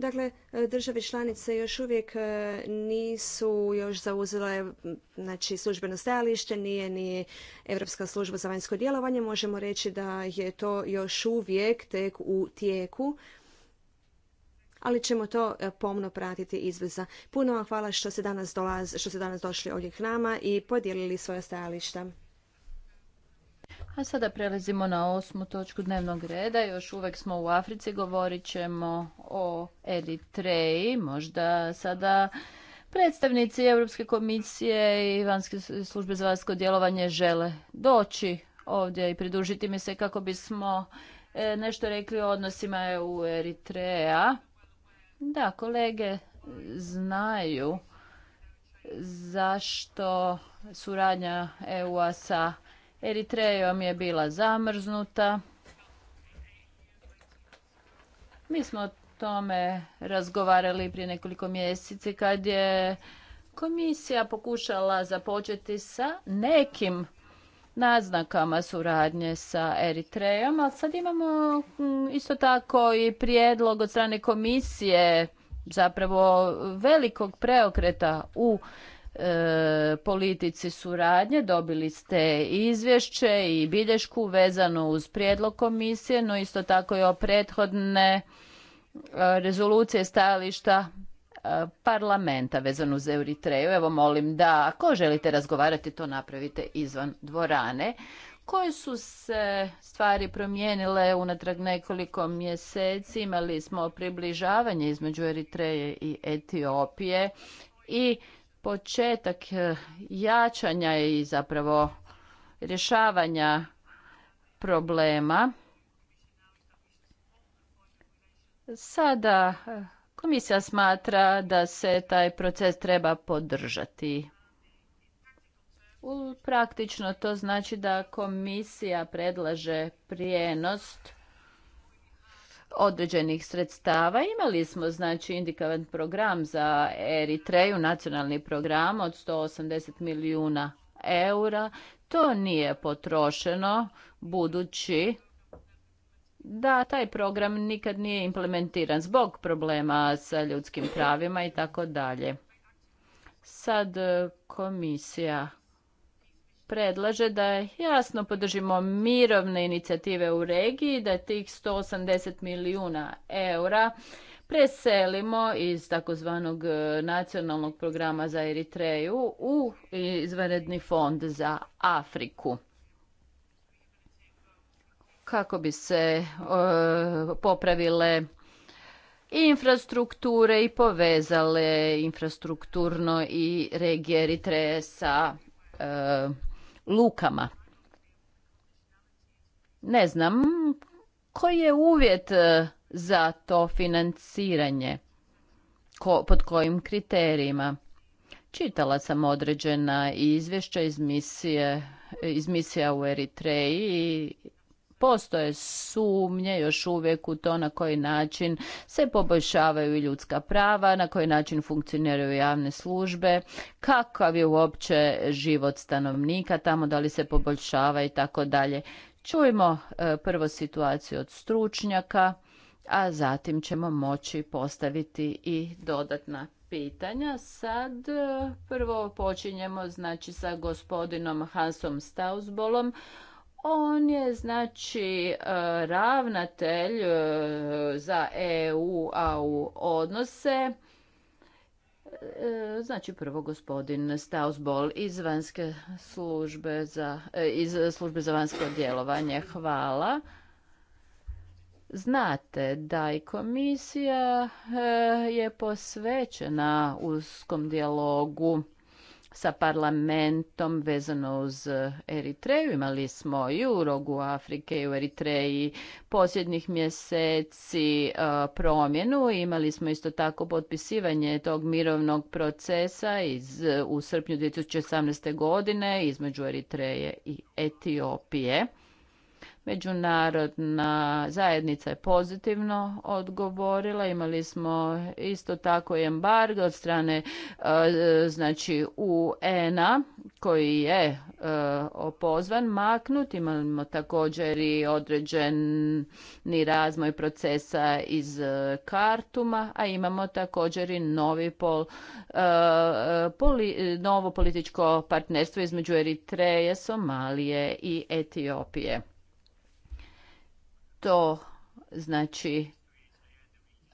Dakle, e, države članice još uvijek e, nisu još zauzele znači, službeno stajalište, nije ni Europska služba za vanjsko djelovanje. Možemo reći da je to još uvijek tek u tijeku ali ćemo to e, pomno pratiti izveza. Puno vam hvala što ste danas, što danas došli ovdje k nama i podijelili svoja stajališta. A sada prelazimo na osmu točku dnevnog reda. Još uvek smo u Africi, govorit ćemo o Eritreji. Možda sada predstavnici Europske komisije i Vanske službe za vanjsko djelovanje žele doći ovdje i pridružiti mi se kako bismo e, nešto rekli o odnosima EU Eritreja. Da, kolege znaju zašto suradnja EU-a sa Eritrejom je bila zamrznuta. Mi smo o tome razgovarali prije nekoliko mjeseci kad je komisija pokušala započeti sa nekim naznakama suradnje sa Eritrejom, ali sad imamo mm, isto tako i prijedlog od strane komisije zapravo velikog preokreta u E, politici suradnje. Dobili ste izvješće i bilješku vezanu uz prijedlog komisije, no isto tako i o prethodne e, rezolucije stajališta e, parlamenta vezano uz Euritreju. Evo molim da ako želite razgovarati to napravite izvan dvorane. Koje su se stvari promijenile unatrag nekoliko mjeseci? Imali smo približavanje između Eritreje i Etiopije i početak eh, jačanja i zapravo rješavanja problema. Sada eh, komisija smatra da se taj proces treba podržati. praktično to znači da komisija predlaže prijenost određenih sredstava. Imali smo znači indikavan program za Eritreju, nacionalni program od 180 milijuna eura. To nije potrošeno budući da taj program nikad nije implementiran zbog problema sa ljudskim pravima i tako dalje. Sad e, komisija predlaže da jasno podržimo mirovne inicijative u regiji, da tih 180 milijuna eura preselimo iz takozvanog e, nacionalnog programa za Eritreju u izvanredni fond za Afriku kako bi se e, popravile infrastrukture i povezale infrastrukturno i regije Eritreje sa e, lukama. Ne znam koji je uvjet e, za to financiranje, pod kojim kriterijima. Čitala sam određena izvješća iz misije iz misija u Eritreji Postoje sumnje još uvijek u to na koji način se poboljšavaju ljudska prava, na koji način funkcioniraju javne službe, kakav je uopće život stanovnika tamo, da li se poboljšava i tako dalje. Čujmo e, prvo situaciju od stručnjaka, a zatim ćemo moći postaviti i dodatna pitanja. Sad e, prvo počinjemo znači sa gospodinom Hansom Stausbolom. On je znači e, ravnatelj e, za EU au odnose. E, znači prvo gospodin Stausbol iz vanjske službe za, iz službe za vanjsko djelovanje. Hvala. Znate da i komisija je posvećena uskom dijalogu sa parlamentom vezano uz Eritreju. Imali smo i u rogu Afrike i u Eritreji posljednjih mjeseci e, promjenu. Imali smo isto tako potpisivanje tog mirovnog procesa iz, u srpnju 2018. godine između Eritreje i Etiopije. Međunarodna zajednica je pozitivno odgovorila. Imali smo isto tako i embargo od strane e, znači un koji je e, opozvan maknut. Imamo također i određeni razmoj procesa iz e, Kartuma, a imamo također i novi pol, novo političko partnerstvo između Eritreje, Somalije i Etiopije to znači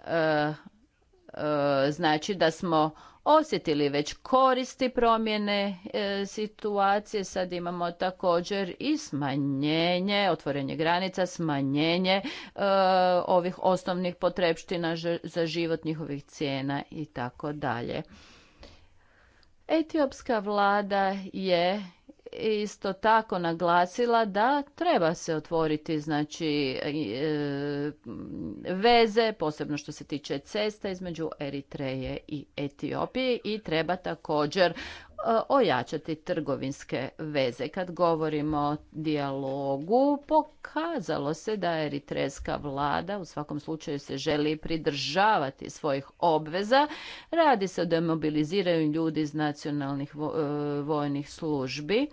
e, e, znači da smo osjetili već koristi promjene e, situacije sad imamo također i smanjenje otvorenje granica smanjenje ovih osnovnih potrepština za život njihovih cijena i tako dalje etiopska vlada je isto tako naglasila da treba se otvoriti znači e, veze, posebno što se tiče cesta između Eritreje i Etiopije i treba također E, ojačati trgovinske veze. Kad govorimo o dijalogu, pokazalo se da eritreska vlada u svakom slučaju se želi pridržavati svojih obveza. Radi se o demobiliziraju ljudi iz nacionalnih e, vojnih službi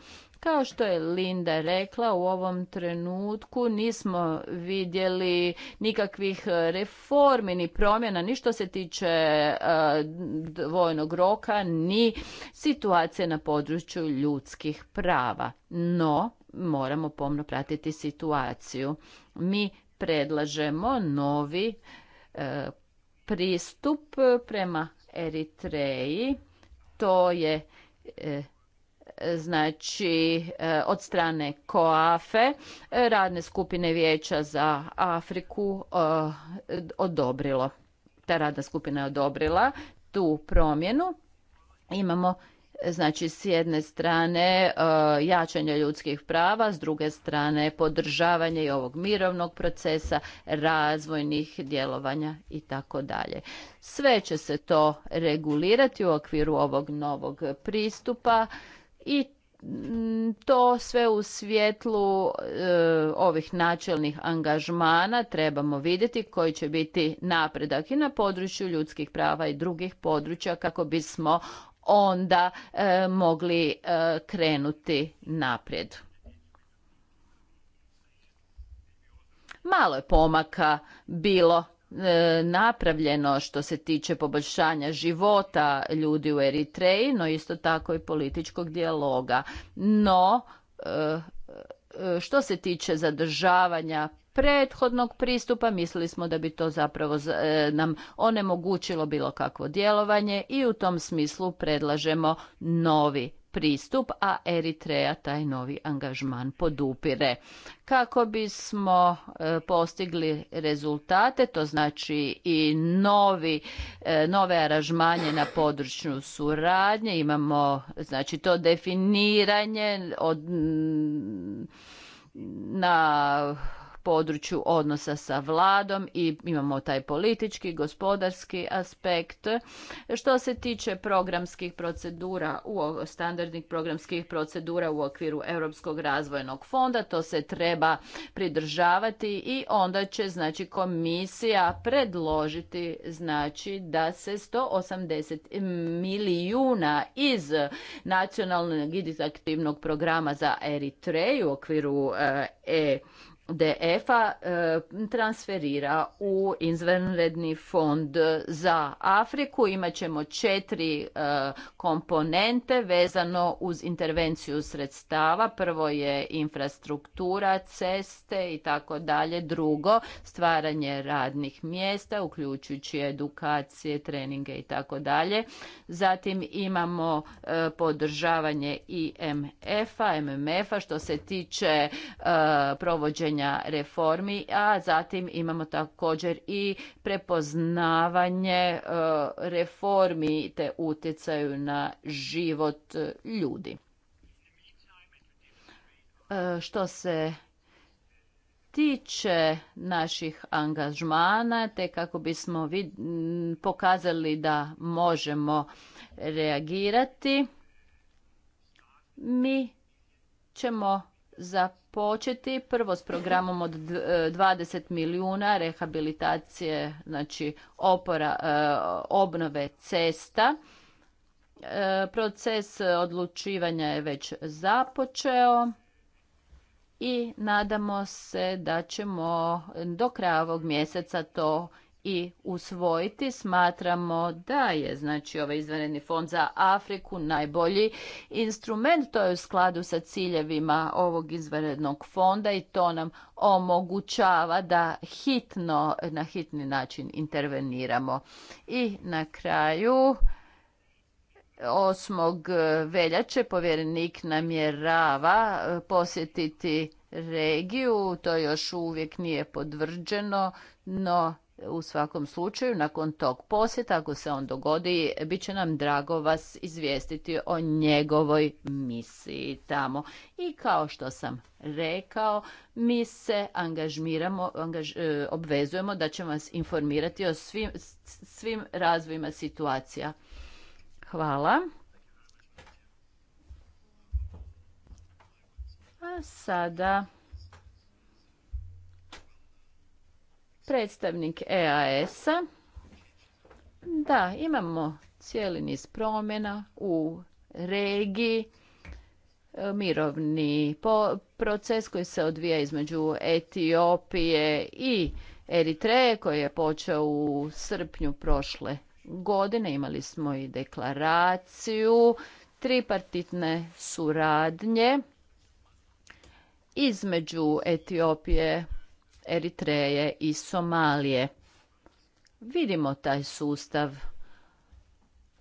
kao što je Linda rekla, u ovom trenutku nismo vidjeli nikakvih reformi ni promjena, ni što se tiče e, vojnog roka, ni situacije na području ljudskih prava. No, moramo pomno pratiti situaciju. Mi predlažemo novi e, pristup prema Eritreji. To je e, znači e, od strane koafe e, radne skupine vijeća za Afriku e, odobrilo. Ta radna skupina je odobrila tu promjenu. Imamo znači s jedne strane jačanje ljudskih prava, s druge strane podržavanje i ovog mirovnog procesa, razvojnih djelovanja i tako dalje. Sve će se to regulirati u okviru ovog novog pristupa i mm, to sve u svjetlu e, ovih načelnih angažmana trebamo vidjeti koji će biti napredak i na području ljudskih prava i drugih područja kako bismo onda e, mogli e, krenuti naprijed. Malo je pomaka bilo E, napravljeno što se tiče poboljšanja života ljudi u Eritreji, no isto tako i političkog dijaloga. No, e, e, što se tiče zadržavanja prethodnog pristupa, mislili smo da bi to zapravo nam onemogućilo bilo kakvo djelovanje i u tom smislu predlažemo novi pristup, a Eritreja taj novi angažman podupire. Kako bismo e, postigli rezultate, to znači i novi, e, nove aranžmanje na području suradnje, imamo znači to definiranje od na području odnosa sa vladom i imamo taj politički, gospodarski aspekt. Što se tiče programskih procedura, u standardnih programskih procedura u okviru Europskog razvojnog fonda, to se treba pridržavati i onda će znači komisija predložiti znači da se 180 milijuna iz nacionalnog aktivnog programa za Eritreju u okviru e DF-a eh, transferira u izvanredni fond za Afriku. Imaćemo četiri eh, komponente vezano uz intervenciju sredstava. Prvo je infrastruktura, ceste i tako dalje. Drugo, stvaranje radnih mjesta, uključujući edukacije, treninge i tako dalje. Zatim imamo eh, podržavanje IMF-a, MMF-a što se tiče provođenja reformi, a zatim imamo također i prepoznavanje e, reformi te utjecaju na život ljudi. E, što se tiče naših angažmana te kako bismo pokazali da možemo reagirati mi ćemo započeti prvo s programom od 20 e, milijuna rehabilitacije, znači opora, e, obnove cesta. E, proces odlučivanja je već započeo i nadamo se da ćemo do kraja ovog mjeseca to i usvojiti. Smatramo da je znači ovaj izvanredni fond za Afriku najbolji instrument. To je u skladu sa ciljevima ovog izvanrednog fonda i to nam omogućava da hitno, na hitni način interveniramo. I na kraju... 8. veljače povjerenik namjerava eh, posjetiti regiju, to još uvijek nije podvrđeno, no u svakom slučaju, nakon tog posjeta, ako se on dogodi, bit će nam drago vas izvijestiti o njegovoj misiji tamo. I kao što sam rekao, mi se angažmiramo, e, obvezujemo da ćemo vas informirati o svim, svim razvojima situacija. Hvala. A sada predstavnik EAS-a. Da, imamo cijeli niz promjena u regiji. Mirovni proces koji se odvija između Etiopije i Eritreje koji je počeo u srpnju prošle godine. Imali smo i deklaraciju tripartitne suradnje između Etiopije, Eritreje i Somalije. Vidimo taj sustav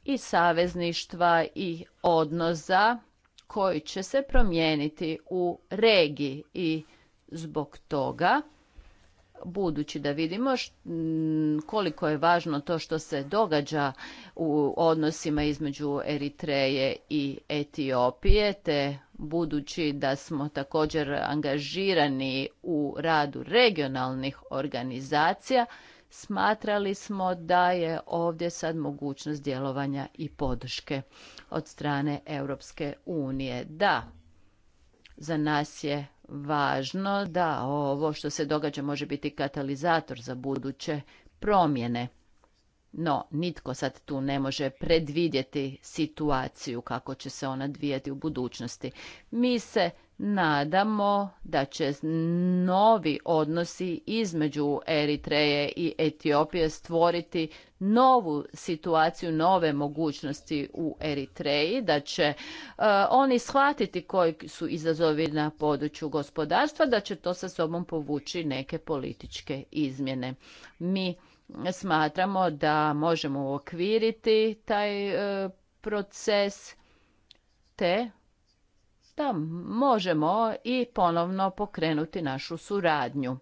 i savezništva i odnoza koji će se promijeniti u regiji i zbog toga budući da vidimo koliko je važno to što se događa u odnosima između Eritreje i Etiopije te budući da smo također angažirani u radu regionalnih organizacija, smatrali smo da je ovdje sad mogućnost djelovanja i podrške od strane Europske unije. Da, za nas je važno da ovo što se događa može biti katalizator za buduće promjene. No, nitko sad tu ne može predvidjeti situaciju kako će se ona dvijeti u budućnosti. Mi se nadamo da će novi odnosi između Eritreje i Etiopije stvoriti novu situaciju, nove mogućnosti u Eritreji, da će e, oni shvatiti koji su izazovi na području gospodarstva, da će to sa sobom povući neke političke izmjene. Mi smatramo da možemo uokviriti taj e, proces te da možemo i ponovno pokrenuti našu suradnju.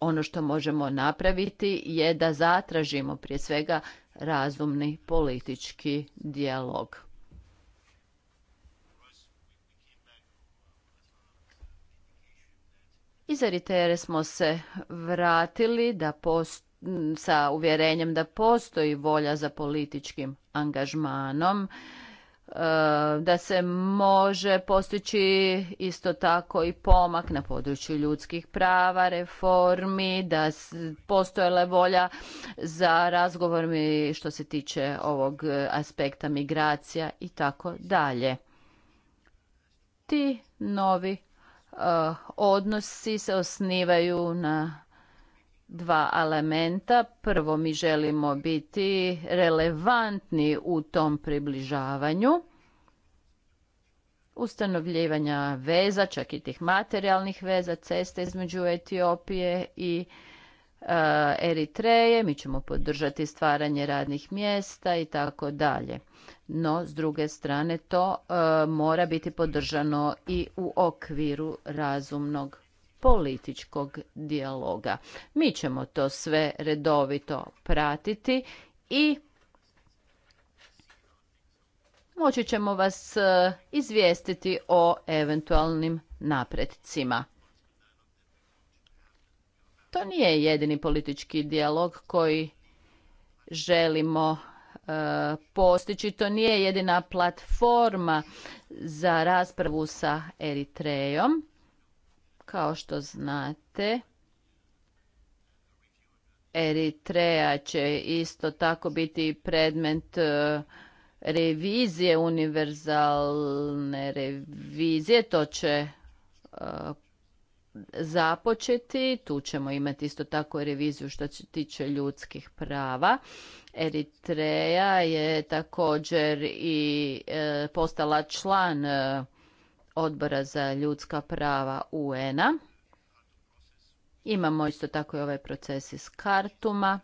Ono što možemo napraviti je da zatražimo prije svega razumni politički dijalog. Iz Eritere smo se vratili da post, sa uvjerenjem da postoji volja za političkim angažmanom, e, da se može postići isto tako i pomak na području ljudskih prava, reformi, da postojala je volja za razgovor što se tiče ovog e, aspekta migracija i tako dalje. Ti novi Eh, odnosi se osnivaju na dva elementa. Prvo, mi želimo biti relevantni u tom približavanju ustanovljivanja veza, čak i tih materijalnih veza, ceste između Etiopije i eh, Eritreje. Mi ćemo podržati stvaranje radnih mjesta i tako dalje no s druge strane to e, mora biti podržano i u okviru razumnog političkog dijaloga. Mi ćemo to sve redovito pratiti i moći ćemo vas e, izvijestiti o eventualnim napredcima. To nije jedini politički dijalog koji želimo postići. To nije jedina platforma za raspravu sa Eritrejom. Kao što znate, Eritreja će isto tako biti predmet e, revizije, univerzalne revizije. To će e, započeti. Tu ćemo imati isto tako reviziju što se tiče ljudskih prava. Eritreja je također i e, postala član e, odbora za ljudska prava UN-a. Imamo isto tako i ovaj proces iz Kartuma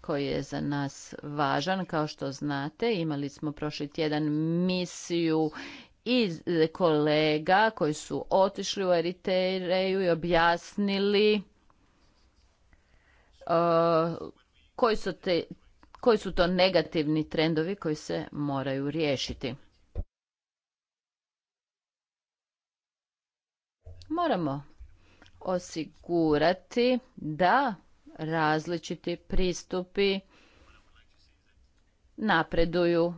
koji je za nas važan, kao što znate. Imali smo prošli tjedan misiju i e, kolega koji su otišli u Eritereju i objasnili e, koji su, te, koji su to negativni trendovi koji se moraju riješiti. Moramo osigurati da različiti pristupi napreduju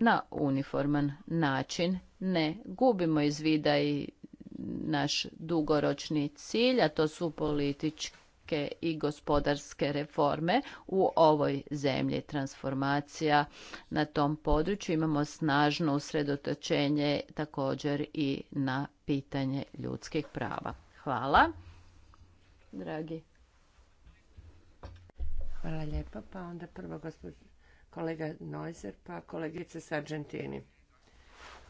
na uniforman način ne gubimo iz vida i naš dugoročni cilj, a to su političke i gospodarske reforme u ovoj zemlji. Transformacija na tom području imamo snažno usredotočenje također i na pitanje ljudskih prava. Hvala. Dragi. Hvala lijepa. Pa onda prvo gospodin kolega Neuser pa kolegica Sargentini.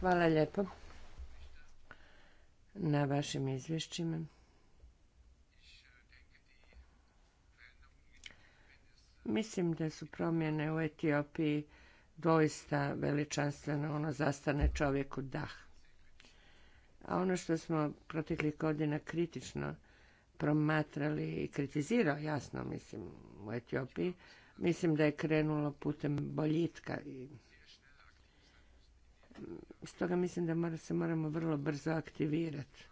Hvala lijepo na vašim izvješćima. Mislim da su promjene u Etiopiji doista veličanstveno, ono zastane čovjeku dah. A ono što smo proteklih godina kritično promatrali i kritizirao, jasno mislim, u Etiopiji, mislim da je krenulo putem boljitka i stoga mislim da se moramo vrlo brzo aktivirati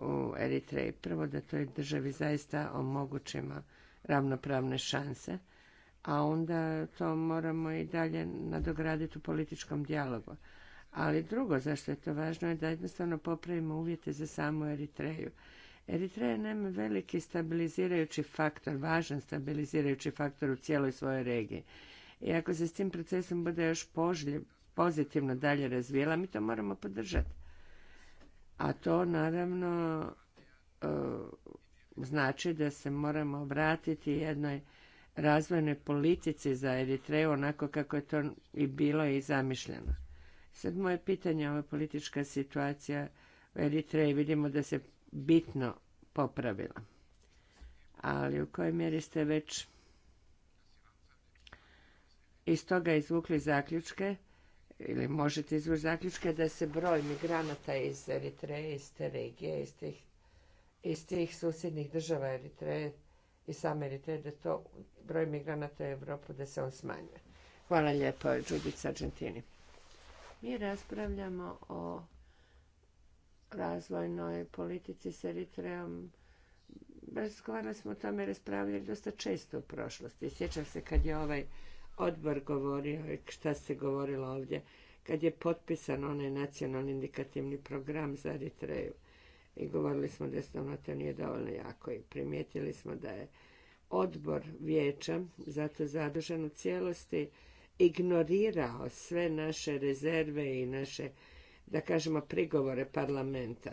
u Eritreji. Prvo da toj državi zaista omogućimo ravnopravne šanse, a onda to moramo i dalje nadograditi u političkom dijalogu. Ali drugo zašto je to važno je da jednostavno popravimo uvjete za samu Eritreju Eritreja nema veliki stabilizirajući faktor, važan stabilizirajući faktor u cijeloj svojoj regiji. I ako se s tim procesom bude još pozitivno dalje razvijela, mi to moramo podržati. A to naravno e, znači da se moramo obratiti jednoj razvojnoj politici za Eritreju onako kako je to i bilo i zamišljeno. Sad moje pitanje, ova politička situacija u Eritreji, vidimo da se bitno popravila. Ali u kojoj mjeri ste već iz toga izvukli zaključke ili možete izvući zaključke da se broj migranata iz Eritreje, iz te regije, iz tih, iz tih susjednih država Eritreje i same Eritreje, da to broj migranata u Europu da se on smanjuje. Hvala lijepo, Đubić Argentini. Mi raspravljamo o razvojnoj politici s Eritreom. Razgovarali smo o tome raspravljali dosta često u prošlosti. Sjećam se kad je ovaj odbor govorio, i šta se govorilo ovdje, kad je potpisan onaj nacionalni indikativni program za Eritreju. I govorili smo da stvarno to nije dovoljno jako i primijetili smo da je odbor vijeća zato zadužen u cijelosti ignorirao sve naše rezerve i naše da kažemo, prigovore parlamenta.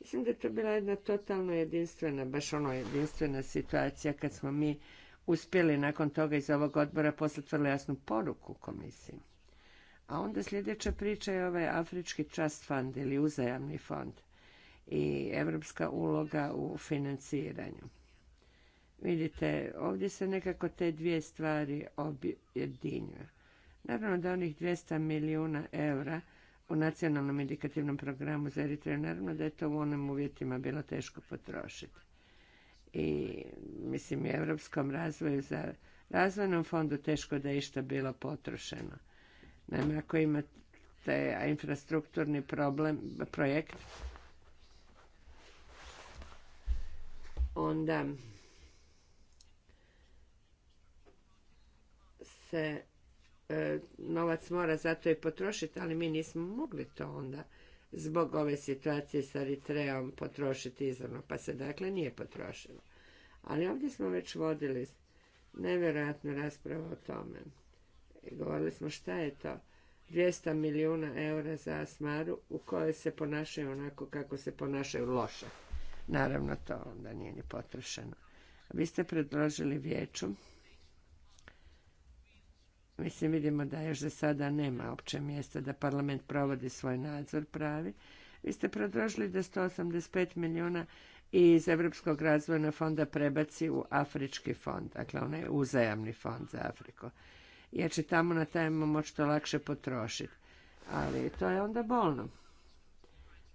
Mislim da je to bila jedna totalno jedinstvena, baš ono jedinstvena situacija kad smo mi uspjeli nakon toga iz ovog odbora poslati vrlo jasnu poruku komisiji. A onda sljedeća priča je ovaj Afrički trust fund ili uzajamni fond i evropska uloga u financiranju. Vidite, ovdje se nekako te dvije stvari objedinjuju. Naravno da onih 200 milijuna eura u nacionalnom indikativnom programu za Eritreju. Naravno da je to u onim uvjetima bilo teško potrošiti. I mislim i Europskom razvoju za razvojnom fondu teško da je išta bilo potrošeno. Naime, ako imate infrastrukturni problem, projekt, onda se E, novac mora zato i potrošiti, ali mi nismo mogli to onda zbog ove situacije sa Eritreom potrošiti izravno, pa se dakle nije potrošilo. Ali ovdje smo već vodili nevjerojatnu raspravu o tome. Govorili smo šta je to. 200 milijuna eura za Asmaru u kojoj se ponašaju onako kako se ponašaju loše. Naravno, to onda nije ni potrošeno. Vi ste predložili vijeću Mislim, vidimo da još za sada nema opće mjesta da parlament provodi svoj nadzor pravi. Vi ste predložili da 185 milijuna iz Europskog razvojnog fonda prebaci u Afrički fond, dakle onaj uzajamni fond za Afriku, jer će tamo na tajmu moći to lakše potrošiti. Ali to je onda bolno.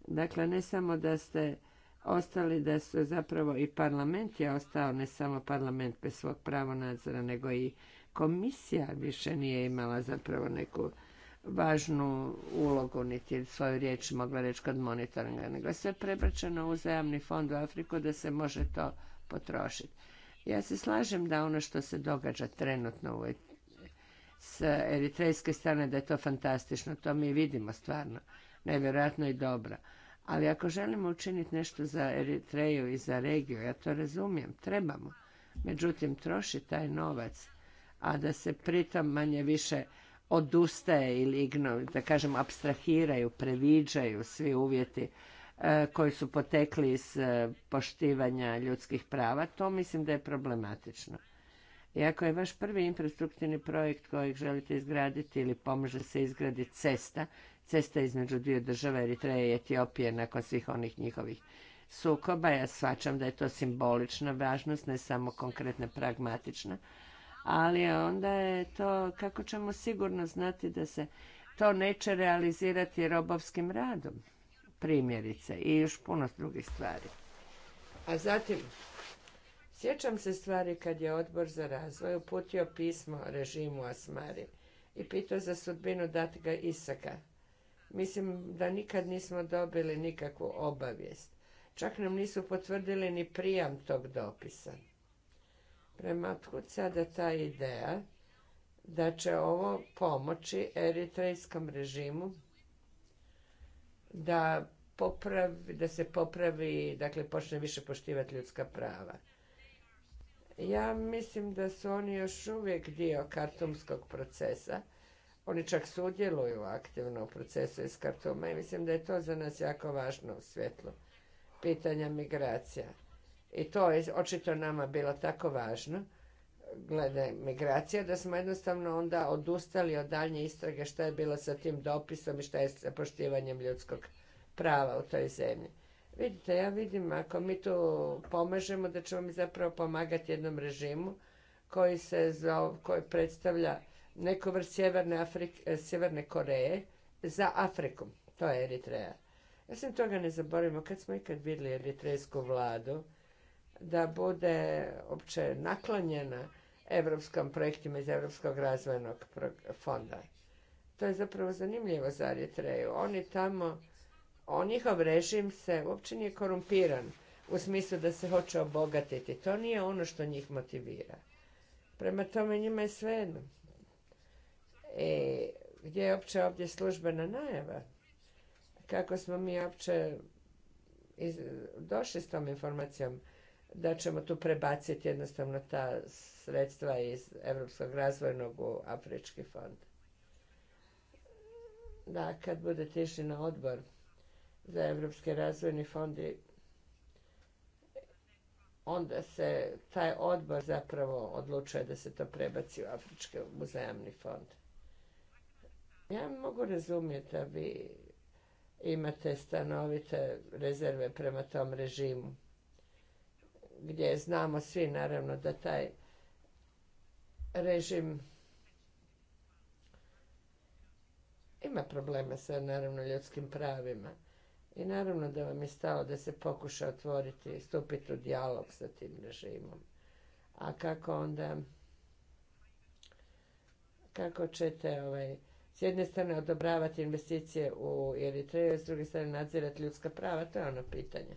Dakle, ne samo da ste ostali da su zapravo i parlament je ostao, ne samo parlament bez svog pravo nadzora, nego i komisija više nije imala zapravo neku važnu ulogu, niti svoju riječ mogla reći kod monitoringa, nego je sve prebračeno u zajamni fond u Afriku da se može to potrošiti. Ja se slažem da ono što se događa trenutno u s eritrejske strane da je to fantastično, to mi vidimo stvarno, nevjerojatno i dobro. Ali ako želimo učiniti nešto za Eritreju i za regiju, ja to razumijem, trebamo. Međutim, troši taj novac a da se pritom manje više odustaje ili igno, da kažem abstrahiraju, previđaju svi uvjeti e, koji su potekli iz e, poštivanja ljudskih prava, to mislim da je problematično. I ako je vaš prvi infrastrukturni projekt kojeg želite izgraditi ili pomože se izgraditi cesta, cesta između dvije države Eritreje i Etiopije nakon svih onih njihovih sukoba, ja shvaćam da je to simbolična važnost, ne samo konkretna pragmatična, ali onda je to, kako ćemo sigurno znati da se to neće realizirati robovskim radom, primjerice, i još puno drugih stvari. A zatim, sjećam se stvari kad je odbor za razvoj uputio pismo režimu Asmari i pitao za sudbinu Datega Isaka. Mislim da nikad nismo dobili nikakvu obavijest. Čak nam nisu potvrdili ni prijam tog dopisa. Prema otkud sada ta ideja da će ovo pomoći eritrejskom režimu da, popravi, da se popravi, dakle počne više poštivati ljudska prava. Ja mislim da su oni još uvijek dio kartumskog procesa. Oni čak sudjeluju aktivno u procesu iz kartuma i mislim da je to za nas jako važno u svjetlu pitanja migracija. I to je očito nama bilo tako važno glede migracija, da smo jednostavno onda odustali od daljnje istrage što je bilo sa tim dopisom i što je sa poštivanjem ljudskog prava u toj zemlji. Vidite, ja vidim, ako mi tu pomažemo, da ćemo mi zapravo pomagati jednom režimu koji se zove, koji predstavlja neku vrst Sjeverne, e, Koreje za Afriku. To je Eritreja. Ja sam toga ne zaboravimo, kad smo ikad vidjeli eritrejsku vladu, da bude opće naklonjena evropskom projektima iz Evropskog razvojnog fonda. To je zapravo zanimljivo za Eritreju. Oni tamo, on, njihov režim se uopće nije korumpiran u smislu da se hoće obogatiti. To nije ono što njih motivira. Prema tome njima je sve jedno. E, gdje je opće ovdje službena najava? Kako smo mi opće došli s tom informacijom? da ćemo tu prebaciti jednostavno ta sredstva iz Europskog razvojnog u Afrički fond. Da, kad budete išli na odbor za Europski razvojni fond, onda se taj odbor zapravo odlučuje da se to prebaci u Afrički muzejamni fond. Ja mogu razumjeti da vi imate stanovite rezerve prema tom režimu gdje znamo svi naravno da taj režim ima problema sa naravno ljudskim pravima. I naravno da vam je stalo da se pokuša otvoriti, stupiti u dijalog sa tim režimom. A kako onda, kako ćete ovaj, s jedne strane odobravati investicije u Eritreju, s druge strane nadzirati ljudska prava, to je ono pitanje.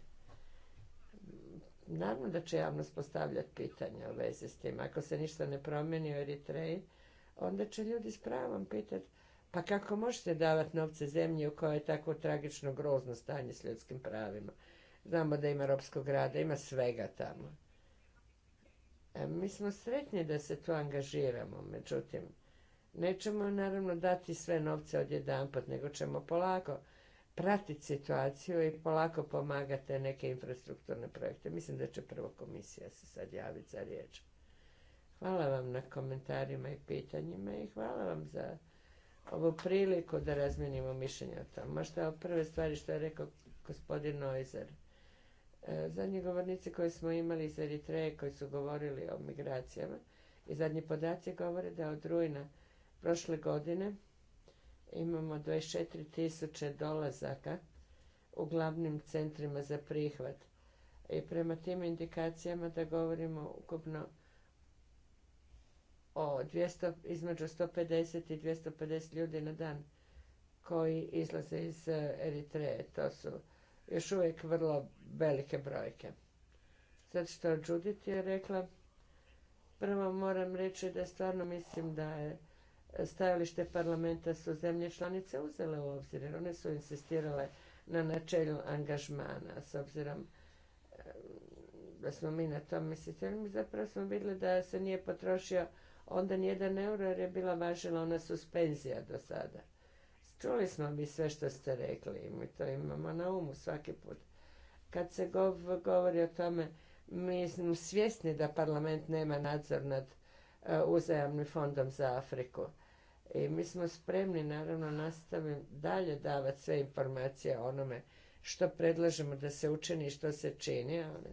Naravno da će javnost postavljati pitanja u vezi s tim. Ako se ništa ne promijeni u Eritreji, onda će ljudi s pravom pitati pa kako možete davati novce zemlji u kojoj je tako tragično grozno stanje s ljudskim pravima? Znamo da ima ropskog rada, ima svega tamo. E, mi smo sretni da se tu angažiramo, međutim, nećemo naravno dati sve novce odjedanput, nego ćemo polako pratiti situaciju i polako pomagate neke infrastrukturne projekte. Mislim da će prvo komisija se sad javiti za riječ. Hvala vam na komentarima i pitanjima i hvala vam za ovu priliku da razmijenimo mišljenje o tom. Možda o prve stvari što je rekao gospodin Noizer. E, zadnji govornici koji smo imali iz Eritreje koji su govorili o migracijama i zadnji podaci govore da od rujna prošle godine imamo 24 tisuće dolazaka u glavnim centrima za prihvat. I prema tim indikacijama da govorimo ukupno o 200, između 150 i 250 ljudi na dan koji izlaze iz Eritreje. To su još uvijek vrlo velike brojke. Zato što Judith je rekla, prvo moram reći da stvarno mislim da je stajalište parlamenta su zemlje članice uzele u obzir jer one su insistirale na načelju angažmana s obzirom eh, da smo mi na tom mislili. Zapravo smo vidjeli da se nije potrošio onda nijedan euro jer je bila važila ona suspenzija do sada. Čuli smo mi sve što ste rekli i mi to imamo na umu svaki put. Kad se govori o tome, mi smo svjesni da parlament nema nadzor nad eh, uzajamnim fondom za Afriku. I e, mi smo spremni, naravno, nastavim dalje davati sve informacije o onome što predlažemo da se učini i što se čini, ali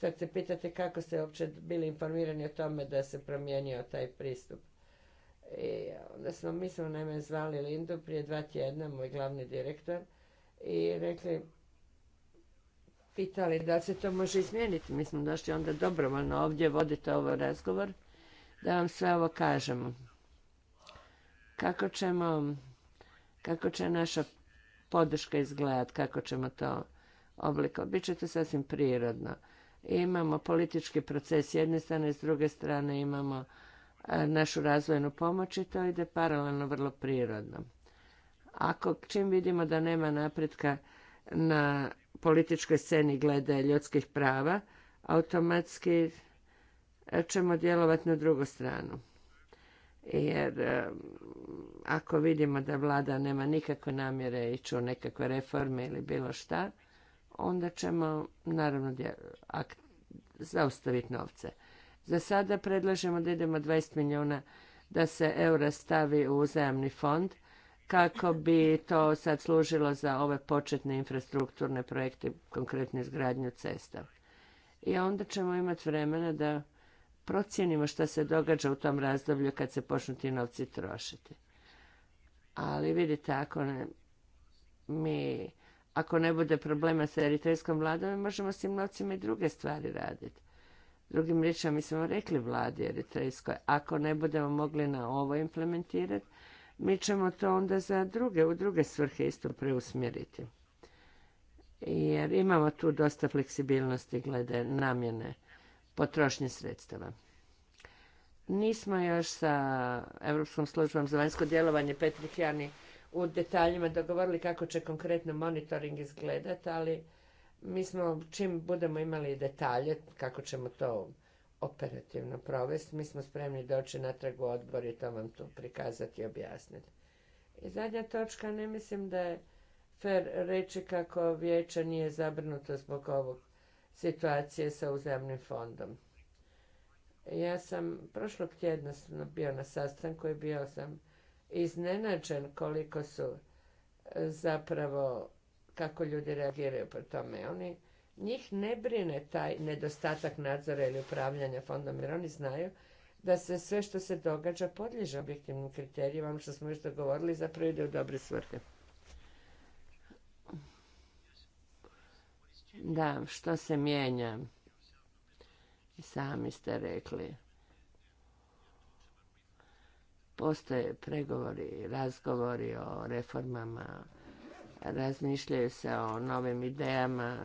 sad se pitate kako ste uopće bili informirani o tome da se promijenio taj pristup. I e, onda smo, mi smo naime zvali Lindu prije dva tjedna, moj glavni direktor, i rekli, pitali da se to može izmijeniti. Mi smo došli onda dobrovoljno ovdje, vodite ovaj razgovor, da vam sve ovo kažemo kako ćemo, kako će naša podrška izgledati, kako ćemo to oblikovati. Biće to sasvim prirodno. Imamo politički proces s jedne strane, s druge strane imamo e, našu razvojnu pomoć i to ide paralelno vrlo prirodno. Ako čim vidimo da nema napretka na političkoj sceni glede ljudskih prava, automatski e, ćemo djelovati na drugu stranu jer e, ako vidimo da vlada nema nikakve namjere ići u nekakve reforme ili bilo šta, onda ćemo naravno zaustaviti novce. Za sada predlažemo da idemo 20 milijuna da se eura stavi u uzajamni fond kako bi to sad služilo za ove početne infrastrukturne projekte, konkretno izgradnju cesta. I onda ćemo imati vremena da procijenimo što se događa u tom razdoblju kad se počnu ti novci trošiti. Ali vidite, ako ne, mi, ako ne bude problema sa eritrejskom vladom, mi možemo s tim novcima i druge stvari raditi. Drugim riječima, mi smo rekli vladi eritrejskoj, ako ne budemo mogli na ovo implementirati, mi ćemo to onda za druge, u druge svrhe isto preusmjeriti. Jer imamo tu dosta fleksibilnosti glede namjene potrošnje sredstava. Nismo još sa Europskom službom za vanjsko djelovanje Petrikjani u detaljima dogovorili kako će konkretno monitoring izgledati, ali mi smo, čim budemo imali detalje kako ćemo to operativno provesti, mi smo spremni doći natrag u odbor i to vam tu prikazati i objasniti. I zadnja točka, ne mislim da je fer reći kako vijeće nije zabrnuto zbog ovog situacije sa uzemnim fondom. Ja sam prošlog tjedna bio na sastanku i bio sam iznenađen koliko su e, zapravo kako ljudi reagiraju po tome. Oni, njih ne brine taj nedostatak nadzora ili upravljanja fondom, jer oni znaju da se sve što se događa podliježe objektivnim kriterijima, ono što smo još dogovorili, zapravo ide u dobre svrhe. Da, što se mijenja? Sami ste rekli. Postoje pregovori, razgovori o reformama, razmišljaju se o novim idejama,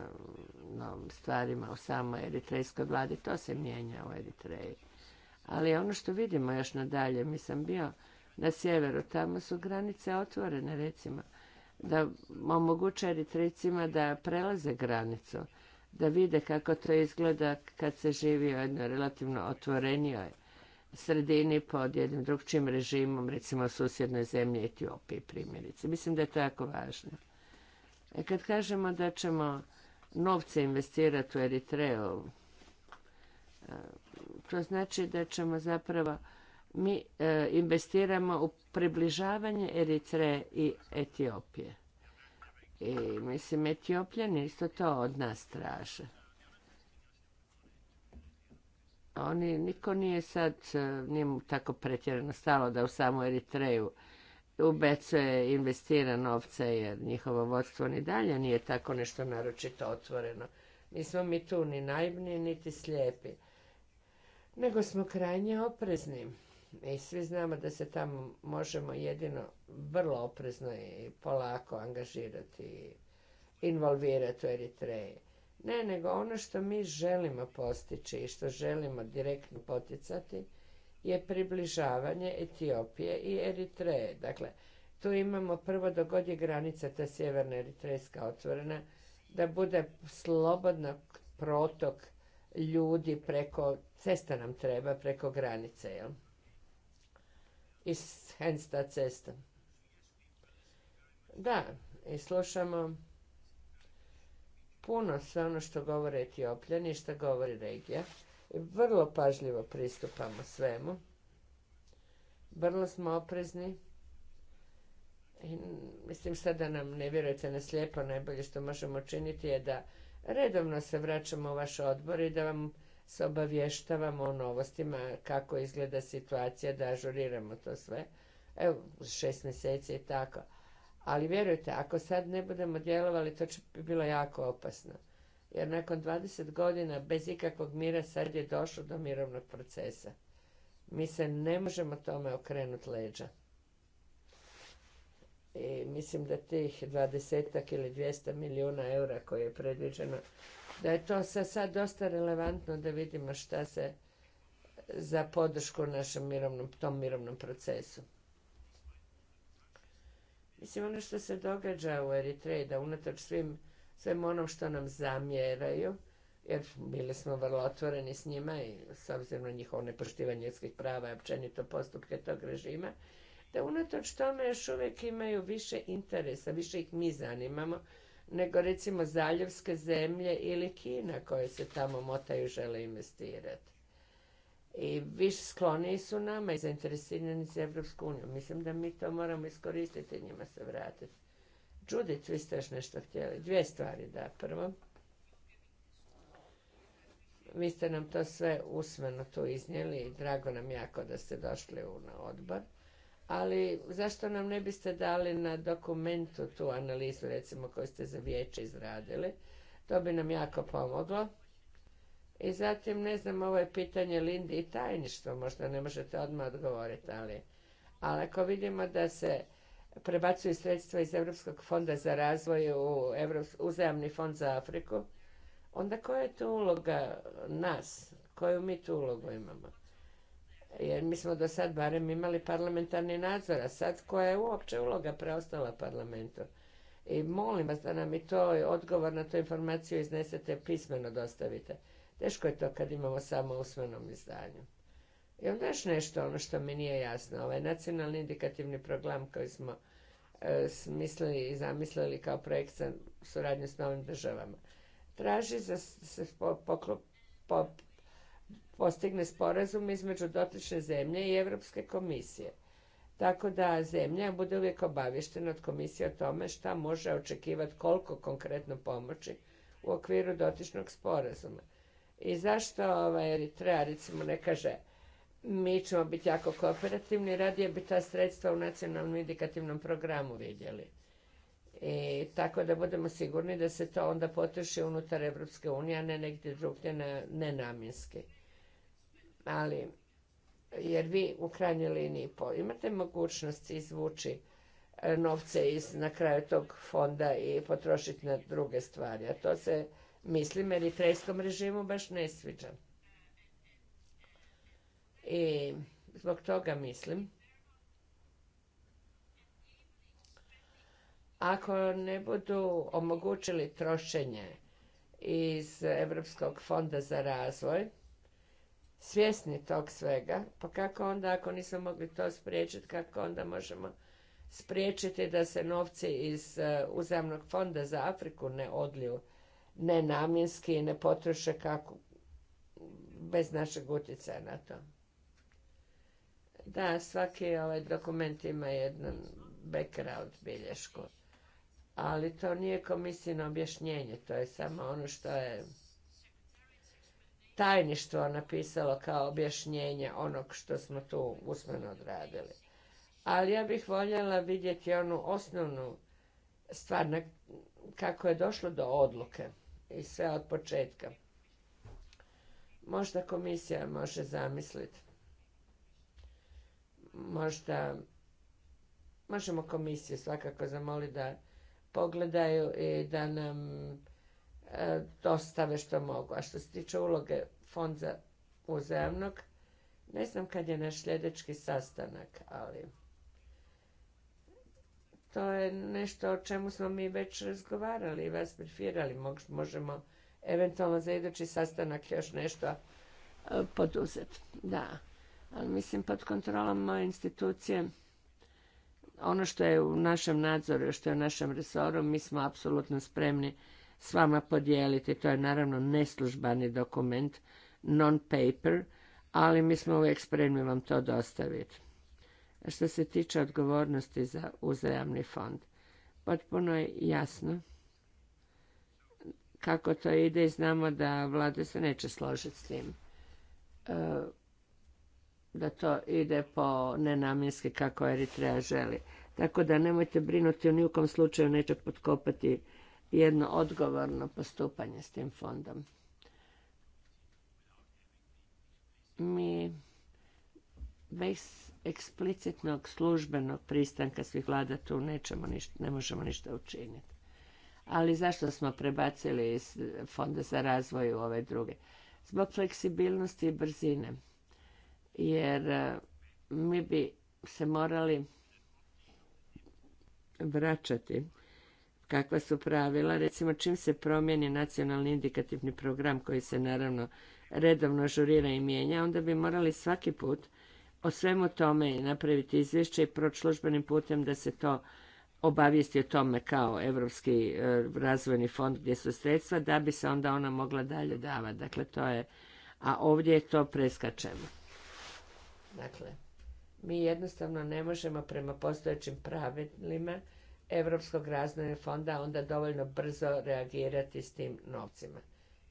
novim stvarima, o samoj eritrejskoj vladi. To se mijenja u Eritreji. Ali ono što vidimo još nadalje, mi sam bio na sjeveru, tamo su granice otvorene recimo da omoguće eritricima da prelaze granicu, da vide kako to izgleda kad se živi u jednoj relativno otvorenijoj sredini pod jednim drugčijim režimom, recimo susjednoj zemlji Etiopiji primjerice. Mislim da je to jako važno. E, kad kažemo da ćemo novce investirati u Eritreju, e, to znači da ćemo zapravo mi e, investiramo u približavanje Eritre i Etiopije. I mislim, Etiopljani isto to od nas traže. Oni, niko nije sad, e, nije tako pretjerano stalo da u samu Eritreju u je investira novce jer njihovo vodstvo ni dalje nije tako nešto naročito otvoreno. Nismo mi tu ni naivni niti slijepi, nego smo krajnje oprezni. I e, svi znamo da se tamo možemo jedino vrlo oprezno i polako angažirati i involvirati u Eritreji. Ne, nego ono što mi želimo postići i što želimo direktno poticati je približavanje Etiopije i Eritreje. Dakle, tu imamo prvo dogod je granica ta sjeverna Eritrejska otvorena, da bude slobodno protok ljudi preko, cesta nam treba preko granice, jel? iz Hensta cesta. Da, i slušamo puno sve ono što govore Etiopljani i što govori regija. I vrlo pažljivo pristupamo svemu. Vrlo smo oprezni. I mislim sad da nam ne vjerujete na slijepo, najbolje što možemo činiti je da redovno se vraćamo u vaš odbor i da vam se obavještavamo o novostima, kako izgleda situacija, da ažuriramo to sve. Evo, šest mjeseci i tako. Ali vjerujte, ako sad ne budemo djelovali, to će bi bilo jako opasno. Jer nakon 20 godina bez ikakvog mira sad je došlo do mirovnog procesa. Mi se ne možemo tome okrenuti leđa. I mislim da tih dvadesetak ili 200 milijuna eura koje je predviđeno da je to sad dosta relevantno da vidimo šta se za podršku našem mirovnom, tom mirovnom procesu. Mislim, ono što se događa u Eritreji, da unatoč svim, svem onom što nam zamjeraju, jer bili smo vrlo otvoreni s njima i s obzirom na njihovo nepoštivanje ljudskih prava i općenito postupke tog režima, da unatoč tome još uvijek imaju više interesa, više ih mi zanimamo nego recimo zaljevske zemlje ili Kina koje se tamo motaju žele investirati. I više skloniji su nama i zainteresirani za Evropsku uniju. Mislim da mi to moramo iskoristiti i njima se vratiti. Judith, vi ste još nešto htjeli. Dvije stvari, da. Prvo, vi ste nam to sve usmeno tu iznijeli i drago nam jako da ste došli u, na odbor ali zašto nam ne biste dali na dokumentu tu analizu, recimo, koju ste za vijeće izradili? To bi nam jako pomoglo. I zatim, ne znam, ovo je pitanje Lindi i tajništvo, možda ne možete odmah odgovoriti, ali, ali ako vidimo da se prebacuju sredstva iz Europskog fonda za razvoj u uzajamni fond za Afriku, onda koja je tu uloga nas? Koju mi tu ulogu imamo? jer mi smo do sad barem imali parlamentarni nadzor, a sad koja je uopće uloga preostala parlamentu. I molim vas da nam i to odgovor na tu informaciju iznesete pismeno dostavite. Teško je to kad imamo samo usmenom izdanju. I onda još nešto, ono što mi nije jasno, ovaj nacionalni indikativni program koji smo e, smislili i zamislili kao projekt za suradnju s novim državama, traži za se poklop, po, postigne sporazum između dotične zemlje i Europske komisije. Tako da zemlja bude uvijek obavještena od komisije o tome šta može očekivati, koliko konkretno pomoći u okviru dotičnog sporazuma. I zašto ovaj, Eritreja recimo ne kaže mi ćemo biti jako kooperativni, radije bi ta sredstva u nacionalnom indikativnom programu vidjeli. I tako da budemo sigurni da se to onda potroši unutar Evropske unije, a ne negdje drugdje nenamjenski ali jer vi u krajnjoj liniji imate mogućnost izvući e, novce iz na kraju tog fonda i potrošiti na druge stvari, a to se mislim eritrejskom režimu baš ne sviđa. I zbog toga mislim ako ne budu omogućili trošenje iz Europskog fonda za razvoj, svjesni tog svega, pa kako onda ako nismo mogli to spriječiti, kako onda možemo spriječiti da se novci iz e, uzajamnog fonda za Afriku ne odliju nenamjenski i ne potroše kako bez našeg utjecaja na to. Da, svaki ovaj dokument ima jedan background bilješku. Ali to nije komisijno objašnjenje, to je samo ono što je tajništvo napisalo kao objašnjenje onog što smo tu usmeno odradili. Ali ja bih voljela vidjeti onu osnovnu stvar kako je došlo do odluke i sve od početka. Možda komisija može zamisliti. Možda možemo komisiju svakako zamoliti da pogledaju i da nam E, dostave što mogu. A što se tiče uloge fonda uzajamnog, ne znam kad je naš sljedeći sastanak, ali to je nešto o čemu smo mi već razgovarali i vas prefirali, Možemo eventualno za idući sastanak još nešto e, poduzeti. Da, ali mislim pod kontrolom moje institucije ono što je u našem nadzoru, što je u našem resoru, mi smo apsolutno spremni s vama podijeliti. To je naravno neslužbani dokument, non-paper, ali mi smo uvijek spremni vam to dostaviti. Što se tiče odgovornosti za uzajamni fond, potpuno je jasno kako to ide i znamo da vlade se neće složiti s tim. E, da to ide po nenamjenski kako Eritreja želi. Tako da nemojte brinuti, u nijukom slučaju neće potkopati jedno odgovorno postupanje s tim fondom. Mi bez eksplicitnog službenog pristanka svih vlada tu nećemo ništa, ne možemo ništa učiniti. Ali zašto smo prebacili iz Fonda za razvoj u ove druge? Zbog fleksibilnosti i brzine. Jer e, mi bi se morali vraćati kakva su pravila. Recimo, čim se promijeni nacionalni indikativni program koji se naravno redovno ažurira i mijenja, onda bi morali svaki put o svemu tome napraviti izvješće i proći službenim putem da se to obavijesti o tome kao Europski e, razvojni fond gdje su sredstva, da bi se onda ona mogla dalje davati. Dakle, to je, a ovdje to preskačemo. Dakle, mi jednostavno ne možemo prema postojećim pravilima Europskog razvojnog fonda onda dovoljno brzo reagirati s tim novcima.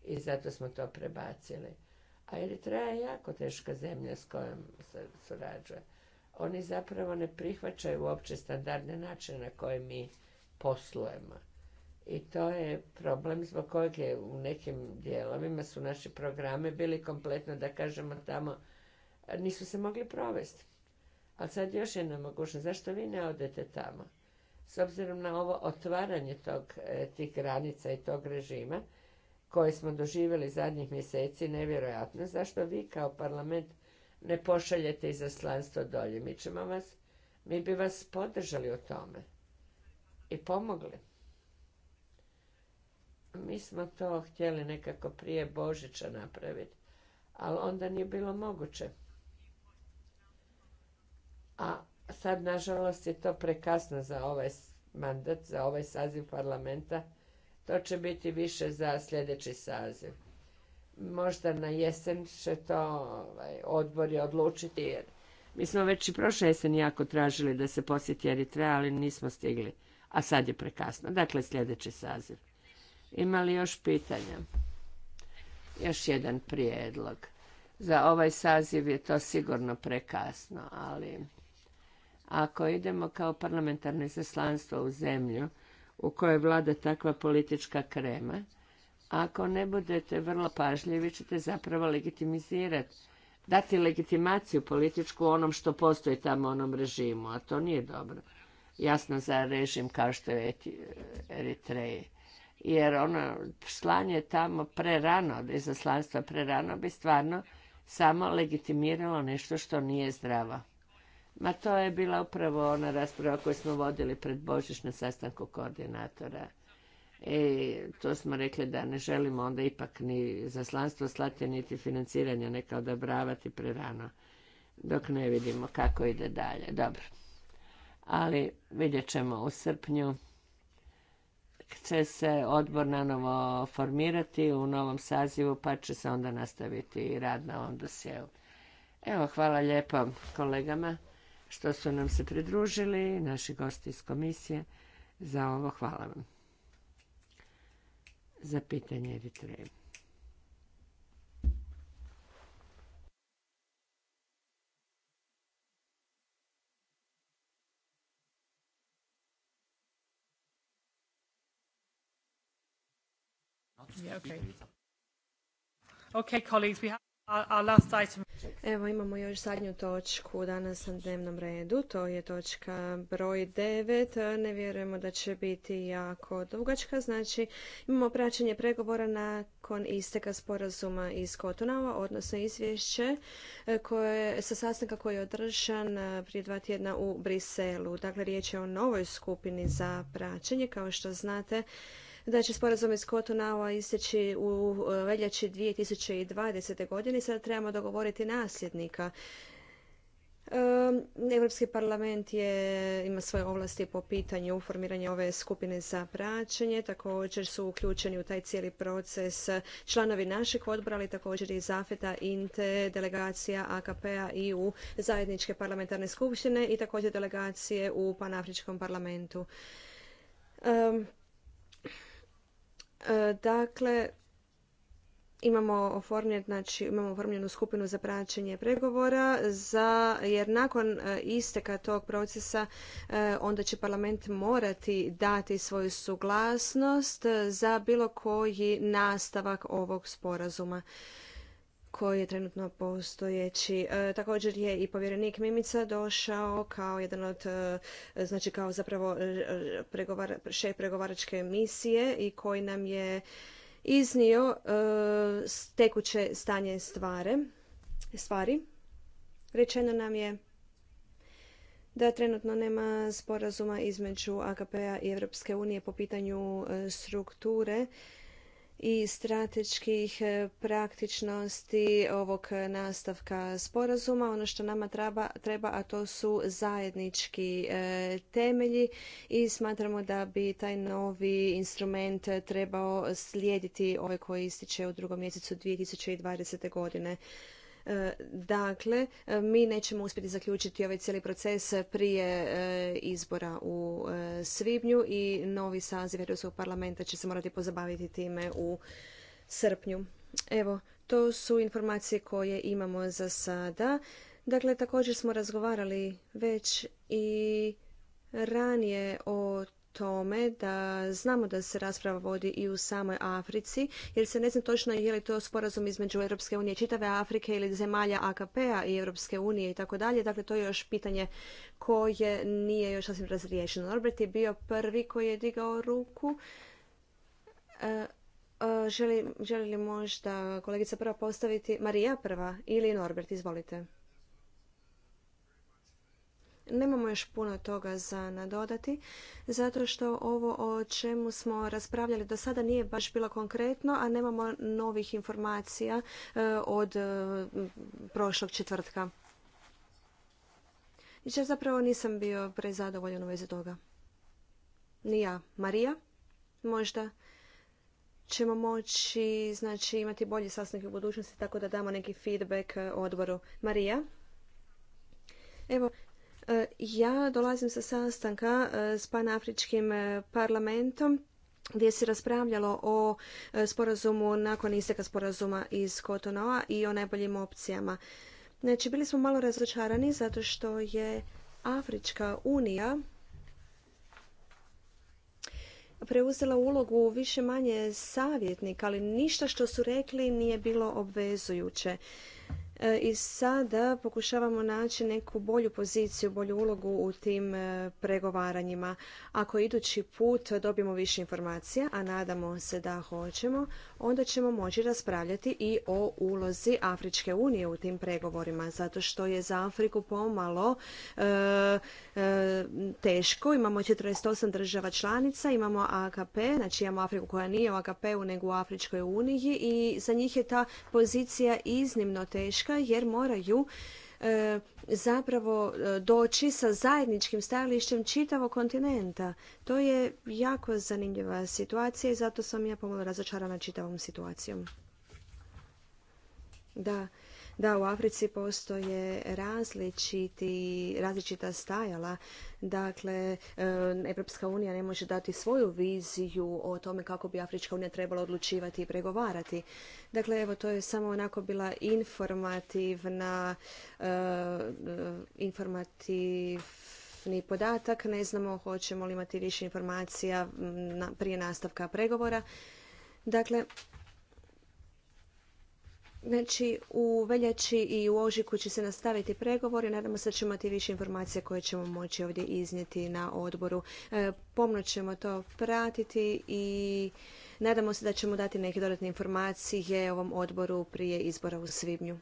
I zato smo to prebacili. A Eritreja je jako teška zemlja s kojom se surađuje. Oni zapravo ne prihvaćaju uopće standardne načine na koje mi poslujemo. I to je problem zbog kojeg je u nekim dijelovima su naši programe bili kompletno, da kažemo tamo, nisu se mogli provesti. Ali sad još jedna mogućnost. Zašto vi ne odete tamo? s obzirom na ovo otvaranje tog, e, tih granica i tog režima koje smo doživjeli zadnjih mjeseci, nevjerojatno, zašto vi kao parlament ne pošaljete izaslanstvo dolje? Mi ćemo vas, mi bi vas podržali u tome i pomogli. Mi smo to htjeli nekako prije Božića napraviti, ali onda nije bilo moguće. A Sad, nažalost, je to prekasno za ovaj mandat, za ovaj saziv parlamenta. To će biti više za sljedeći saziv. Možda na jesen će to ovaj, odbori odlučiti, jer mi smo već i prošle jesen jako tražili da se posjeti Eritreja, ali nismo stigli. A sad je prekasno. Dakle, sljedeći saziv. Ima li još pitanja? Još jedan prijedlog. Za ovaj saziv je to sigurno prekasno, ali ako idemo kao parlamentarno izaslanstvo u zemlju u kojoj vlada takva politička krema, ako ne budete vrlo pažljivi ćete zapravo legitimizirati, dati legitimaciju političku onom što postoji tamo onom režimu, a to nije dobro. Jasno za režim kao što je Eritreji. Jer ono slanje tamo prerano, izaslanstva prerano bi stvarno samo legitimiralo nešto što nije zdravo. Ma to je bila upravo ona rasprava koju smo vodili pred Božić na sastanku koordinatora. I to smo rekli da ne želimo onda ipak ni zaslanstvo slati, niti financiranje neka odabravati rano dok ne vidimo kako ide dalje. Dobro. Ali vidjet ćemo u srpnju će se odbor na novo formirati u novom sazivu pa će se onda nastaviti rad na ovom dosjeu. Evo, hvala lijepo kolegama što su nam se pridružili, naši gosti iz komisije. Za ovo hvala vam. Za pitanje Eritreje. Yeah, okay. Okay, colleagues, we have... Evo imamo još zadnju točku danas na dnevnom redu, to je točka broj 9. Ne vjerujemo da će biti jako dugačka, znači imamo praćenje pregovora nakon isteka sporazuma iz Kotonava, odnosno izvješće e, koje, sa sastanka koji je održan e, prije dva tjedna u Briselu. Dakle, riječ je o novoj skupini za praćenje, kao što znate da će sporazum iz Kotonaua isteći u e, veljači 2020. godine. Sada trebamo dogovoriti nasljednika. Europski parlament je, ima svoje ovlasti po pitanju formiranja ove skupine za praćenje. Također su uključeni u taj cijeli proces članovi našeg odbora, ali također i Zafeta, INTE, delegacija AKP-a i u zajedničke parlamentarne skupštine i također delegacije u Panafričkom parlamentu. E, dakle, imamo oformljen, znači imamo oformljenu skupinu za praćenje pregovora za, jer nakon e, isteka tog procesa e, onda će parlament morati dati svoju suglasnost za bilo koji nastavak ovog sporazuma koji je trenutno postojeći. E, također je i povjerenik Mimica došao kao jedan od, e, znači kao zapravo e, šef pregovaračke misije i koji nam je iznio tekuće stanje stvare, stvari. Rečeno nam je da trenutno nema sporazuma između AKP-a i Europske unije po pitanju strukture i strateških e, praktičnosti ovog nastavka sporazuma. Ono što nama treba, a to su zajednički e, temelji i smatramo da bi taj novi instrument trebao slijediti ove ovaj koji ističe u drugom mjesecu 2020. godine. E, dakle, e, mi nećemo uspjeti zaključiti ovaj cijeli proces prije e, izbora u svibnju i novi saziv Europskog parlamenta će se morati pozabaviti time u srpnju. Evo, to su informacije koje imamo za sada. Dakle, također smo razgovarali već i ranije o tome da znamo da se rasprava vodi i u samoj Africi, jer se ne znam točno je li to sporazum između Europske unije čitave Afrike ili zemalja AKP-a i Europske unije i tako dalje. Dakle, to je još pitanje koje nije još sasvim razriješeno. Norbert je bio prvi koji je digao ruku. E, e, želi, želi li možda kolegica prva postaviti? Marija prva ili Norbert, izvolite. Nemamo još puno toga za nadodati, zato što ovo o čemu smo raspravljali do sada nije baš bilo konkretno, a nemamo novih informacija e, od e, prošlog četvrtka. I ja zapravo nisam bio prezadovoljan u vezi toga. Ni ja. Marija? Možda ćemo moći znači, imati bolji sastanak u budućnosti tako da damo neki feedback e, odboru. Marija? Evo, E, ja dolazim sa sastanka e, s Panafričkim e, parlamentom gdje se raspravljalo o sporazumu nakon isteka sporazuma iz Kotonoa i o najboljim opcijama. Znači, bili smo malo razočarani zato što je Afrička unija preuzela ulogu više manje savjetnika, ali ništa što su rekli nije bilo obvezujuće. E, i sada pokušavamo naći neku bolju poziciju, bolju ulogu u tim e, pregovaranjima. Ako idući put dobijemo više informacija, a nadamo se da hoćemo, onda ćemo moći raspravljati i o ulozi Afričke unije u tim pregovorima, zato što je za Afriku pomalo e, teško. Imamo 48 država članica, imamo AKP, znači imamo Afriku koja nije u AKP-u nego u Afričkoj uniji i za njih je ta pozicija iznimno teška jer moraju e, zapravo e, doći sa zajedničkim stajalištem čitavog kontinenta. To je jako zanimljiva situacija i zato sam ja pomalo razočarana čitavom situacijom. Da, da u Africi postoje različiti, različita stajala. Dakle, Europska unija ne može dati svoju viziju o tome kako bi Afrička unija trebala odlučivati i pregovarati. Dakle, evo, to je samo onako bila informativna, e, informativni podatak, ne znamo hoćemo li imati više informacija prije nastavka pregovora. Dakle, Znači, u veljači i u ožiku će se nastaviti pregovori. Nadamo se da ćemo imati više informacija koje ćemo moći ovdje iznijeti na odboru. E, pomno ćemo to pratiti i nadamo se da ćemo dati neke dodatne informacije ovom odboru prije izbora u svibnju.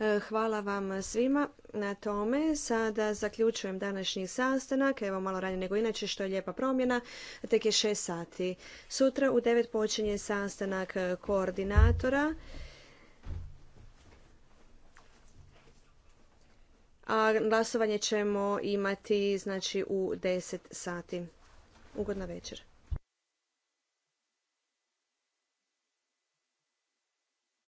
E, hvala vam svima na tome. Sada zaključujem današnji sastanak, evo malo ranije nego inače što je lijepa promjena, tek je 6 sati. Sutra u 9 počinje sastanak koordinatora. A glasovanje ćemo imati znači u 10 sati. Ugodna večer.